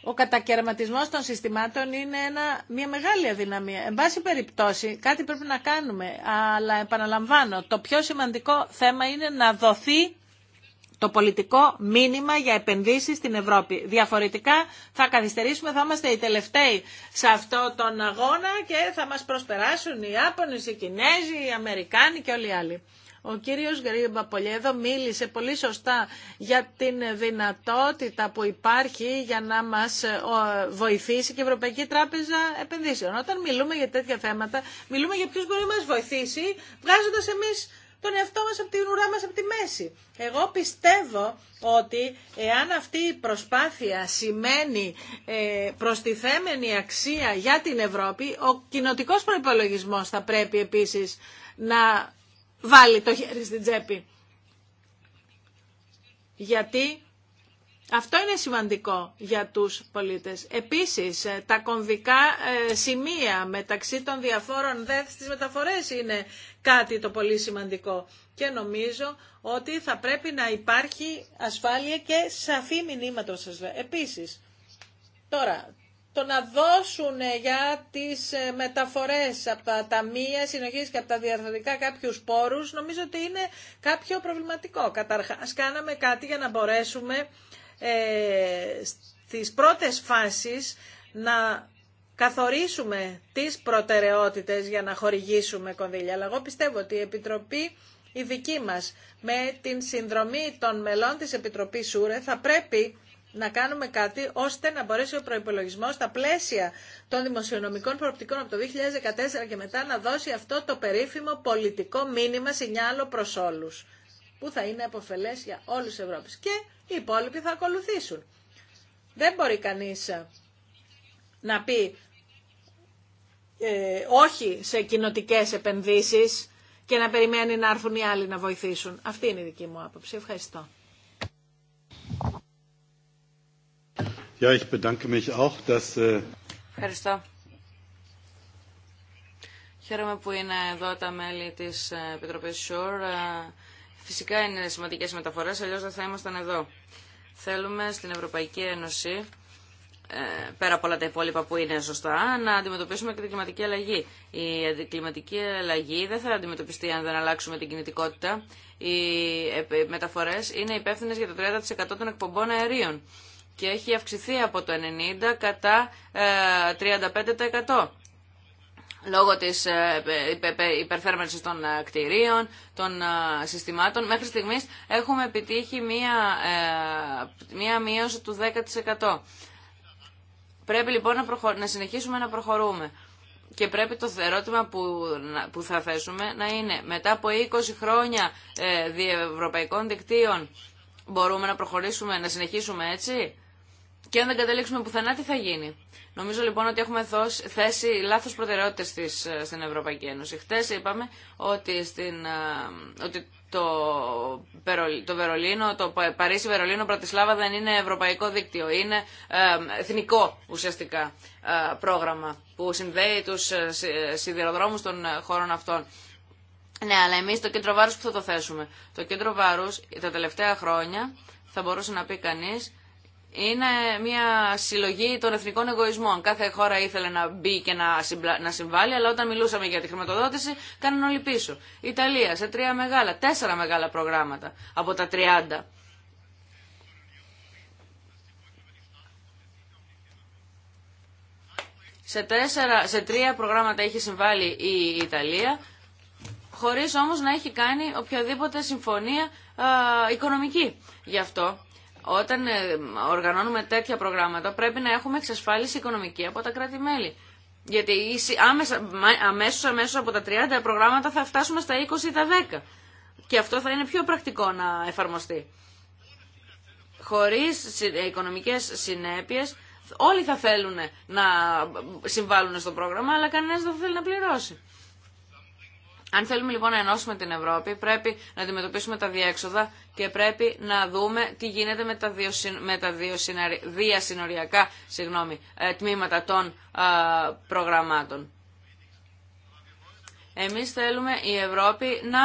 Ο κατακαιρματισμός των συστημάτων είναι μια μεγάλη αδυναμία. Εν πάση περιπτώσει, κάτι πρέπει να κάνουμε. Αλλά επαναλαμβάνω, το πιο σημαντικό θέμα είναι να δοθεί το πολιτικό μήνυμα για επενδύσεις στην Ευρώπη. Διαφορετικά θα καθυστερήσουμε, θα είμαστε οι τελευταίοι σε αυτό τον αγώνα και θα μας προσπεράσουν οι Άπωνες, οι Κινέζοι, οι Αμερικάνοι και όλοι οι άλλοι. Ο κύριος Γκρίμπα Πολιέδο μίλησε πολύ σωστά για την δυνατότητα που υπάρχει για να μας ε, βοηθήσει και η Ευρωπαϊκή Τράπεζα Επενδύσεων. Όταν μιλούμε για τέτοια θέματα, μιλούμε για ποιος μπορεί να μας βοηθήσει, βγάζοντας εμείς τον εαυτό μας από την ουρά μας από τη μέση. Εγώ πιστεύω ότι εάν αυτή η προσπάθεια σημαίνει ε, προστιθέμενη αξία για την Ευρώπη, ο κοινοτικός προϋπολογισμός θα πρέπει επίσης να βάλει το χέρι στην τσέπη. Γιατί αυτό είναι σημαντικό για τους πολίτες. Επίσης, ε, τα κομβικά ε, σημεία μεταξύ των διαφόρων δεύτερες μεταφορές είναι κάτι το πολύ σημαντικό. Και νομίζω ότι θα πρέπει να υπάρχει ασφάλεια και σαφή μηνύματα σας Επίσης, τώρα, το να δώσουν ε, για τις ε, μεταφορές από τα ταμεία συνοχής και από τα διαδικά κάποιους πόρους, νομίζω ότι είναι κάποιο προβληματικό. Καταρχάς, κάναμε κάτι για να μπορέσουμε ε, στις πρώτες φάσεις να καθορίσουμε τις προτεραιότητες για να χορηγήσουμε κονδύλια. Αλλά εγώ πιστεύω ότι η Επιτροπή η δική μας με την συνδρομή των μελών της Επιτροπής ΣΟΥΡΕ θα πρέπει να κάνουμε κάτι ώστε να μπορέσει ο προπολογισμό στα πλαίσια των δημοσιονομικών προοπτικών από το 2014 και μετά να δώσει αυτό το περίφημο πολιτικό μήνυμα σινιάλο προ όλου. Που θα είναι αποφελέ για όλου του Ευρώπη. Και οι υπόλοιποι θα ακολουθήσουν. Δεν μπορεί κανεί να πει ε, όχι σε κοινοτικέ επενδύσει και να περιμένει να έρθουν οι άλλοι να βοηθήσουν. Αυτή είναι η δική μου άποψη. Ευχαριστώ. Ε, Ευχαριστώ. Χαίρομαι που είναι εδώ τα μέλη της ε, Επιτροπής ΣΟΡ. Φυσικά είναι σημαντικές μεταφορές, αλλιώς δεν θα ήμασταν εδώ. Θέλουμε στην Ευρωπαϊκή Ένωση ε, πέρα από όλα τα υπόλοιπα που είναι σωστά, να αντιμετωπίσουμε και την κλιματική αλλαγή. Η κλιματική αλλαγή δεν θα αντιμετωπιστεί αν δεν αλλάξουμε την κινητικότητα. Οι μεταφορές είναι υπεύθυνε για το 30% των εκπομπών αερίων και έχει αυξηθεί από το 90% κατά 35% ε, λόγω της ε, υπερθέρμανσης των κτηρίων, των συστημάτων. Μέχρι στιγμής έχουμε επιτύχει μία, μία μείωση του 10%. Πρέπει λοιπόν να, να συνεχίσουμε να προχωρούμε. Και πρέπει το ερώτημα που, που θα θέσουμε να είναι μετά από 20 χρόνια ε, διευρωπαϊκών δικτύων μπορούμε να προχωρήσουμε, να συνεχίσουμε έτσι. Και αν δεν καταλήξουμε πουθενά, τι θα γίνει. Νομίζω λοιπόν ότι έχουμε θέσει λάθο προτεραιότητε ε, στην Ευρωπαϊκή Ένωση. Χθε είπαμε ότι, στην, ε, ότι το, το Βερολίνο, το Παρίσι-Βερολίνο, Πρατισλάβα δεν είναι ευρωπαϊκό δίκτυο. Είναι ε, εθνικό ουσιαστικά πρόγραμμα που συνδέει του σιδηροδρόμου των χωρών αυτών. Ναι, αλλά εμεί το κέντρο βάρου που θα το θέσουμε. Το κέντρο βάρου τα τελευταία χρόνια θα μπορούσε να πει κανεί είναι μια συλλογή των εθνικών εγωισμών. Κάθε χώρα ήθελε να μπει και να, να συμβάλλει, αλλά όταν μιλούσαμε για τη χρηματοδότηση, κάναν όλοι πίσω. Ιταλία σε τρία μεγάλα, τέσσερα μεγάλα προγράμματα από τα 30. Σε, τέσσερα, σε τρία προγράμματα έχει συμβάλει η Ιταλία, χωρίς όμως να έχει κάνει οποιαδήποτε συμφωνία α, οικονομική. Γι' αυτό όταν ε, οργανώνουμε τέτοια προγράμματα πρέπει να έχουμε εξασφάλιση οικονομική από τα κράτη-μέλη. Γιατί αμέσω αμέσως, αμέσως από τα 30 προγράμματα θα φτάσουμε στα 20 ή τα 10. Και αυτό θα είναι πιο πρακτικό να εφαρμοστεί. Χωρίς ε, οικονομικές συνέπειες όλοι θα θέλουν να συμβάλλουν στο πρόγραμμα αλλά κανένας δεν θα θέλει να πληρώσει. Αν θέλουμε λοιπόν να ενώσουμε την Ευρώπη, πρέπει να αντιμετωπίσουμε τα διέξοδα και πρέπει να δούμε τι γίνεται με τα δύο, με τα διασυνοριακά συγγνώμη, ε, τμήματα των προγραμμάτων. Εμείς θέλουμε η Ευρώπη να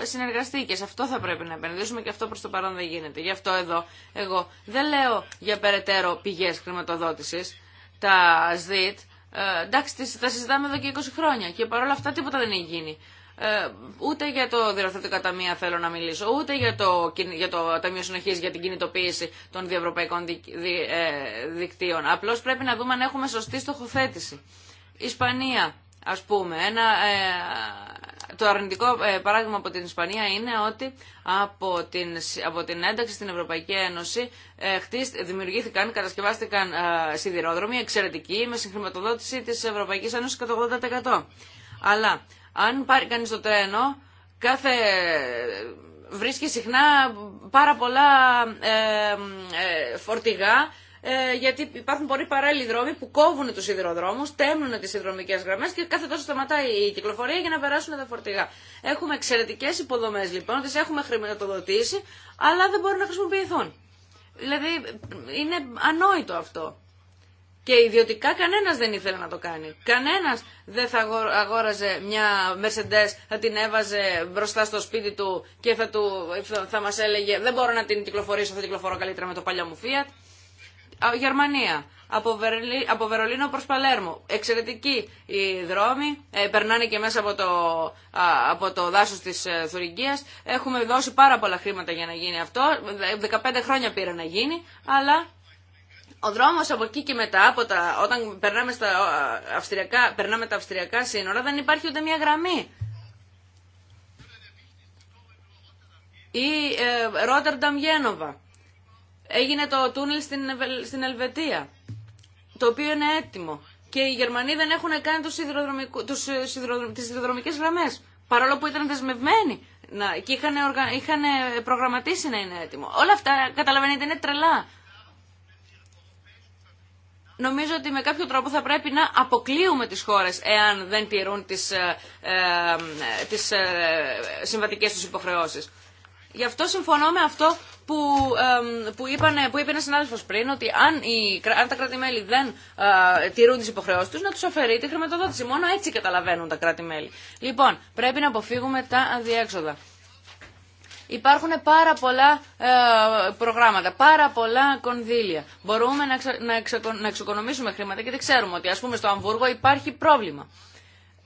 ε, συνεργαστεί και σε αυτό θα πρέπει να επενδύσουμε και αυτό προς το παρόν δεν γίνεται. Γι' αυτό εδώ εγώ δεν λέω για περαιτέρω πηγές χρηματοδότησης. Τα ΣΔΙΤ ε, εντάξει, τα συζητάμε εδώ και 20 χρόνια και παρόλα αυτά τίποτα δεν έχει γίνει. Ε, ούτε για το διορθωτικό ταμείο θέλω να μιλήσω, ούτε για το, για το Ταμείο Συνοχή για την κινητοποίηση των διευρωπαϊκών ε, δικτύων. Απλώ πρέπει να δούμε αν έχουμε σωστή στοχοθέτηση. Ισπανία, α πούμε, ένα, ε, το αρνητικό ε, παράδειγμα από την Ισπανία είναι ότι από την, από την ένταξη στην Ευρωπαϊκή Ένωση ε, χτίστη δημιουργήθηκαν, κατασκευάστηκαν ε, σιδηρόδρομοι εξαιρετικοί με συγχρηματοδότηση της Ευρωπαϊκής Ένωσης κατά 80%. Αλλά αν πάρει κανείς το τρένο, κάθε βρίσκει συχνά πάρα πολλά ε, φορτηγά ε, γιατί υπάρχουν πολλοί παράλληλοι δρόμοι που κόβουν του σιδηροδρόμου, τέμνουν τι συνδρομικέ γραμμέ και κάθε τόσο σταματάει η κυκλοφορία για να περάσουν τα φορτηγά. Έχουμε εξαιρετικέ υποδομέ λοιπόν, τι έχουμε χρηματοδοτήσει, αλλά δεν μπορούν να χρησιμοποιηθούν. Δηλαδή είναι ανόητο αυτό. Και ιδιωτικά κανένα δεν ήθελε να το κάνει. Κανένα δεν θα αγόραζε μια Mercedes, θα την έβαζε μπροστά στο σπίτι του και θα, θα μα έλεγε Δεν μπορώ να την κυκλοφορήσω, θα την κυκλοφορώ καλύτερα με το παλιό μου Fiat. Γερμανία. Από, Βερολίνο, από Βερολίνο προς Παλέρμο. Εξαιρετικοί οι δρόμοι, ε, περνάνε και μέσα από το, από το δάσος της ε, Έχουμε δώσει πάρα πολλά χρήματα για να γίνει αυτό, 15 χρόνια πήρε να γίνει, αλλά ο δρόμος από εκεί και μετά, από τα, όταν περνάμε, στα αυστριακά, περνάμε τα αυστριακά σύνορα, δεν υπάρχει ούτε μια γραμμή. Ή ε, Ρότερνταμ Γένοβα έγινε το τούνελ στην Ελβετία, το οποίο είναι έτοιμο. Και οι Γερμανοί δεν έχουν κάνει τους τους, ε, τις σιδηροδρομικές γραμμές, παρόλο που ήταν δεσμευμένοι να, και είχαν, προγραμματίσει να είναι έτοιμο. Όλα αυτά, καταλαβαίνετε, είναι τρελά. Νομίζω ότι με κάποιο τρόπο θα πρέπει να αποκλείουμε τις χώρες εάν δεν τηρούν τις, ε, ε, ε τις ε, συμβατικές τους υποχρεώσεις. Γι' αυτό συμφωνώ με αυτό που, που, που είπε ένα συνάδελφο πριν, ότι αν, οι, αν τα κράτη-μέλη δεν ε, τηρούν τι υποχρεώσει του, να του αφαιρεί τη χρηματοδότηση. Μόνο έτσι καταλαβαίνουν τα κράτη-μέλη. Λοιπόν, πρέπει να αποφύγουμε τα αδιέξοδα. Υπάρχουν πάρα πολλά ε, προγράμματα, πάρα πολλά κονδύλια. Μπορούμε να, να, να εξοικονομήσουμε χρήματα και δεν ξέρουμε ότι ας πούμε στο Αμβούργο υπάρχει πρόβλημα.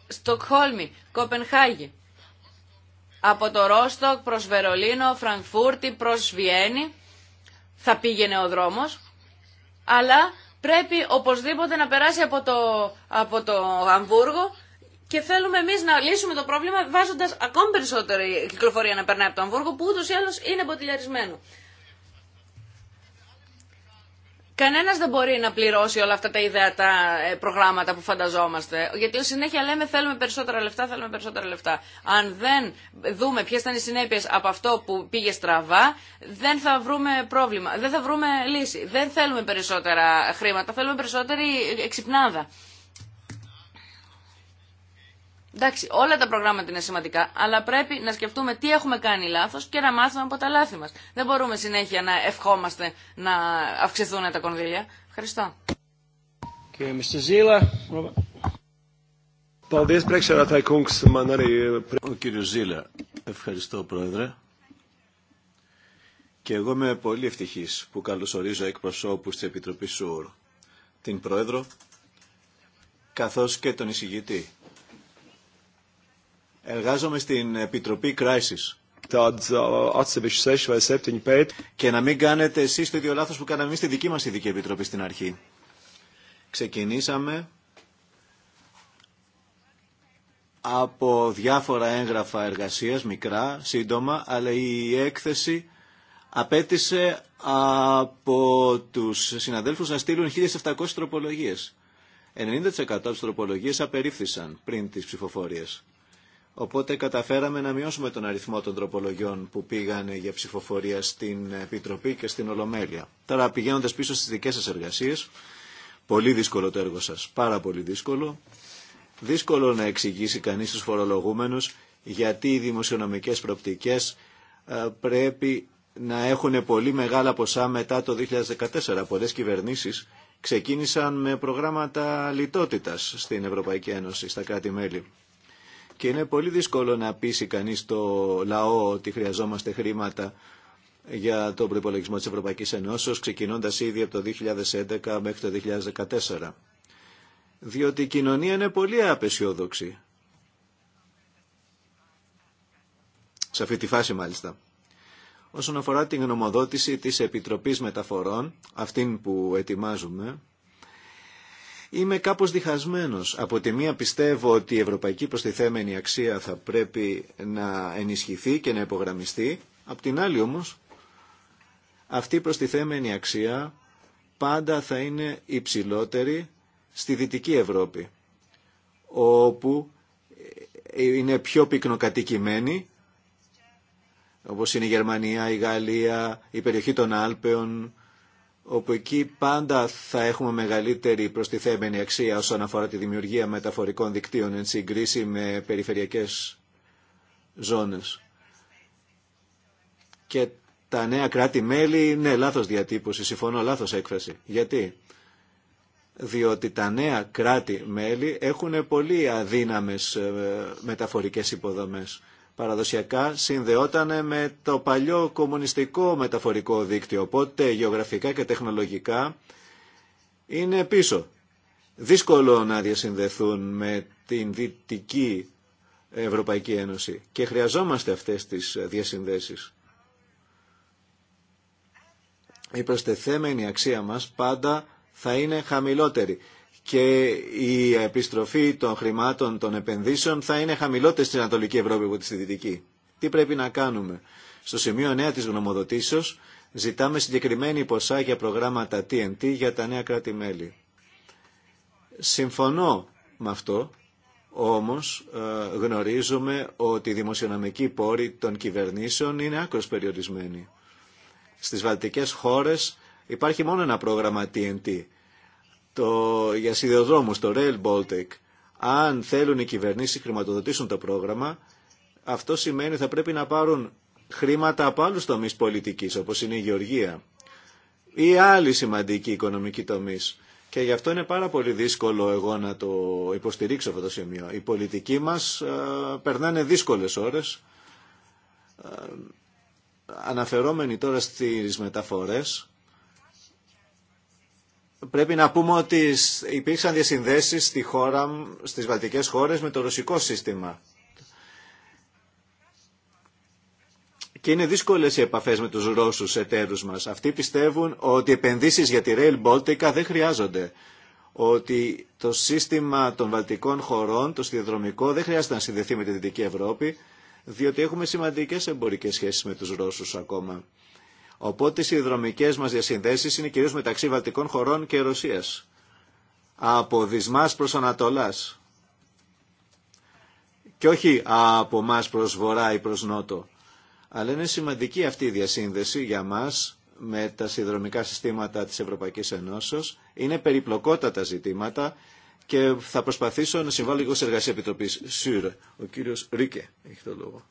Στοκχόλμη, Κοπενχάγη, από το Ρόστοκ προς Βερολίνο, Φραγκφούρτη, προς Βιέννη θα πήγαινε ο δρόμος, αλλά πρέπει οπωσδήποτε να περάσει από το, από το Αμβούργο και θέλουμε εμείς να λύσουμε το πρόβλημα βάζοντας ακόμη περισσότερη κυκλοφορία να περνάει από το Αμβούργο που ούτως ή άλλως είναι μποτιλιαρισμένο. Κανένα δεν μπορεί να πληρώσει όλα αυτά τα ιδέατα ε, προγράμματα που φανταζόμαστε. Γιατί συνέχεια λέμε θέλουμε περισσότερα λεφτά, θέλουμε περισσότερα λεφτά. Αν δεν δούμε ποιε ήταν οι συνέπειε από αυτό που πήγε στραβά, δεν θα βρούμε πρόβλημα, δεν θα βρούμε λύση. Δεν θέλουμε περισσότερα χρήματα, θέλουμε περισσότερη εξυπνάδα. Ε, Εντάξει, όλα τα προγράμματα είναι σημαντικά, αλλά πρέπει να σκεφτούμε τι έχουμε κάνει λάθος και να μάθουμε από τα λάθη μας. Δεν μπορούμε συνέχεια να ευχόμαστε να αυξηθούν τα κονδύλια. Ευχαριστώ. Και eh, Ο κύριος Ζήλα, ευχαριστώ πρόεδρε. Και εγώ είμαι πολύ ευτυχής που καλωσορίζω εκπροσώπου τη Επιτροπή ΣΟΥΡ, την πρόεδρο, καθώς και τον εισηγητή Εργάζομαι στην Επιτροπή Crisis. Ε, Και να μην κάνετε εσεί το ίδιο λάθο που κάναμε εμεί στη δική μα ειδική επιτροπή στην αρχή. Ξεκινήσαμε από διάφορα έγγραφα εργασίας, μικρά, σύντομα, αλλά η έκθεση απέτησε από τους συναδέλφους να στείλουν 1.700 τροπολογίες. 90% από τις τροπολογίες απερίφθησαν πριν τις ψηφοφορίες. Οπότε καταφέραμε να μειώσουμε τον αριθμό των τροπολογιών που πήγαν για ψηφοφορία στην Επιτροπή και στην Ολομέλεια. Τώρα πηγαίνοντας πίσω στις δικές σας εργασίες, πολύ δύσκολο το έργο σας, πάρα πολύ δύσκολο. Δύσκολο να εξηγήσει κανείς τους φορολογούμενους γιατί οι δημοσιονομικές προπτικές ε, πρέπει να έχουν πολύ μεγάλα ποσά μετά το 2014. Πολλές κυβερνήσεις ξεκίνησαν με προγράμματα λιτότητας στην Ευρωπαϊκή Ένωση, στα κράτη-μέλη και είναι πολύ δύσκολο να πείσει κανεί το λαό ότι χρειαζόμαστε χρήματα για τον προπολογισμό της Ευρωπαϊκής Ενώσεω, ξεκινώντας ήδη από το 2011 μέχρι το 2014. Διότι η κοινωνία είναι πολύ απεσιόδοξη. Σε αυτή τη φάση μάλιστα. Όσον αφορά την γνωμοδότηση της Επιτροπής Μεταφορών, αυτήν που ετοιμάζουμε, Είμαι κάπως διχασμένος. Από τη μία πιστεύω ότι η ευρωπαϊκή προστιθέμενη αξία θα πρέπει να ενισχυθεί και να υπογραμμιστεί. Απ' την άλλη όμως, αυτή η προστιθέμενη αξία πάντα θα είναι υψηλότερη στη Δυτική Ευρώπη, όπου είναι πιο πυκνοκατοικημένη, όπως είναι η Γερμανία, η Γαλλία, η περιοχή των Άλπαιων, όπου εκεί πάντα θα έχουμε μεγαλύτερη προστιθέμενη αξία όσον αφορά τη δημιουργία μεταφορικών δικτύων εν συγκρίση με περιφερειακές ζώνες. Και τα νέα κράτη-μέλη, είναι λάθος διατύπωση, συμφωνώ, λάθος έκφραση. Γιατί? Διότι τα νέα κράτη-μέλη έχουν πολύ αδύναμες ε, μεταφορικές υποδομές παραδοσιακά συνδεόταν με το παλιό κομμουνιστικό μεταφορικό δίκτυο. Οπότε γεωγραφικά και τεχνολογικά είναι πίσω. Δύσκολο να διασυνδεθούν με την Δυτική Ευρωπαϊκή Ένωση και χρειαζόμαστε αυτές τις διασυνδέσεις. Η προστεθέμενη αξία μας πάντα θα είναι χαμηλότερη και η επιστροφή των χρημάτων των επενδύσεων θα είναι χαμηλότερη στην Ανατολική Ευρώπη από τη στη Δυτική. Τι πρέπει να κάνουμε. Στο σημείο 9 της γνωμοδοτήσεως ζητάμε συγκεκριμένη ποσά για προγράμματα TNT για τα νέα κράτη-μέλη. Συμφωνώ με αυτό, όμως ε, γνωρίζουμε ότι η δημοσιονομική πόροι των κυβερνήσεων είναι άκρως περιορισμένοι. Στις βαλτικές χώρες υπάρχει μόνο ένα πρόγραμμα TNT το, για σιδεοδρόμου, το Rail Baltic, αν θέλουν οι κυβερνήσεις χρηματοδοτήσουν το πρόγραμμα, αυτό σημαίνει ότι θα πρέπει να πάρουν χρήματα από άλλου τομεί πολιτική, όπως είναι η γεωργία ή άλλοι σημαντικοί οικονομικοί τομείς. Και γι' αυτό είναι πάρα πολύ δύσκολο εγώ να το υποστηρίξω αυτό το σημείο. Οι πολιτικοί μας ε, περνάνε δύσκολες ώρες. Ε, αναφερόμενοι τώρα στις μεταφορές, πρέπει να πούμε ότι υπήρξαν διασυνδέσεις στη χώρα, στις βαλτικές χώρες με το ρωσικό σύστημα. Και είναι δύσκολες οι επαφές με τους Ρώσους εταίρους μας. Αυτοί πιστεύουν ότι επενδύσεις για τη Rail Baltica δεν χρειάζονται. Ότι το σύστημα των βαλτικών χωρών, το σιδηροδρομικό, δεν χρειάζεται να συνδεθεί με τη Δυτική Ευρώπη, διότι έχουμε σημαντικές εμπορικές σχέσεις με τους Ρώσους ακόμα. Οπότε οι συνδρομικές μας διασυνδέσει είναι κυρίως μεταξύ βαλτικών χωρών και Ρωσίας. Από Δυσμάς προς Ανατολάς. Και όχι από εμά προς Βορρά ή προς Νότο. Αλλά είναι σημαντική αυτή η διασύνδεση για μας με τα συνδρομικά συστήματα της Ευρωπαϊκής Ενώσεως. Είναι περιπλοκότατα ζητήματα και θα προσπαθήσω να συμβάλλω λίγο σε εργασία επιτροπής. Σύρ, ο κύριος Ρίκε έχει το λόγο.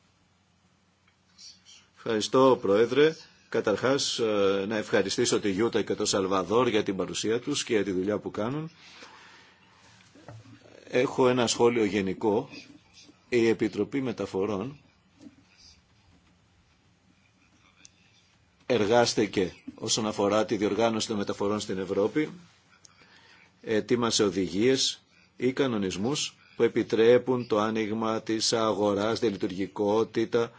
Ευχαριστώ, Πρόεδρε. Καταρχάς ε, να ευχαριστήσω τη Γιούτα και το Σαλβαδόρ για την παρουσία τους και για τη δουλειά που κάνουν. Έχω ένα σχόλιο γενικό. Η Επιτροπή Μεταφορών εργάστηκε όσον αφορά τη διοργάνωση των μεταφορών στην Ευρώπη, ετοίμασε οδηγίες ή κανονισμούς που επιτρέπουν το άνοιγμα της αγοράς, τη λειτουργικότητα,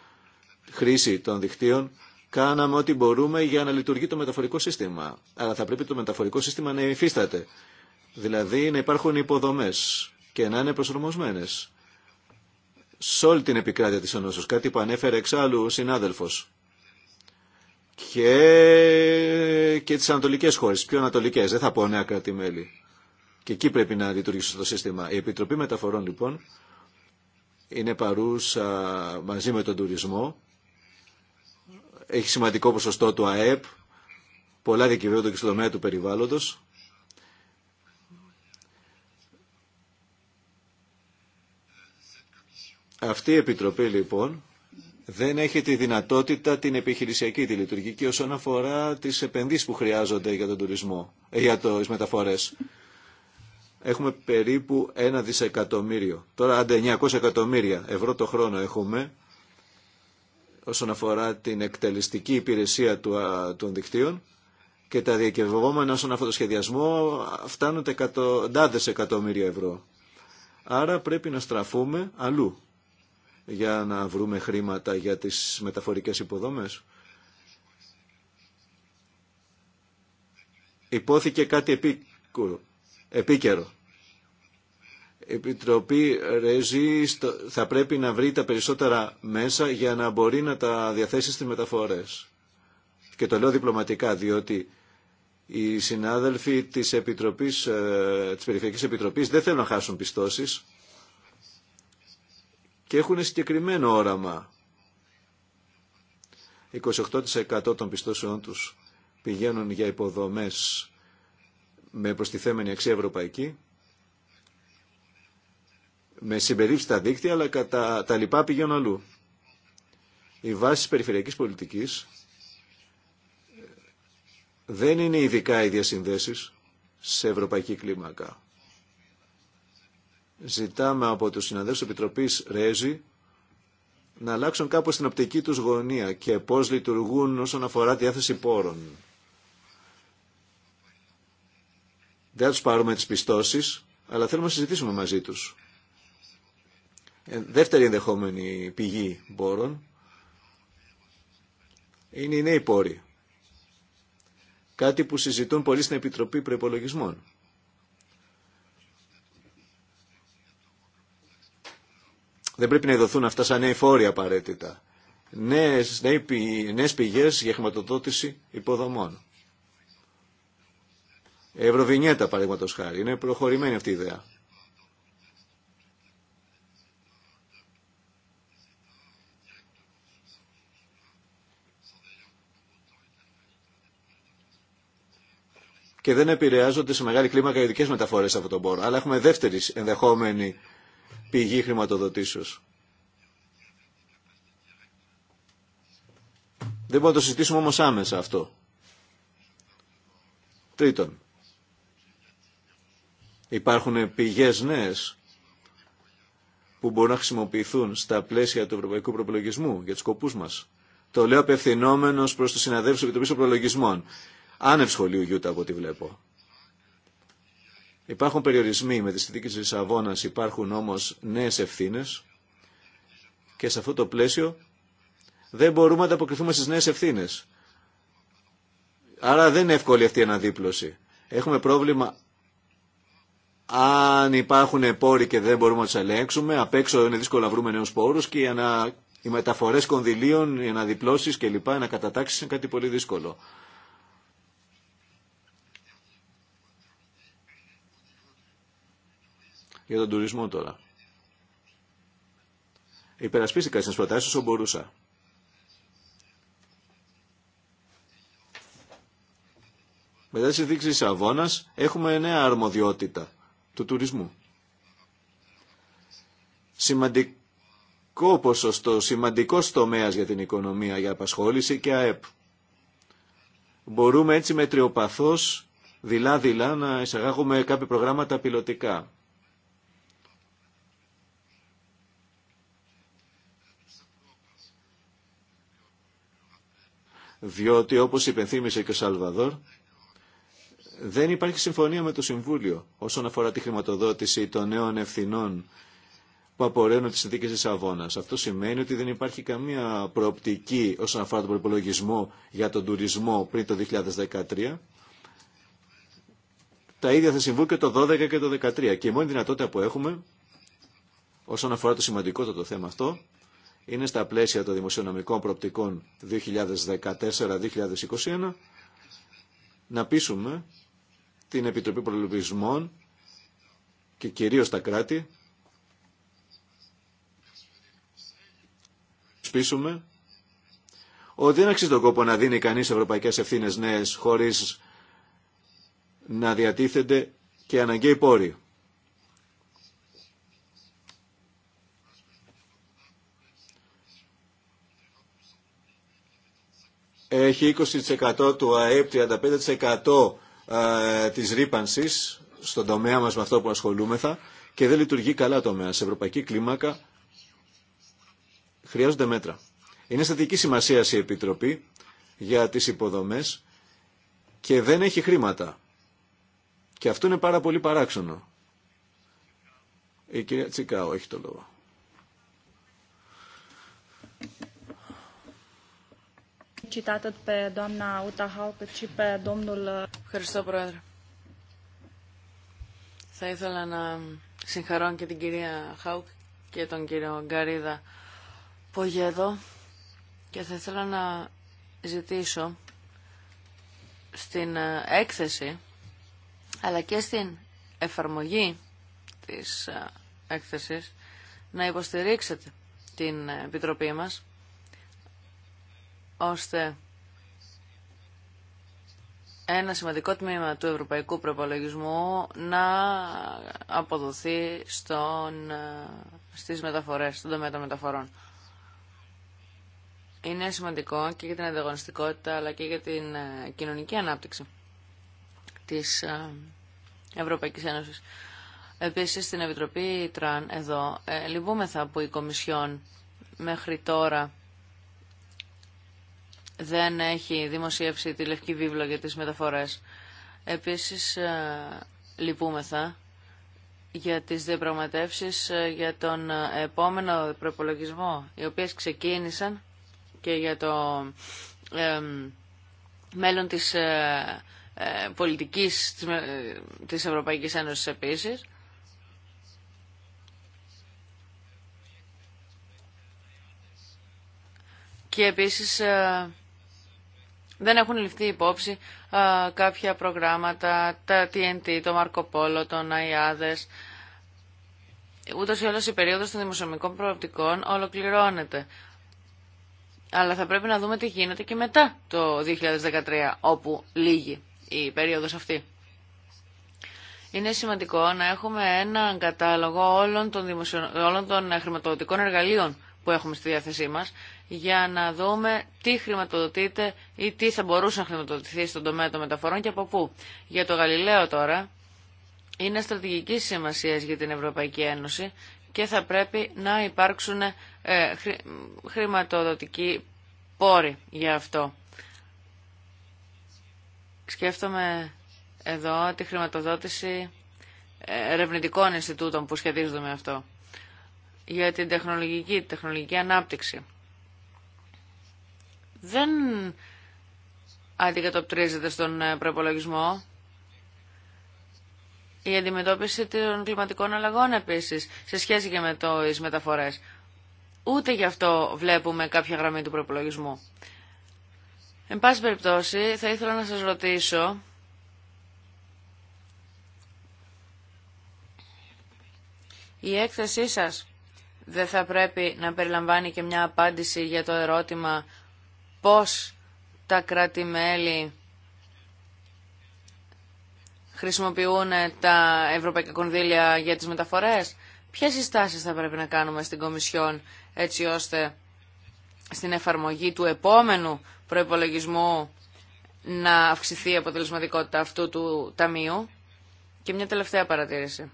χρήση των δικτύων κάναμε ό,τι μπορούμε για να λειτουργεί το μεταφορικό σύστημα. Αλλά θα πρέπει το μεταφορικό σύστημα να υφίσταται. Δηλαδή να υπάρχουν υποδομέ και να είναι προσαρμοσμένε σε όλη την επικράτεια τη ενώσεω. Κάτι που ανέφερε εξάλλου ο συνάδελφο. Και, και τις ανατολικές χώρες, πιο ανατολικέ, δεν θα πω νέα κράτη-μέλη. Και εκεί πρέπει να λειτουργήσει το σύστημα. Η Επιτροπή Μεταφορών λοιπόν είναι παρούσα μαζί με τον τουρισμό έχει σημαντικό ποσοστό του ΑΕΠ, πολλά διακυβεύονται και στον τομέα του περιβάλλοντος. Αυτή η Επιτροπή λοιπόν δεν έχει τη δυνατότητα την επιχειρησιακή, τη λειτουργική όσον αφορά τις επενδύσεις που χρειάζονται για τον τουρισμό, ε, για το, τις μεταφορές. Έχουμε περίπου ένα δισεκατομμύριο, τώρα άντε 900 εκατομμύρια ευρώ το χρόνο έχουμε όσον αφορά την εκτελεστική υπηρεσία του, των δικτύων και τα διακευόμενα όσον αυτο το σχεδιασμό φτάνουν εκατοντάδες εκατομμύρια ευρώ. Άρα πρέπει να στραφούμε αλλού για να βρούμε χρήματα για τις μεταφορικές υποδομές. Υπόθηκε κάτι επίκαιρο. Επιτροπή ρεζί θα πρέπει να βρει τα περισσότερα μέσα για να μπορεί να τα διαθέσει στις μεταφορές. Και το λέω διπλωματικά, διότι οι συνάδελφοι της, Επιτροπής, ε, της Περιφερειακής Επιτροπής δεν θέλουν να χάσουν πιστώσεις και έχουν συγκεκριμένο όραμα. 28% των πιστώσεών τους πηγαίνουν για υποδομές με προστιθέμενη αξία ευρωπαϊκή με συμπερίφθη στα δίκτυα, αλλά κατά τα λοιπά πηγαίνουν αλλού. Η βάση της περιφερειακής πολιτικής ε, δεν είναι ειδικά οι διασυνδέσεις σε ευρωπαϊκή κλίμακα. Ζητάμε από τους συναδέλφους Επιτροπής Ρέζη να αλλάξουν κάπως την οπτική τους γωνία και πώς λειτουργούν όσον αφορά τη διάθεση πόρων. Δεν θα τους πάρουμε τις πιστώσεις, αλλά θέλουμε να συζητήσουμε μαζί τους. Ε, δεύτερη ενδεχόμενη πηγή πόρων είναι οι νέοι πόροι. Κάτι που συζητούν πολύ στην Επιτροπή Προϋπολογισμών. Δεν πρέπει να ειδωθούν αυτά σαν νέοι φόροι απαραίτητα. Νέες, νέες πηγές για χρηματοδότηση υποδομών. Ευρωβινιέτα, παραδείγματο χάρη. Είναι προχωρημένη αυτή η ιδέα. και δεν επηρεάζονται σε μεγάλη κλίμακα ειδικέ μεταφορέ από τον πόρο. Αλλά έχουμε δεύτερη ενδεχόμενη πηγή χρηματοδοτήσεω. Δεν μπορούμε να το συζητήσουμε όμω άμεσα αυτό. Τρίτον, υπάρχουν πηγές νέε που μπορούν να χρησιμοποιηθούν στα πλαίσια του ευρωπαϊκού προπολογισμού για του σκοπούς μας. Το λέω απευθυνόμενο προς συναδέλφου τη Επιτροπή Προπολογισμών άνευ σχολείου Γιούτα από ό,τι βλέπω. Υπάρχουν περιορισμοί με τη συνθήκη της Λισαβόνας, υπάρχουν όμως νέες ευθύνες και σε αυτό το πλαίσιο δεν μπορούμε να ανταποκριθούμε στις νέες ευθύνες. Άρα δεν είναι εύκολη αυτή η αναδίπλωση. Έχουμε πρόβλημα αν υπάρχουν πόροι και δεν μπορούμε να του ελέγξουμε, απ' έξω είναι δύσκολο να βρούμε νέου πόρου και οι, ανα... οι μεταφορές κονδυλίων, οι αναδιπλώσει κλπ. Οι είναι κάτι πολύ δύσκολο. Για τον τουρισμό τώρα. Υπερασπίστηκα στις προτάσεις όσο μπορούσα. Μετά τη συνθήκη της έχουμε νέα αρμοδιότητα του τουρισμού. Σημαντικό ποσοστό, σημαντικός τομέας για την οικονομία, για απασχόληση και ΑΕΠ. Μπορούμε έτσι με τριοπαθώς δειλά-δειλά να εισαγάγουμε κάποια προγράμματα πιλωτικά. διότι όπως υπενθύμησε και ο Σαλβαδόρ, δεν υπάρχει συμφωνία με το Συμβούλιο όσον αφορά τη χρηματοδότηση των νέων ευθυνών που απορρέουν τις συνθήκε τη Αβώνα. Αυτό σημαίνει ότι δεν υπάρχει καμία προοπτική όσον αφορά τον προπολογισμό για τον τουρισμό πριν το 2013. Τα ίδια θα συμβούν και το 12 και το 2013. Και η μόνη δυνατότητα που έχουμε όσον αφορά το σημαντικότατο θέμα αυτό είναι στα πλαίσια των δημοσιονομικών προπτικών 2014-2021 να πείσουμε την Επιτροπή Προλογισμών και κυρίως τα κράτη πείσουμε ότι δεν αξίζει τον κόπο να δίνει κανείς ευρωπαϊκές ευθύνες νέες χωρίς να διατίθενται και αναγκαίοι πόροι. έχει 20% του ΑΕΠ, 35% ε, της ρήπανση στον τομέα μας με αυτό που ασχολούμεθα και δεν λειτουργεί καλά τομέα. Σε ευρωπαϊκή κλίμακα χρειάζονται μέτρα. Είναι στατική σημασία η Επιτροπή για τις υποδομές και δεν έχει χρήματα. Και αυτό είναι πάρα πολύ παράξενο. Η κυρία Τσικάου έχει το λόγο. Uh, Ευχαριστώ, Πρόεδρε. Θα ήθελα να συγχαρώ και την κυρία Χάουκ και τον κύριο Γκαρίδα Πογέδο και θα ήθελα να ζητήσω στην ε, έκθεση αλλά και στην εφαρμογή της ε, έκθεσης να υποστηρίξετε την ε, Επιτροπή μας ώστε ένα σημαντικό τμήμα του ευρωπαϊκού προπολογισμού να αποδοθεί στον, στις μεταφορές, στον τομέα των μεταφορών. Είναι σημαντικό και για την ανταγωνιστικότητα αλλά και για την ε, κοινωνική ανάπτυξη της ε, Ευρωπαϊκής Ένωσης. Επίσης στην Επιτροπή Τραν εδώ ε, λυπούμεθα που η Κομισιόν μέχρι τώρα δεν έχει δημοσιεύσει τη Λευκή Βίβλο για τις μεταφορές. Επίσης, ε, λυπούμεθα για τις διαπραγματεύσεις ε, για τον ε, επόμενο προπολογισμό, οι οποίες ξεκίνησαν και για το ε, μέλλον της ε, πολιτικής της, της Ευρωπαϊκής Ένωσης Και επίσης δεν έχουν ληφθεί υπόψη α, κάποια προγράμματα, τα TNT, το Μαρκοπόλο, το τον ΑΙΑΔΕΣ. Ούτως ή όλος η περίοδος των δημοσιονομικών προοπτικών ολοκληρώνεται. Αλλά θα πρέπει να δούμε τι γίνεται και μετά το 2013, όπου λύγει η περίοδος αυτή. Είναι σημαντικό να έχουμε έναν κατάλογο όλων των, δημοσιο... όλων των χρηματοδοτικών εργαλείων που έχουμε στη διάθεσή μας για να δούμε τι χρηματοδοτείται ή τι θα μπορούσε να χρηματοδοτηθεί στον τομέα των μεταφορών και από πού. Για το Γαλιλαίο τώρα είναι στρατηγική σημασία για την Ευρωπαϊκή Ένωση και θα πρέπει να υπάρξουν ε, χρηματοδοτικοί πόροι για αυτό. Σκέφτομαι εδώ τη χρηματοδότηση ε, ερευνητικών Ινστιτούτων που σχετίζονται με αυτό για την τεχνολογική, τεχνολογική ανάπτυξη δεν αντικατοπτρίζεται στον ε, προπολογισμό. Η αντιμετώπιση των κλιματικών αλλαγών επίσης, σε σχέση και με τις μεταφορές. Ούτε γι' αυτό βλέπουμε κάποια γραμμή του προπολογισμού. Εν πάση περιπτώσει, θα ήθελα να σας ρωτήσω η έκθεσή σας δεν θα πρέπει να περιλαμβάνει και μια απάντηση για το ερώτημα πώς τα κράτη-μέλη χρησιμοποιούν τα ευρωπαϊκά κονδύλια για τις μεταφορές. Ποιες συστάσεις θα πρέπει να κάνουμε στην Κομισιόν έτσι ώστε στην εφαρμογή του επόμενου προϋπολογισμού να αυξηθεί η αποτελεσματικότητα αυτού του ταμείου. Και μια τελευταία παρατήρηση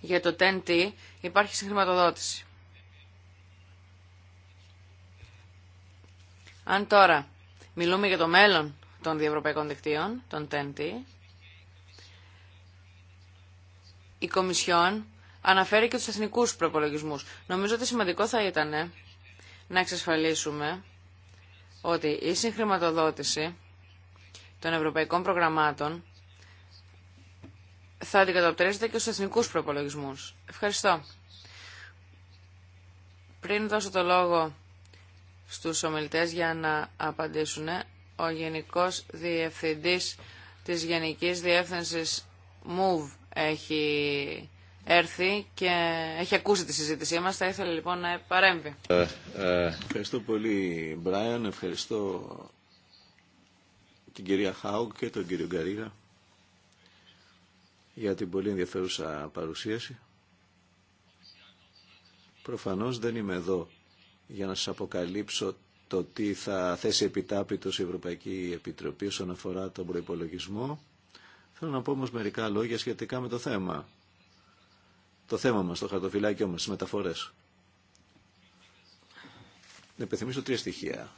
για το TEN-T υπάρχει συγχρηματοδότηση. Αν τώρα μιλούμε για το μέλλον των διευρωπαϊκών δικτύων, των TEN-T, η Κομισιόν αναφέρει και τους εθνικούς προπολογισμούς. Νομίζω ότι σημαντικό θα ήταν να εξασφαλίσουμε ότι η συγχρηματοδότηση των ευρωπαϊκών προγραμμάτων θα αντικατοπτρίζεται και στους εθνικούς προπολογισμούς. Ευχαριστώ. Πριν δώσω το λόγο στους ομιλητές για να απαντήσουν, ο Γενικός Διευθυντής της Γενικής Διεύθυνσης MOVE έχει έρθει και έχει ακούσει τη συζήτησή μας. Θα ήθελε λοιπόν να παρέμβει. Ε, ε, ευχαριστώ πολύ, Μπράιαν. Ευχαριστώ την κυρία Χάου και τον κύριο Γκαρίγα για την πολύ ενδιαφέρουσα παρουσίαση. Προφανώς δεν είμαι εδώ για να σας αποκαλύψω το τι θα θέσει επιτάπητος η Ευρωπαϊκή Επιτροπή όσον αφορά τον προϋπολογισμό. Θέλω να πω όμως μερικά λόγια σχετικά με το θέμα. Το θέμα μας, το χαρτοφυλάκιό μας, τις μεταφορές. Να υπενθυμίσω τρία στοιχεία.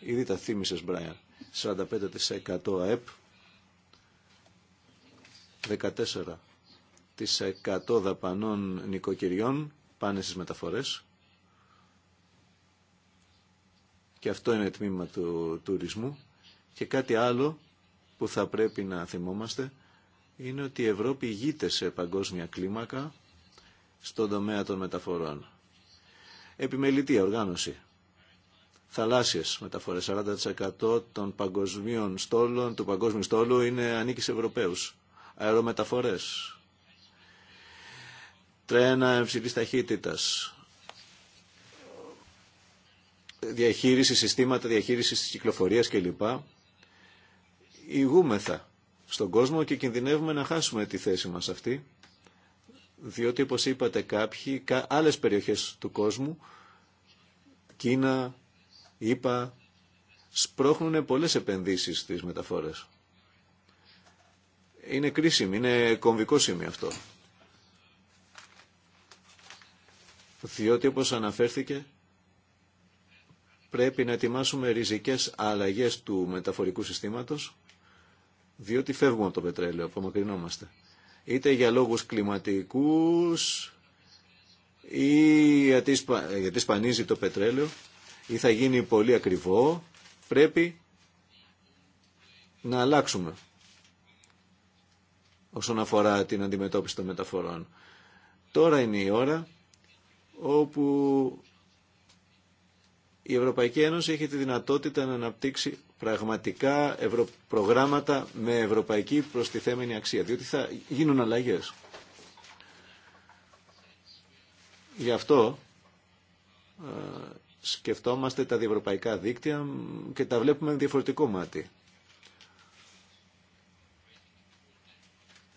Ήδη τα θύμισες, Μπράιαν. 45% ΑΕΠ 14% δαπανών νοικοκυριών πάνε στις μεταφορές και αυτό είναι τμήμα του τουρισμού και κάτι άλλο που θα πρέπει να θυμόμαστε είναι ότι η Ευρώπη ηγείται σε παγκόσμια κλίμακα στον τομέα των μεταφορών. Επιμελητή, οργάνωση. Θαλάσσιες μεταφορές. 40% των παγκοσμίων στόλων, του παγκόσμιου στόλου είναι ανήκει σε Ευρωπαίους αερομεταφορές, τρένα εμψηλής ταχύτητας, διαχείριση, συστήματα διαχείριση της κυκλοφορίας κλπ. Υγούμεθα στον κόσμο και κινδυνεύουμε να χάσουμε τη θέση μας αυτή, διότι όπως είπατε κάποιοι, άλλες περιοχές του κόσμου, Κίνα, είπα σπρώχνουν πολλές επενδύσεις στις μεταφορές είναι κρίσιμη, είναι κομβικό σημείο αυτό. Διότι όπως αναφέρθηκε πρέπει να ετοιμάσουμε ριζικές αλλαγές του μεταφορικού συστήματος διότι φεύγουμε το πετρέλαιο, απομακρυνόμαστε. Είτε για λόγους κλιματικούς ή γιατί, γιατί σπανίζει το πετρέλαιο ή θα γίνει πολύ ακριβό, πρέπει να αλλάξουμε όσον αφορά την αντιμετώπιση των μεταφορών. Τώρα είναι η ώρα όπου η Ευρωπαϊκή Ένωση έχει τη δυνατότητα να αναπτύξει πραγματικά ευρω... προγράμματα με ευρωπαϊκή προστιθέμενη αξία, διότι θα γίνουν αλλαγές. Γι' αυτό ε, σκεφτόμαστε τα διευρωπαϊκά δίκτυα και τα βλέπουμε με διαφορετικό μάτι.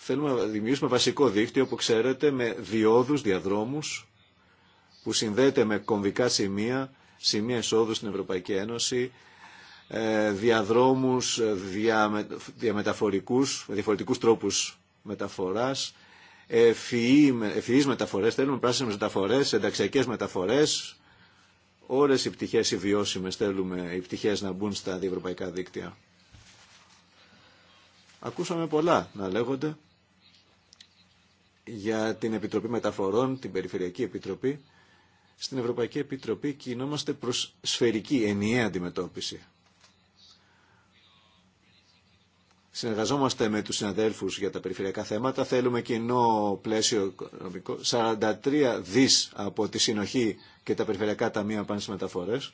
Θέλουμε να δημιουργήσουμε βασικό δίκτυο που ξέρετε με διόδους, διαδρόμους που συνδέεται με κομβικά σημεία, σημεία εισόδου στην Ευρωπαϊκή Ένωση, ε, διαδρόμους ε, διαμεταφορικούς, με διαφορετικούς τρόπους μεταφοράς, ευφυείς μεταφορές, θέλουμε πράσινες μεταφορές, ενταξιακές μεταφορές, όλες οι πτυχές οι βιώσιμες θέλουμε, οι πτυχές να μπουν στα διευρωπαϊκά δίκτυα. Ακούσαμε πολλά να λέγονται για την Επιτροπή Μεταφορών, την Περιφερειακή Επιτροπή. Στην Ευρωπαϊκή Επιτροπή κινόμαστε προς σφαιρική, ενιαία αντιμετώπιση. Συνεργαζόμαστε με τους συναδέλφους για τα περιφερειακά θέματα. Θέλουμε κοινό πλαίσιο οικονομικό. 43 δις από τη συνοχή και τα περιφερειακά ταμεία πάνε στις μεταφορές.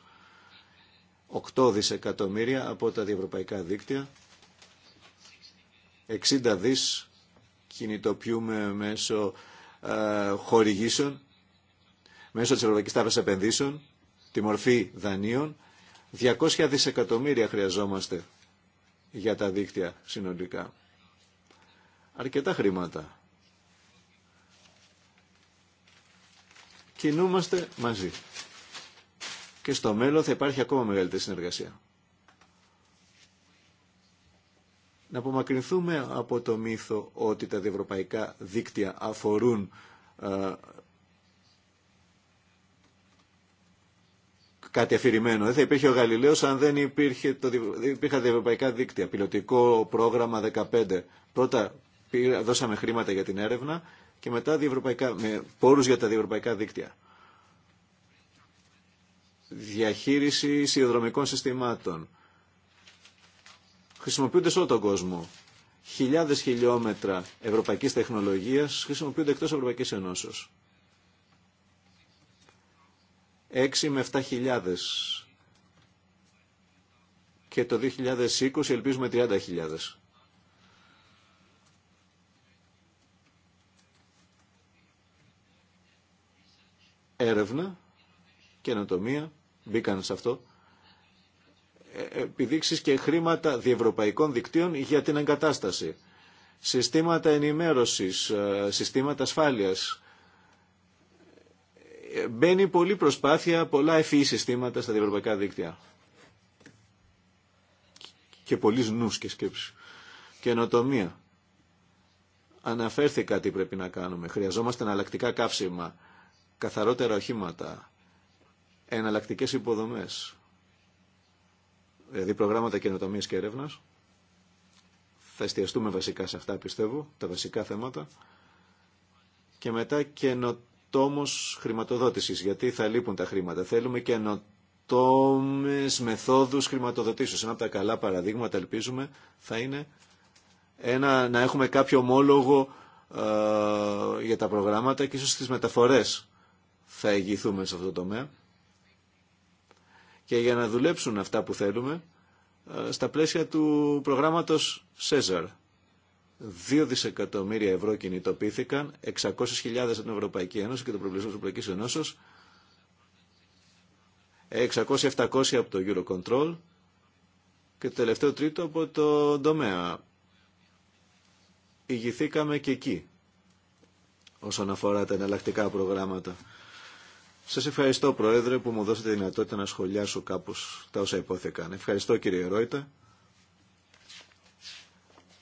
8 δισεκατομμύρια από τα διευρωπαϊκά δίκτυα. 60 δις κινητοποιούμε μέσω ε, χορηγήσεων, μέσω της Ευρωπαϊκής Τράπεζας Επενδύσεων, τη μορφή δανείων. 200 δισεκατομμύρια χρειαζόμαστε για τα δίκτυα συνολικά. Αρκετά χρήματα. Κινούμαστε μαζί. Και στο μέλλον θα υπάρχει ακόμα μεγαλύτερη συνεργασία. να απομακρυνθούμε από το μύθο ότι τα διευρωπαϊκά δίκτυα αφορούν ε, κάτι αφηρημένο. Δεν θα υπήρχε ο Γαλιλαίος αν δεν υπήρχε το, υπήρχαν τα ευρωπαϊκά δίκτυα. Πιλωτικό πρόγραμμα 15. Πρώτα δώσαμε χρήματα για την έρευνα και μετά διευρωπαϊκά, με πόρους για τα διευρωπαϊκά δίκτυα. Διαχείριση σιδηροδρομικών συστημάτων χρησιμοποιούνται σε όλο τον κόσμο. Χιλιάδε χιλιόμετρα ευρωπαϊκή τεχνολογία χρησιμοποιούνται εκτό Ευρωπαϊκή Ενώσεω. 6 με 7 χιλιάδες και το 2020 ελπίζουμε 30 χιλιάδες. Έρευνα, καινοτομία, μπήκαν σε αυτό, επιδείξεις και χρήματα διευρωπαϊκών δικτύων για την εγκατάσταση. Συστήματα ενημέρωσης, ε, συστήματα ασφάλειας. Ε, μπαίνει πολλή προσπάθεια, πολλά ευφυή e συστήματα στα διευρωπαϊκά δίκτυα. Και πολλοί νους και σκέψη. Καινοτομία. Αναφέρθηκα τι πρέπει να κάνουμε. Χρειαζόμαστε εναλλακτικά καύσιμα, καθαρότερα οχήματα, εναλλακτικές υποδομές δηλαδή προγράμματα καινοτομία και έρευνα. Θα εστιαστούμε βασικά σε αυτά, πιστεύω, τα βασικά θέματα. Και μετά καινοτόμο χρηματοδότηση, γιατί θα λείπουν τα χρήματα. Θέλουμε καινοτόμε μεθόδου χρηματοδοτήσεω. Ένα από τα καλά παραδείγματα, ελπίζουμε, θα είναι ένα, να έχουμε κάποιο ομόλογο ε, για τα προγράμματα και ίσω στι μεταφορέ θα εγγυηθούμε σε αυτό το τομέα και για να δουλέψουν αυτά που θέλουμε ε, στα πλαίσια του προγράμματος ΣΕΖΑΡ. 2 δισεκατομμύρια ευρώ κινητοποιήθηκαν, 600.000 από την Ευρωπαϊκή Ένωση και το προβλησμό της Ευρωπαϊκής Ενώσεως, 600-700 από το Eurocontrol και το τελευταίο τρίτο από το τομέα. Υγηθήκαμε και εκεί όσον αφορά τα εναλλακτικά προγράμματα. Σας ευχαριστώ Πρόεδρε που μου δώσατε τη δυνατότητα να σχολιάσω κάπως τα όσα υπόθηκαν. Ευχαριστώ κύριε Ρόιτα.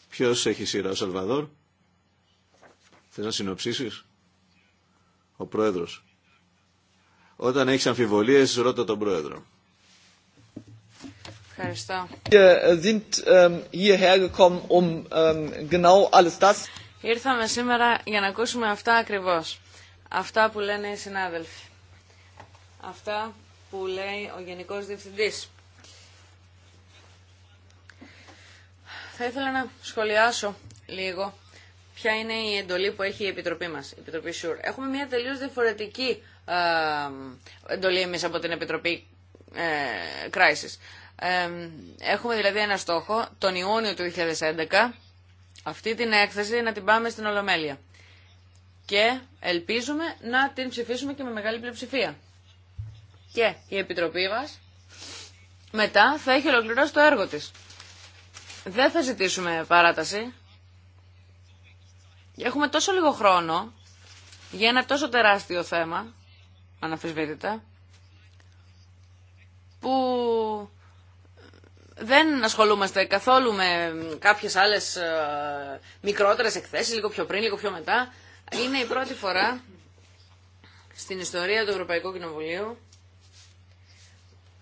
Ποιος έχει σειρά, ο Σαλβαδόρ. Θες να συνοψίσεις. Ο Πρόεδρος. Όταν έχεις αμφιβολίες ρώτα τον Πρόεδρο. Ευχαριστώ. Ήρθαμε σήμερα για να ακούσουμε αυτά ακριβώ Αυτά που λένε οι συνάδελφοι αυτά που λέει ο Γενικός Διευθυντής. Θα ήθελα να σχολιάσω λίγο ποια είναι η εντολή που έχει η Επιτροπή μας, η Επιτροπή ΣΥΟΡ. Έχουμε μια τελείως διαφορετική ε, εντολή εμείς από την Επιτροπή Crisis. Ε, ε, έχουμε δηλαδή ένα στόχο, τον Ιούνιο του 2011, αυτή την έκθεση να την πάμε στην Ολομέλεια. Και ελπίζουμε να την ψηφίσουμε και με μεγάλη πλειοψηφία και η Επιτροπή μας μετά θα έχει ολοκληρώσει το έργο της. Δεν θα ζητήσουμε παράταση. Έχουμε τόσο λίγο χρόνο για ένα τόσο τεράστιο θέμα, αναφυσβήτητα, που δεν ασχολούμαστε καθόλου με κάποιες άλλες ε, μικρότερες εκθέσεις, λίγο πιο πριν, λίγο πιο μετά. Είναι η πρώτη φορά στην ιστορία του Ευρωπαϊκού Κοινοβουλίου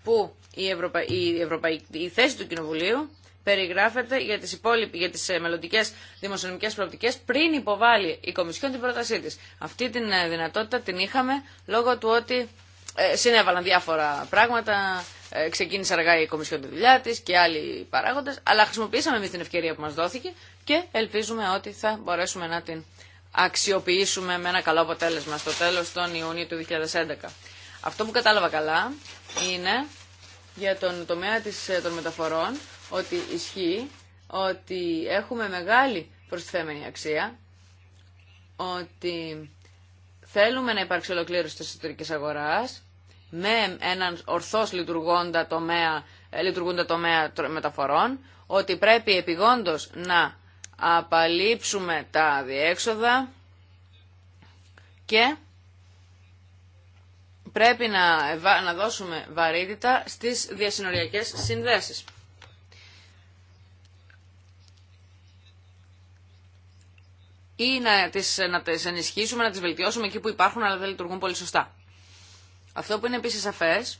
που η, Ευρωπα... η, η θέση του Κοινοβουλίου περιγράφεται για τις, υπόλοιπες, για τις ε, μελλοντικές δημοσιονομικές προοπτικές πριν υποβάλει η Κομισιόν την πρότασή της. Αυτή την ε, δυνατότητα την είχαμε λόγω του ότι ε, συνέβαλαν διάφορα πράγματα, ξεκίνησε αργά η Κομισιόν τη δουλειά τη και άλλοι παράγοντες, αλλά χρησιμοποιήσαμε εμείς την ευκαιρία που μας δόθηκε και ελπίζουμε ότι θα μπορέσουμε να την αξιοποιήσουμε με ένα καλό αποτέλεσμα στο τέλος των Ιούνιου του 2011. Αυτό που κατάλαβα καλά είναι για τον τομέα της, ε, των μεταφορών ότι ισχύει ότι έχουμε μεγάλη προσθέμενη αξία, ότι θέλουμε να υπάρξει ολοκλήρωση της εσωτερικής αγοράς με έναν ορθώς λειτουργώντα τομέα, ε, λειτουργούντα τομέα μεταφορών, ότι πρέπει επιγόντως να απαλείψουμε τα διέξοδα και πρέπει να, να δώσουμε βαρύτητα στις διασυνοριακές συνδέσεις. Ή να τις, να ενισχύσουμε, να τις βελτιώσουμε εκεί που υπάρχουν αλλά δεν λειτουργούν πολύ σωστά. Αυτό που είναι επίσης σαφές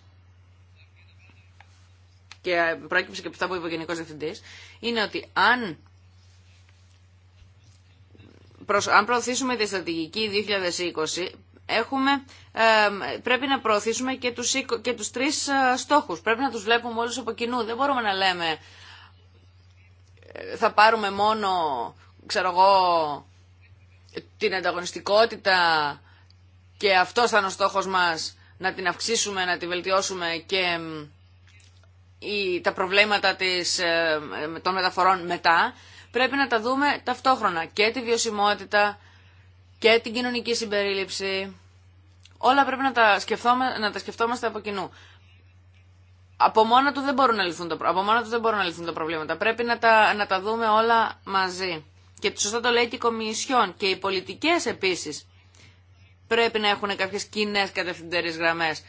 και προέκυψε και από αυτά που είπε ο Γενικός Διευθυντής, είναι ότι αν αν προωθήσουμε τη στρατηγική 2020, έχουμε, πρέπει να προωθήσουμε και τους, και τους τρεις ε, στόχους. Πρέπει να τους βλέπουμε όλους από κοινού. Δεν μπορούμε να λέμε ε, θα πάρουμε μόνο, ξέρω εγώ, την ανταγωνιστικότητα και αυτό θα είναι ο στόχος μας να την αυξήσουμε, να την βελτιώσουμε και η, τα προβλήματα της, ε, των μεταφορών μετά. Πρέπει να τα δούμε ταυτόχρονα και τη βιωσιμότητα και την κοινωνική συμπερίληψη. Όλα πρέπει να τα, να τα σκεφτόμαστε από κοινού. Από μόνα, του δεν μπορούν να λυθούν τα, από τα προβλήματα. Πρέπει να τα, δούμε όλα μαζί. Και σωστά το λέει και η Κομισιόν και οι πολιτικές επίσης πρέπει να έχουν κάποιες κοινέ κατευθυντέρε γραμμές.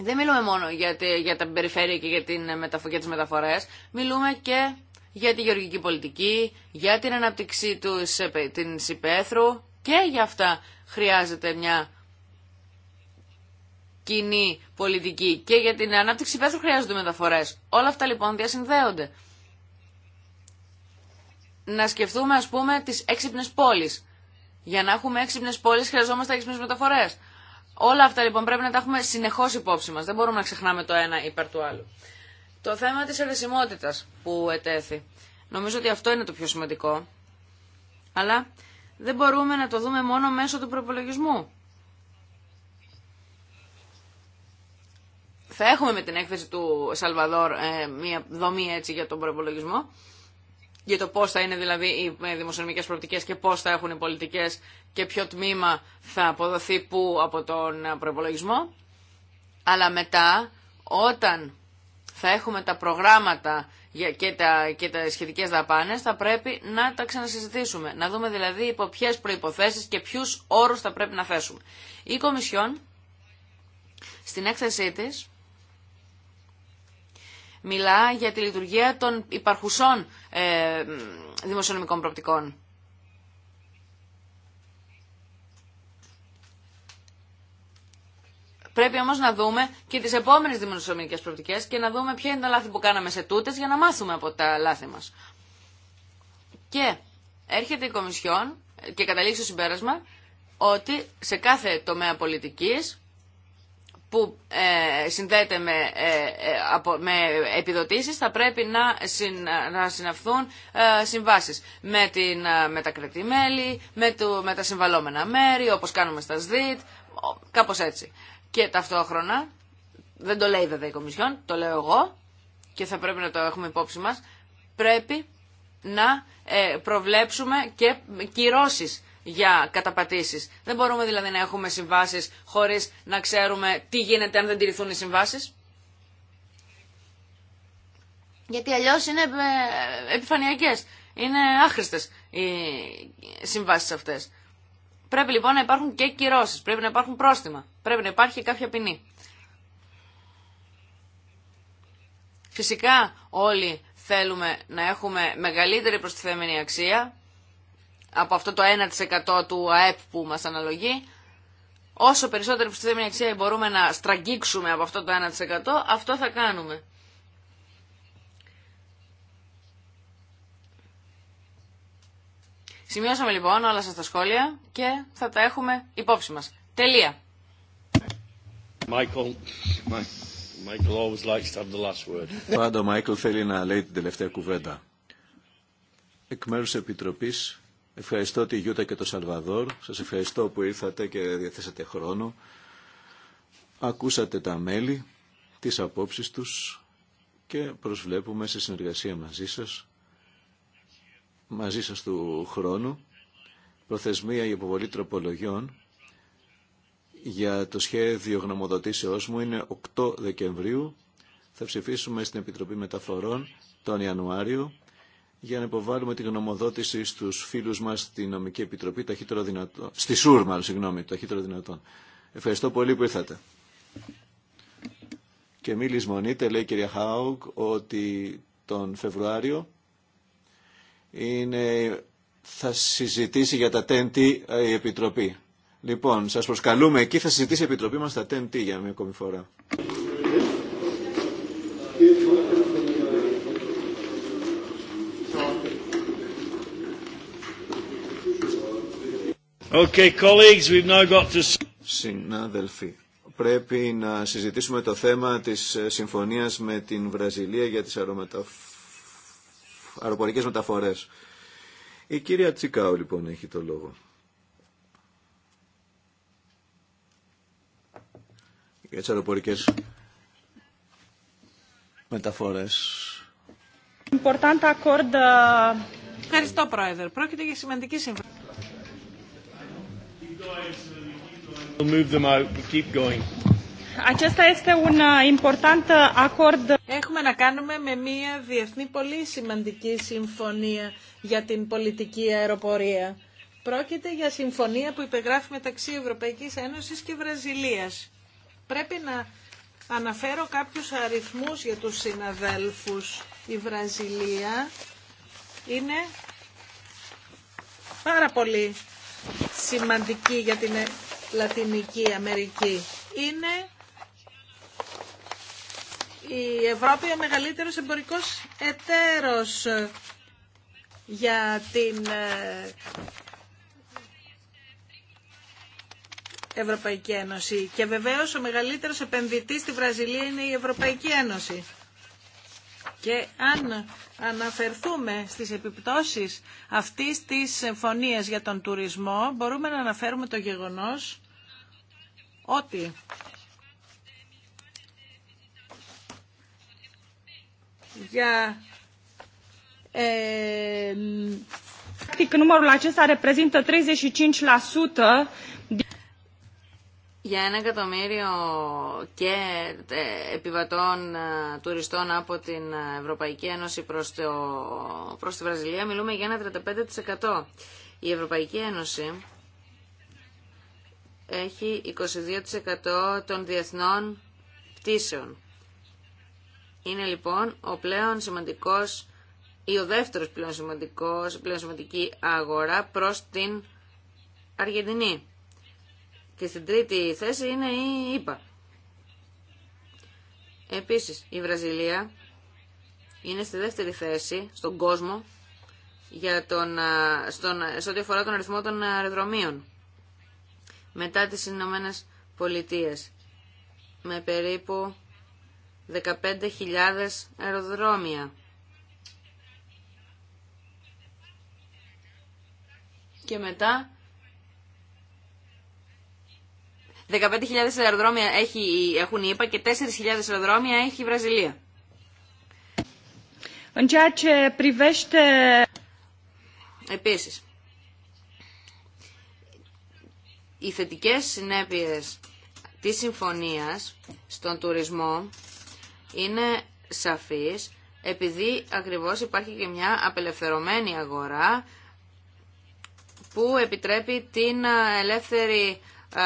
Δεν μιλούμε μόνο για, τη, για τα περιφέρεια και για, την, για τις μεταφορές, μιλούμε και για τη γεωργική πολιτική, για την αναπτυξή του υπαίθρου, και για αυτά χρειάζεται μια κοινή πολιτική και για την ανάπτυξη πέθρου χρειάζονται μεταφορές. Όλα αυτά λοιπόν διασυνδέονται. Να σκεφτούμε ας πούμε τις έξυπνες πόλεις. Για να έχουμε έξυπνες πόλεις χρειαζόμαστε έξυπνες μεταφορές. Όλα αυτά λοιπόν πρέπει να τα έχουμε συνεχώς υπόψη μας. Δεν μπορούμε να ξεχνάμε το ένα υπέρ του άλλου. Το θέμα της αιρεσιμότητας που ετέθη. Νομίζω ότι αυτό είναι το πιο σημαντικό. Αλλά δεν μπορούμε να το δούμε μόνο μέσω του προπολογισμού. Θα έχουμε με την έκθεση του Σαλβαδόρ ε, μια δομή έτσι για τον προπολογισμό, για το πώς θα είναι δηλαδή οι ε, δημοσιονομικές προοπτικές και πώς θα έχουν οι πολιτικές και ποιο τμήμα θα αποδοθεί πού από τον ε, προπολογισμό. Αλλά μετά, όταν θα έχουμε τα προγράμματα και, τα, και τα σχετικές δαπάνες θα πρέπει να τα ξανασυζητήσουμε. Να δούμε δηλαδή υπό ποιε προϋποθέσεις και ποιους όρους θα πρέπει να θέσουμε. Η Κομισιόν στην έκθεσή της μιλά για τη λειτουργία των υπαρχουσών ε, δημοσιονομικών προπτικών. Πρέπει όμω να δούμε και τι επόμενε δημοσιονομικέ προοπτικέ και να δούμε ποια είναι τα λάθη που κάναμε σε τούτε για να μάθουμε από τα λάθη μα. Και έρχεται η Κομισιόν και καταλήξει στο συμπέρασμα ότι σε κάθε τομέα πολιτικής που ε, συνδέεται με, ε, ε με επιδοτήσεις θα πρέπει να, συν, να συναυθούν ε, συμβάσεις με, την, ε, με τα κρατημέλη, με, τα συμβαλόμενα μέρη, όπως κάνουμε στα ΣΔΙΤ, κάπως έτσι και ταυτόχρονα, δεν το λέει βέβαια η Κομισιόν, το λέω εγώ και θα πρέπει να το έχουμε υπόψη μας, πρέπει να ε, προβλέψουμε και κυρώσεις για καταπατήσεις. Δεν μπορούμε δηλαδή να έχουμε συμβάσεις χωρίς να ξέρουμε τι γίνεται αν δεν τηρηθούν οι συμβάσεις. Γιατί αλλιώς είναι ε, επιφανειακές, είναι άχρηστες οι συμβάσεις αυτές. Πρέπει λοιπόν να υπάρχουν και κυρώσει, πρέπει να υπάρχουν πρόστιμα, πρέπει να υπάρχει κάποια ποινή. Φυσικά όλοι θέλουμε να έχουμε μεγαλύτερη προστιθέμενη αξία από αυτό το 1% του ΑΕΠ που μας αναλογεί. Όσο περισσότερη προστιθέμενη αξία μπορούμε να στραγγίξουμε από αυτό το 1%, αυτό θα κάνουμε. Σημειώσαμε λοιπόν όλα σας τα σχόλια και θα τα έχουμε υπόψη μας. Τελεία. Michael, Michael always likes to have the last word. Πάντα ο Μάικλ θέλει να λέει την τελευταία κουβέντα. Εκ μέρου τη Επιτροπής ευχαριστώ τη Γιούτα και το Σαλβαδόρ. Σας ευχαριστώ που ήρθατε και διαθέσατε χρόνο. Ακούσατε τα μέλη, τι απόψει του και προσβλέπουμε σε συνεργασία μαζί σας μαζί σας του χρόνου προθεσμία για υποβολή τροπολογιών για το σχέδιο γνωμοδοτήσεώς μου είναι 8 Δεκεμβρίου. Θα ψηφίσουμε στην Επιτροπή Μεταφορών τον Ιανουάριο για να υποβάλουμε τη γνωμοδότηση στους φίλους μας στη Νομική Επιτροπή ταχύτερο δυνατό, στη ΣΟΥΡ μάλλον, συγγνώμη, ταχύτερο δυνατόν. Ευχαριστώ πολύ που ήρθατε. Και μη λησμονείτε, λέει η κυρία Χάουγκ, ότι τον Φεβρουάριο είναι, θα συζητήσει για τα TNT η Επιτροπή. Λοιπόν, σας προσκαλούμε εκεί, θα συζητήσει η Επιτροπή μας τα TNT για μια ακόμη φορά. Okay, colleagues, we've now got to... Συνάδελφοι, πρέπει να συζητήσουμε το θέμα της ε, συμφωνίας με την Βραζιλία για τις αρωματοφόρες αεροπορικές μεταφορές. Η κυρία Τσικάου λοιπόν έχει το λόγο. Για τις αεροπορικές μεταφορές. Uh, Ευχαριστώ Πρόεδρε. Πρόκειται για σημαντική συμφωνία. We'll move them out. We'll keep going. Uh, uh, Έχουμε να κάνουμε με μια διεθνή πολύ σημαντική συμφωνία για την πολιτική αεροπορία. Πρόκειται για συμφωνία που υπεγράφει μεταξύ Ευρωπαϊκής Ένωσης και Βραζιλίας. Πρέπει να αναφέρω κάποιους αριθμούς για τους συναδέλφους. Η Βραζιλία είναι πάρα πολύ σημαντική για την Λατινική Αμερική. Είναι η Ευρώπη ο μεγαλύτερος εμπορικός εταίρος για την ε, Ευρωπαϊκή Ένωση. Και βεβαίως ο μεγαλύτερος επενδυτής στη Βραζιλία είναι η Ευρωπαϊκή Ένωση. Και αν αναφερθούμε στις επιπτώσεις αυτής της συμφωνίας για τον τουρισμό, μπορούμε να αναφέρουμε το γεγονός ότι για ε, Practic, numărul acesta reprezintă 35% για ένα εκατομμύριο και ε, επιβατών ε, τουριστών από την Ευρωπαϊκή Ένωση προς, το, προς τη Βραζιλία μιλούμε για ένα 35%. Η Ευρωπαϊκή Ένωση έχει 22% των διεθνών πτήσεων. Είναι λοιπόν ο πλέον σημαντικός ή ο δεύτερος πλέον, σημαντικός, πλέον σημαντική αγορά προς την Αργεντινή. Και στην τρίτη θέση είναι η ΙΠΑ. Επίσης η Βραζιλία είναι στη δεύτερη θέση στον κόσμο για τον, στον, σε ό,τι αφορά τον αριθμό των αεροδρομίων μετά τις Ηνωμένε Πολιτείες με περίπου 15.000 αεροδρόμια. Και μετά 15.000 αεροδρόμια έχει, έχουν η και 4.000 αεροδρόμια έχει η Βραζιλία. Επίσης, οι θετικές συνέπειες της συμφωνίας στον τουρισμό είναι σαφής επειδή ακριβώς υπάρχει και μια απελευθερωμένη αγορά που επιτρέπει την ε, ελεύθερη ε,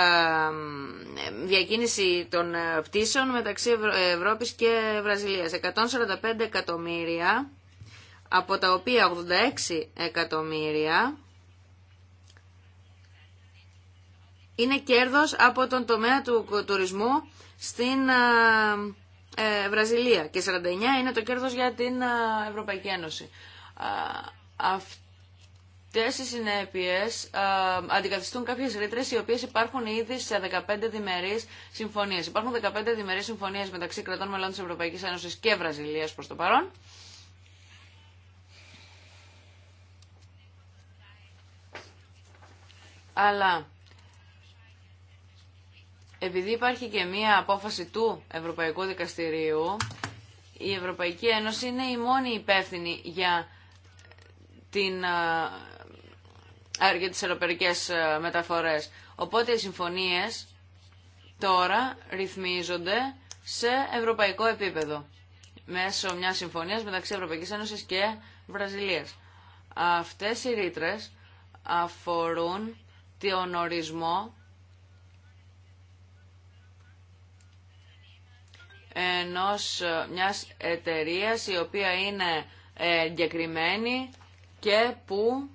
διακίνηση των ε, πτήσεων μεταξύ Ευρώπης και Βραζιλίας. 145 εκατομμύρια, από τα οποία 86 εκατομμύρια είναι κέρδος από τον τομέα του τουρισμού στην ε, Βραζιλία και 49 είναι το κέρδος για την ε, Ευρωπαϊκή Ένωση. Αυτές οι συνέπειες ε, αντικαθιστούν κάποιες ρήτρε οι οποίες υπάρχουν ήδη σε 15 διμερείς συμφωνίες. Υπάρχουν 15 διμερείς συμφωνίες μεταξύ κρατών μελών της Ευρωπαϊκής Ένωσης και Βραζιλίας προς το παρόν. Αλλά επειδή υπάρχει και μία απόφαση του Ευρωπαϊκού Δικαστηρίου, η Ευρωπαϊκή Ένωση είναι η μόνη υπεύθυνη για, την, για τις μεταφορές. Οπότε οι συμφωνίες τώρα ρυθμίζονται σε ευρωπαϊκό επίπεδο μέσω μια συμφωνίας μεταξύ Ευρωπαϊκής Ένωσης και Βραζιλίας. Αυτές οι ρήτρες αφορούν τον ορισμό ενός, μιας εταιρείας η οποία είναι εγκεκριμένη και που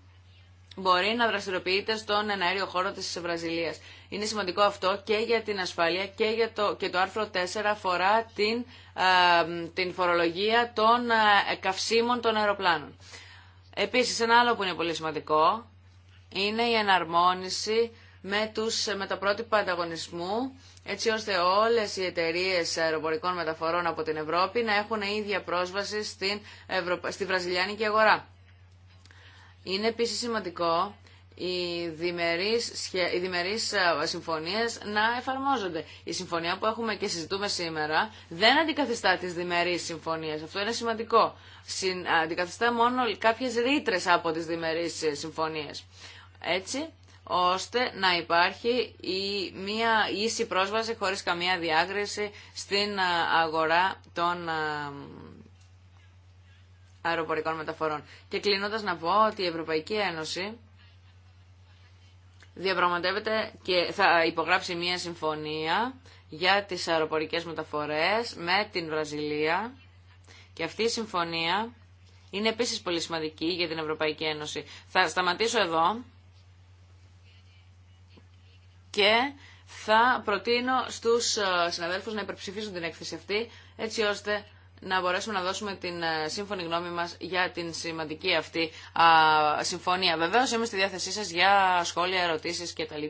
μπορεί να δραστηριοποιείται στον εναέριο χώρο της Βραζιλίας. Είναι σημαντικό αυτό και για την ασφάλεια και, για το, και το άρθρο 4 αφορά ε, την, φορολογία των ε, καυσίμων των αεροπλάνων. Επίσης, ένα άλλο που είναι πολύ σημαντικό είναι η εναρμόνιση με, τους, με τα πρότυπα ανταγωνισμού έτσι ώστε όλες οι εταιρείες αεροπορικών μεταφορών από την Ευρώπη να έχουν ίδια πρόσβαση στην, στη βραζιλιάνικη αγορά. Είναι επίσης σημαντικό οι διμερείς, σχε... οι διμερείς συμφωνίες να εφαρμόζονται. Η συμφωνία που έχουμε και συζητούμε σήμερα δεν αντικαθιστά τις διμερείς συμφωνίες. Αυτό είναι σημαντικό. Αντικαθιστά μόνο κάποιες ρήτρε από τις διμερείς ε, συμφωνίες. Έτσι, ώστε να υπάρχει η μία ίση πρόσβαση χωρίς καμία διάκριση στην ε, αγορά των ε, αεροπορικών μεταφορών. Και κλείνοντας να πω ότι η Ευρωπαϊκή Ένωση διαπραγματεύεται και θα υπογράψει μία συμφωνία για τις αεροπορικές μεταφορές με την Βραζιλία και αυτή η συμφωνία είναι επίσης πολύ σημαντική για την Ευρωπαϊκή Ένωση. Θα σταματήσω εδώ και θα προτείνω στους ε, συναδέλφους να υπερψηφίσουν την έκθεση αυτή έτσι ώστε να μπορέσουμε να δώσουμε την ε, σύμφωνη γνώμη μας για την σημαντική αυτή συμφωνία. Βεβαίως είμαι στη διάθεσή σας για σχόλια, ερωτήσεις κτλ.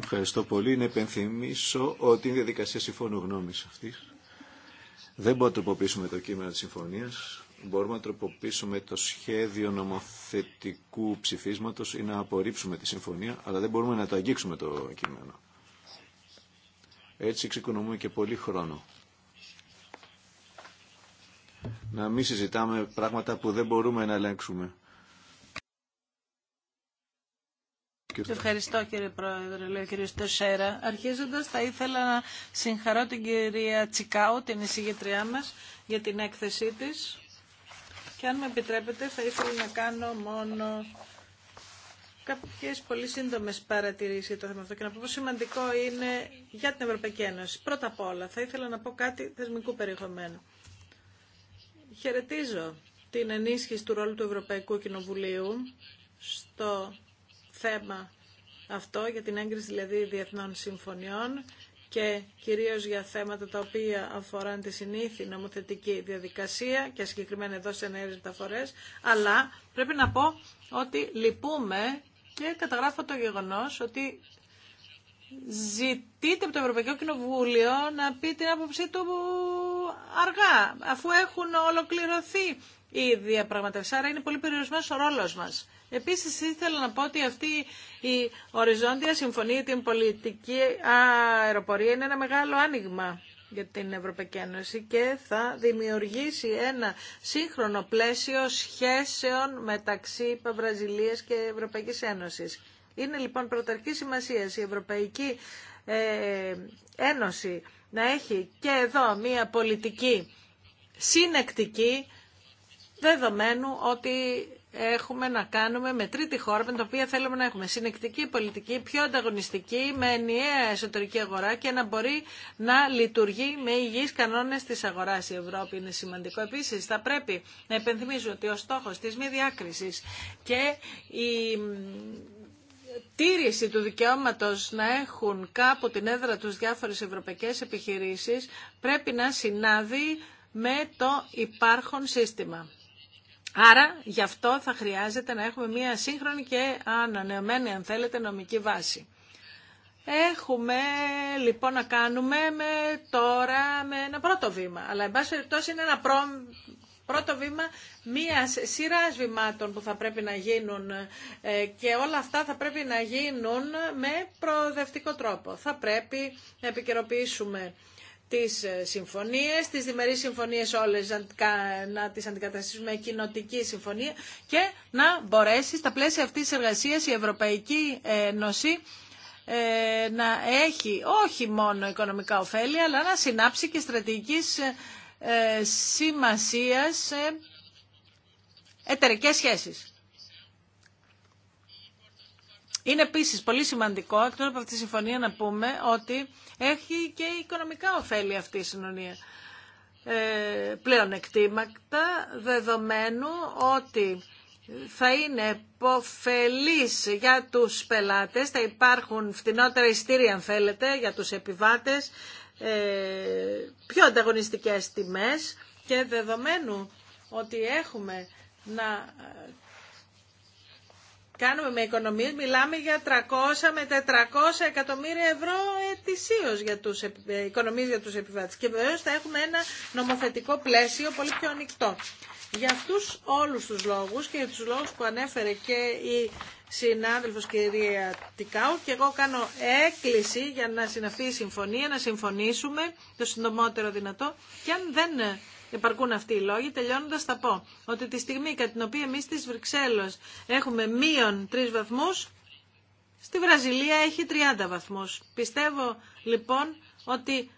Ευχαριστώ πολύ. Να επενθυμίσω ότι είναι διαδικασία συμφώνου γνώμης αυτής. Δεν μπορούμε να τροποποιήσουμε το κείμενο της συμφωνίας μπορούμε να τροποποιήσουμε το σχέδιο νομοθετικού ψηφίσματος ή να απορρίψουμε τη συμφωνία, αλλά δεν μπορούμε να το αγγίξουμε το κείμενο. Έτσι εξοικονομούμε και πολύ χρόνο. Να μην συζητάμε πράγματα που δεν μπορούμε να ελέγξουμε. Ευχαριστώ κύριε Πρόεδρε, λέει ο κύριος Τεσέρα. Αρχίζοντας θα ήθελα να συγχαρώ την κυρία Τσικάου, την εισηγητριά μας, για την έκθεσή της. Και αν με επιτρέπετε θα ήθελα να κάνω μόνο κάποιες πολύ σύντομες παρατηρήσεις για το θέμα αυτό και να πω πόσο σημαντικό είναι για την Ευρωπαϊκή Ένωση. Πρώτα απ' όλα, θα ήθελα να πω κάτι θεσμικού περιεχομένου. Χαιρετίζω την ενίσχυση του ρόλου του Ευρωπαϊκού Κοινοβουλίου στο θέμα αυτό για την έγκριση δηλαδή διεθνών συμφωνιών και κυρίως για θέματα τα οποία αφορούν τη συνήθη νομοθετική διαδικασία και συγκεκριμένα εδώ σε νέες μεταφορές, αλλά πρέπει να πω ότι λυπούμε και καταγράφω το γεγονός ότι ζητείτε από το Ευρωπαϊκό Κοινοβούλιο να πει την άποψή του αργά, αφού έχουν ολοκληρωθεί οι διαπραγματεύσεις. Άρα είναι πολύ περιορισμένος ο ρόλος μας. Επίσης ήθελα να πω ότι αυτή η οριζόντια συμφωνία την πολιτική αεροπορία είναι ένα μεγάλο άνοιγμα για την Ευρωπαϊκή Ένωση και θα δημιουργήσει ένα σύγχρονο πλαίσιο σχέσεων μεταξύ Βραζιλίας και Ευρωπαϊκής Ένωσης. Είναι λοιπόν πρωταρχή σημασία η Ευρωπαϊκή ε, Ένωση να έχει και εδώ μία πολιτική συνεκτική δεδομένου ότι έχουμε να κάνουμε με τρίτη χώρα με την οποία θέλουμε να έχουμε συνεκτική πολιτική, πιο ανταγωνιστική, με ενιαία εσωτερική αγορά και να μπορεί να λειτουργεί με υγιείς κανόνες της αγοράς η Ευρώπη. Είναι σημαντικό. Επίσης θα πρέπει να επενθυμίζω ότι ο στόχος της μη διάκρισης και η τήρηση του δικαιώματος να έχουν κάπου την έδρα τους διάφορες ευρωπαϊκές επιχειρήσεις πρέπει να συνάδει με το υπάρχον σύστημα. Άρα γι' αυτό θα χρειάζεται να έχουμε μία σύγχρονη και ανανεωμένη αν θέλετε νομική βάση. Έχουμε λοιπόν να κάνουμε με, τώρα με ένα πρώτο βήμα. Αλλά εν πάση περιπτώσει είναι ένα πρώτο βήμα μία σειρά βημάτων που θα πρέπει να γίνουν ε, και όλα αυτά θα πρέπει να γίνουν με προοδευτικό τρόπο. Θα πρέπει να επικαιροποιήσουμε τις ε, συμφωνίες, τις διμερείς συμφωνίες όλες να τις αντικαταστήσουμε με κοινοτική συμφωνία και να μπορέσει στα πλαίσια αυτής της εργασίας η Ευρωπαϊκή Ένωση ε, να έχει όχι μόνο οικονομικά ωφέλη αλλά να συνάψει και στρατηγικής ε, σημασίας εταιρικές σχέσεις. Είναι επίση πολύ σημαντικό, εκτό από αυτή τη συμφωνία, να πούμε ότι έχει και οικονομικά ωφέλη αυτή η συνωνία. Ε, πλέον εκτίμακτα δεδομένου ότι θα είναι ποφελής για τους πελάτες, θα υπάρχουν φτηνότερα ειστήρια αν θέλετε για τους επιβάτες, ε, πιο ανταγωνιστικές τιμές και δεδομένου ότι έχουμε να κάνουμε με οικονομίες, μιλάμε για 300 με 400 εκατομμύρια ευρώ ετησίως για τους, ε, οικονομίες για τους επιβάτες. Και βεβαίω θα έχουμε ένα νομοθετικό πλαίσιο πολύ πιο ανοιχτό. Για αυτούς όλους τους λόγους και για τους λόγους που ανέφερε και η συνάδελφος κυρία Τικάου και εγώ κάνω έκκληση για να συναφεί η συμφωνία, να συμφωνήσουμε το συντομότερο δυνατό και αν δεν Υπαρκούν αυτοί οι λόγοι. Τελειώνοντα, θα πω ότι τη στιγμή κατά την οποία εμεί στις Βρυξέλλε έχουμε μείον τρει βαθμού, στη Βραζιλία έχει 30 βαθμού. Πιστεύω λοιπόν ότι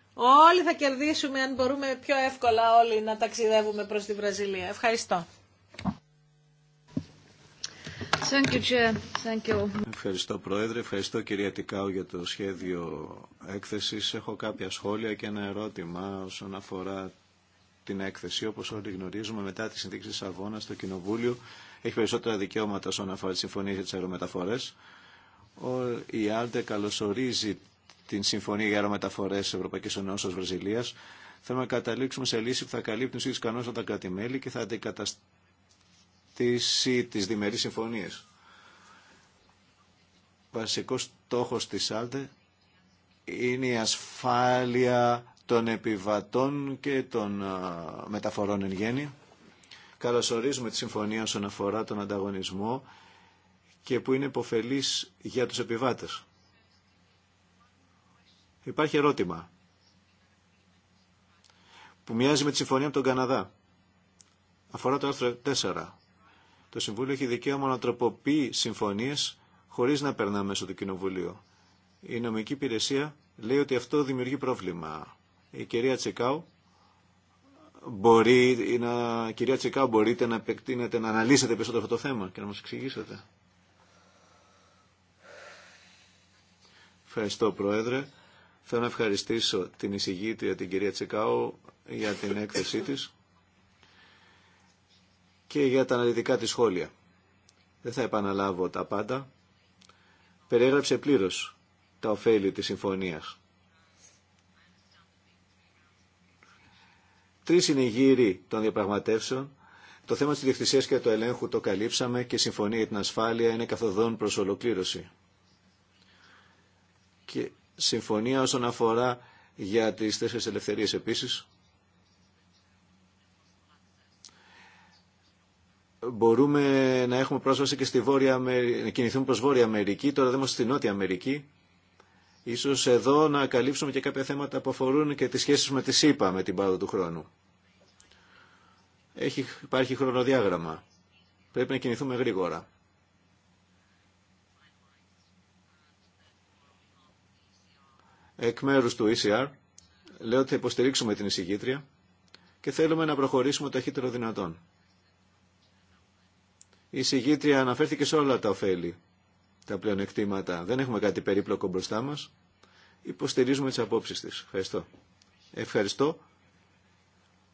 όλοι θα κερδίσουμε αν μπορούμε πιο εύκολα όλοι να ταξιδεύουμε προ τη Βραζιλία. Ευχαριστώ. Thank you, Thank you. Ευχαριστώ Πρόεδρε, ευχαριστώ κυρία Τικάου για το σχέδιο έκθεσης. Έχω κάποια σχόλια και ένα ερώτημα όσον αφορά την έκθεση. όπω όλοι γνωρίζουμε, μετά τη συνθήκη τη Αβώνα το Κοινοβούλιο έχει περισσότερα δικαιώματα όσον αφορά τι συμφωνίε για τι αερομεταφορέ, Η Άλτε καλωσορίζει την Συμφωνία για αερομεταφορέ Ευρωπαϊκή Ευρωπαϊκής Βραζιλία. Βραζιλίας. Θέλουμε να καταλήξουμε σε λύση που θα καλύπτουν ίδιου κανόνε από τα κράτη-μέλη και θα αντικαταστήσει τι διμερεί συμφωνίε. βασικό στόχο τη Άλτε είναι η ασφάλεια των επιβατών και των μεταφορών εν γέννη. Καλωσορίζουμε τη συμφωνία όσον αφορά τον ανταγωνισμό και που είναι υποφελής για τους επιβάτες. Υπάρχει ερώτημα που μοιάζει με τη συμφωνία τον Καναδά. Αφορά το άρθρο 4. Το Συμβούλιο έχει δικαίωμα να τροποποιεί συμφωνίες χωρίς να περνά μέσω του Κοινοβουλίου. Η νομική υπηρεσία λέει ότι αυτό δημιουργεί πρόβλημα. Η κυρία Τσεκάου, μπορεί, να, κυρία Τσεκάου, μπορείτε να επεκτείνετε, να αναλύσετε περισσότερο αυτό το θέμα και να μας εξηγήσετε. Ευχαριστώ Πρόεδρε. Θέλω να ευχαριστήσω την εισηγήτρια την κυρία Τσεκάου για την έκθεσή της και για τα αναλυτικά της σχόλια. Δεν θα επαναλάβω τα πάντα. Περιέγραψε πλήρως τα ωφέλη της συμφωνίας. Τρεις είναι οι γύροι των διαπραγματεύσεων. Το θέμα της διευθυνσίας και του ελέγχου το καλύψαμε και η συμφωνία για την ασφάλεια είναι καθοδόν προς ολοκλήρωση. Και συμφωνία όσον αφορά για τις τέσσερις ελευθερίες επίσης. Μπορούμε να έχουμε πρόσβαση και στη Βόρεια Αμερική, να κινηθούμε προς Βόρεια Αμερική, τώρα δεν είμαστε στη Νότια Αμερική. Ίσως εδώ να καλύψουμε και κάποια θέματα που αφορούν και τις σχέσεις με τη ΣΥΠΑ με την πάροδο του χρόνου. Έχει, υπάρχει χρονοδιάγραμμα. Πρέπει να κινηθούμε γρήγορα. Εκ μέρους του ECR λέω ότι θα υποστηρίξουμε την εισηγήτρια και θέλουμε να προχωρήσουμε το ταχύτερο δυνατόν. Η εισηγήτρια αναφέρθηκε σε όλα τα ωφέλη, τα πλεονεκτήματα. Δεν έχουμε κάτι περίπλοκο μπροστά μας. Υποστηρίζουμε τις απόψεις της. Ευχαριστώ. Ευχαριστώ.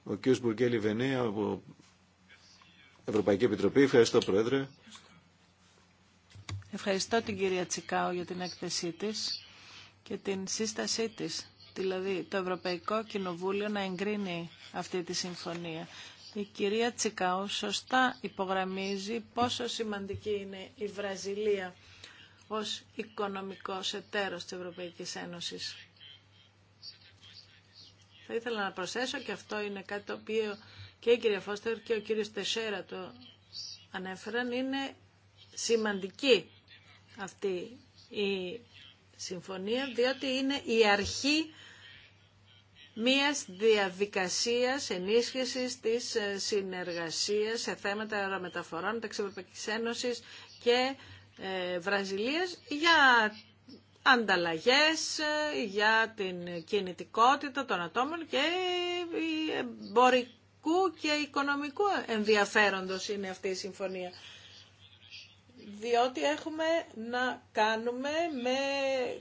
Ο κ. Μπουργκέλη Βενέα από Ευρωπαϊκή Επιτροπή. Ευχαριστώ, Πρόεδρε. Ευχαριστώ την κυρία Τσικάου για την έκθεσή της και την σύστασή της. Δηλαδή, το Ευρωπαϊκό Κοινοβούλιο να εγκρίνει αυτή τη συμφωνία. Η κυρία Τσικάου σωστά υπογραμμίζει πόσο σημαντική είναι η Βραζιλία ως οικονομικός εταίρος της Ευρωπαϊκής Ένωσης. Θα ήθελα να προσθέσω και αυτό είναι κάτι το οποίο και η κυρία Φώστερ και ο κύριος Τεσέρα το ανέφεραν. Είναι σημαντική αυτή η συμφωνία διότι είναι η αρχή μίας διαδικασίας ενίσχυσης της ε, συνεργασίας σε θέματα αερομεταφορών μεταξύ Ένωσης και ε, Βραζιλίας για ανταλλαγές ε, για την κινητικότητα των ατόμων και εμπορικού και οικονομικού ενδιαφέροντος είναι αυτή η συμφωνία. Διότι έχουμε να κάνουμε με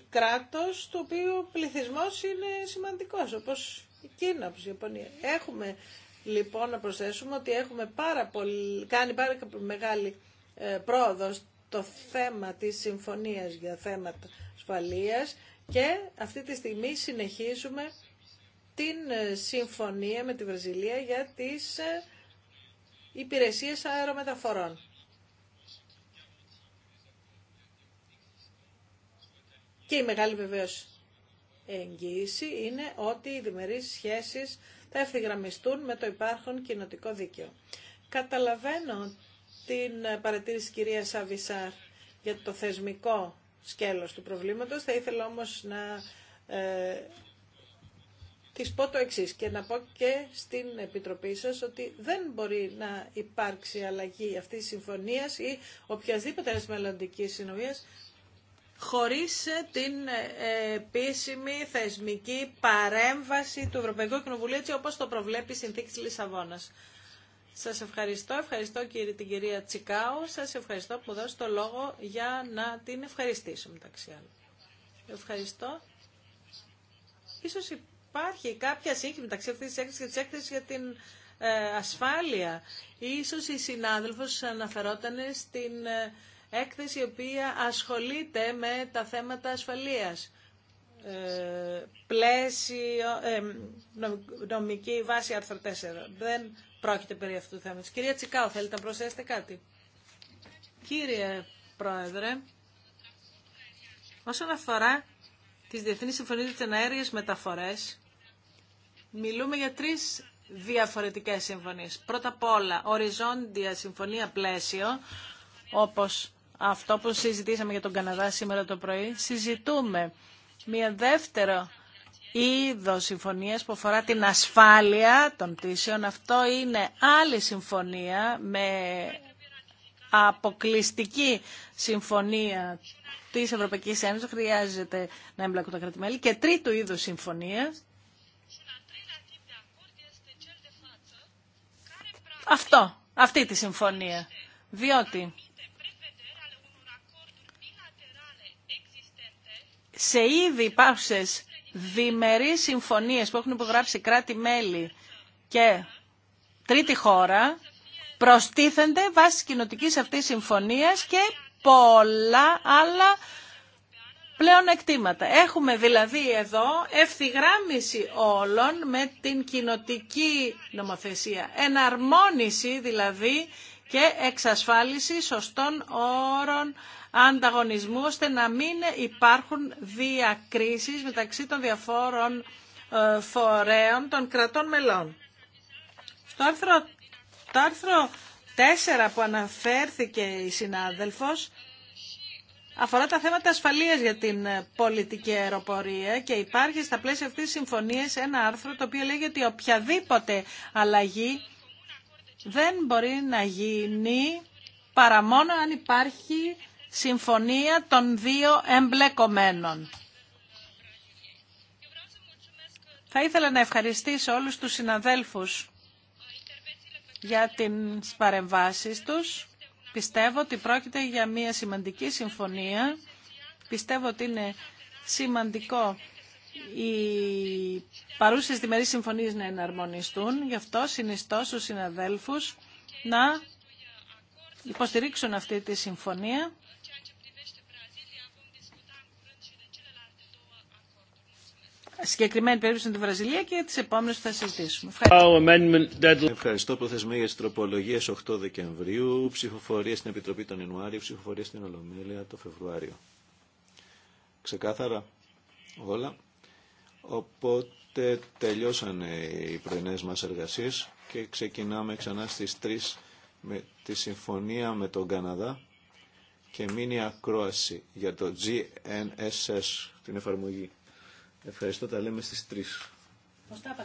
κράτος το οποίο πληθυσμός είναι σημαντικός, όπως η Κίνα, όπως η Ιαπωνία. Έχουμε λοιπόν να προσθέσουμε ότι έχουμε πάρα πολύ, κάνει πάρα μεγάλη ε, πρόοδο το θέμα της συμφωνίας για θέματα ασφαλείας και αυτή τη στιγμή συνεχίζουμε την ε, συμφωνία με τη Βραζιλία για τις ε, υπηρεσίες αερομεταφορών. Και η μεγάλη βεβαίως εγγύηση είναι ότι οι διμερείς σχέσεις θα ευθυγραμμιστούν με το υπάρχον κοινοτικό δίκαιο. Καταλαβαίνω την παρατήρηση κυρία Σαβισάρ για το θεσμικό σκέλος του προβλήματος. Θα ήθελα όμως να ε, της πω το εξής και να πω και στην Επιτροπή σας ότι δεν μπορεί να υπάρξει αλλαγή αυτής της συμφωνίας ή οποιασδήποτε άλλης μελλοντικής συνομίας χωρίς την ε, επίσημη θεσμική παρέμβαση του Ευρωπαϊκού Κοινοβουλίου έτσι όπως το προβλέπει η Συνθήκη της Λισαβόνας. Σας ευχαριστώ. Ευχαριστώ κύριε την κυρία Τσικάου. Σας ευχαριστώ που δώσετε το λόγο για να την ευχαριστήσω μεταξύ άλλων. Ευχαριστώ. Ίσως υπάρχει κάποια σύγχυση μεταξύ αυτής της έκθεσης και τη έκθεση για την ε, ασφάλεια. Ίσως η συνάδελφος αναφερόταν στην ε, έκθεση η οποία ασχολείται με τα θέματα ασφαλείας. Ε, πλαίσιο, ε, νομική βάση άρθρο 4. Δεν πρόκειται περί αυτού του θέματος. Κυρία Τσικάου, θέλετε να προσθέσετε κάτι. Κύριε Πρόεδρε, όσον αφορά τις Διεθνείς Συμφωνίες της Αέριες Μεταφορές, μιλούμε για τρεις διαφορετικές συμφωνίες. Πρώτα απ' όλα, οριζόντια συμφωνία πλαίσιο, όπως αυτό που συζητήσαμε για τον Καναδά σήμερα το πρωί, συζητούμε μια δεύτερο είδο συμφωνίας που αφορά την ασφάλεια των πτήσεων. Αυτό είναι άλλη συμφωνία με αποκλειστική συμφωνία της Ευρωπαϊκής Ένωσης. Χρειάζεται να εμπλακούν τα κρατημέλη. Και τρίτου είδους συμφωνία. Αυτό, αυτή τη συμφωνία. Διότι σε ήδη υπάρχουσες διμερείς συμφωνίες που έχουν υπογράψει κράτη-μέλη και τρίτη χώρα προστίθενται βάσει κοινοτική αυτή συμφωνίας και πολλά άλλα πλέον εκτίματα. Έχουμε δηλαδή εδώ ευθυγράμμιση όλων με την κοινοτική νομοθεσία. Εναρμόνιση δηλαδή και εξασφάλιση σωστών όρων ανταγωνισμού ώστε να μην υπάρχουν διακρίσεις μεταξύ των διαφόρων ε, φορέων των κρατών μελών. άρθρο, το άρθρο 4 που αναφέρθηκε η συνάδελφος αφορά τα θέματα ασφαλείας για την ε, πολιτική αεροπορία και υπάρχει στα πλαίσια αυτής της συμφωνίας ένα άρθρο το οποίο λέγει ότι οποιαδήποτε αλλαγή δεν μπορεί να γίνει παρά μόνο αν υπάρχει συμφωνία των δύο εμπλεκομένων. Θα ήθελα να ευχαριστήσω όλους τους συναδέλφους για την παρεμβάσεις τους. Πιστεύω ότι πρόκειται για μια σημαντική συμφωνία. Πιστεύω ότι είναι σημαντικό οι παρούσες διμερείς συμφωνίες να εναρμονιστούν. Γι' αυτό συνιστώ στους συναδέλφους να υποστηρίξουν αυτή τη συμφωνία συγκεκριμένη περίπτωση είναι τη Βραζιλία και τις επόμενες που θα συζητήσουμε. Ευχαριστώ. Ευχαριστώ για τροπολογίες 8 Δεκεμβρίου, ψηφοφορία στην Επιτροπή τον Ιανουάριο, ψηφοφορία στην Ολομέλεια το Φεβρουάριο. Ξεκάθαρα όλα. Οπότε τελειώσαν οι πρωινές μας εργασίες και ξεκινάμε ξανά στις 3 με τη συμφωνία με τον Καναδά και μήνυα ακρόαση για το GNSS, την εφαρμογή. Ευχαριστώ, τα λέμε στις 3. Πώς τα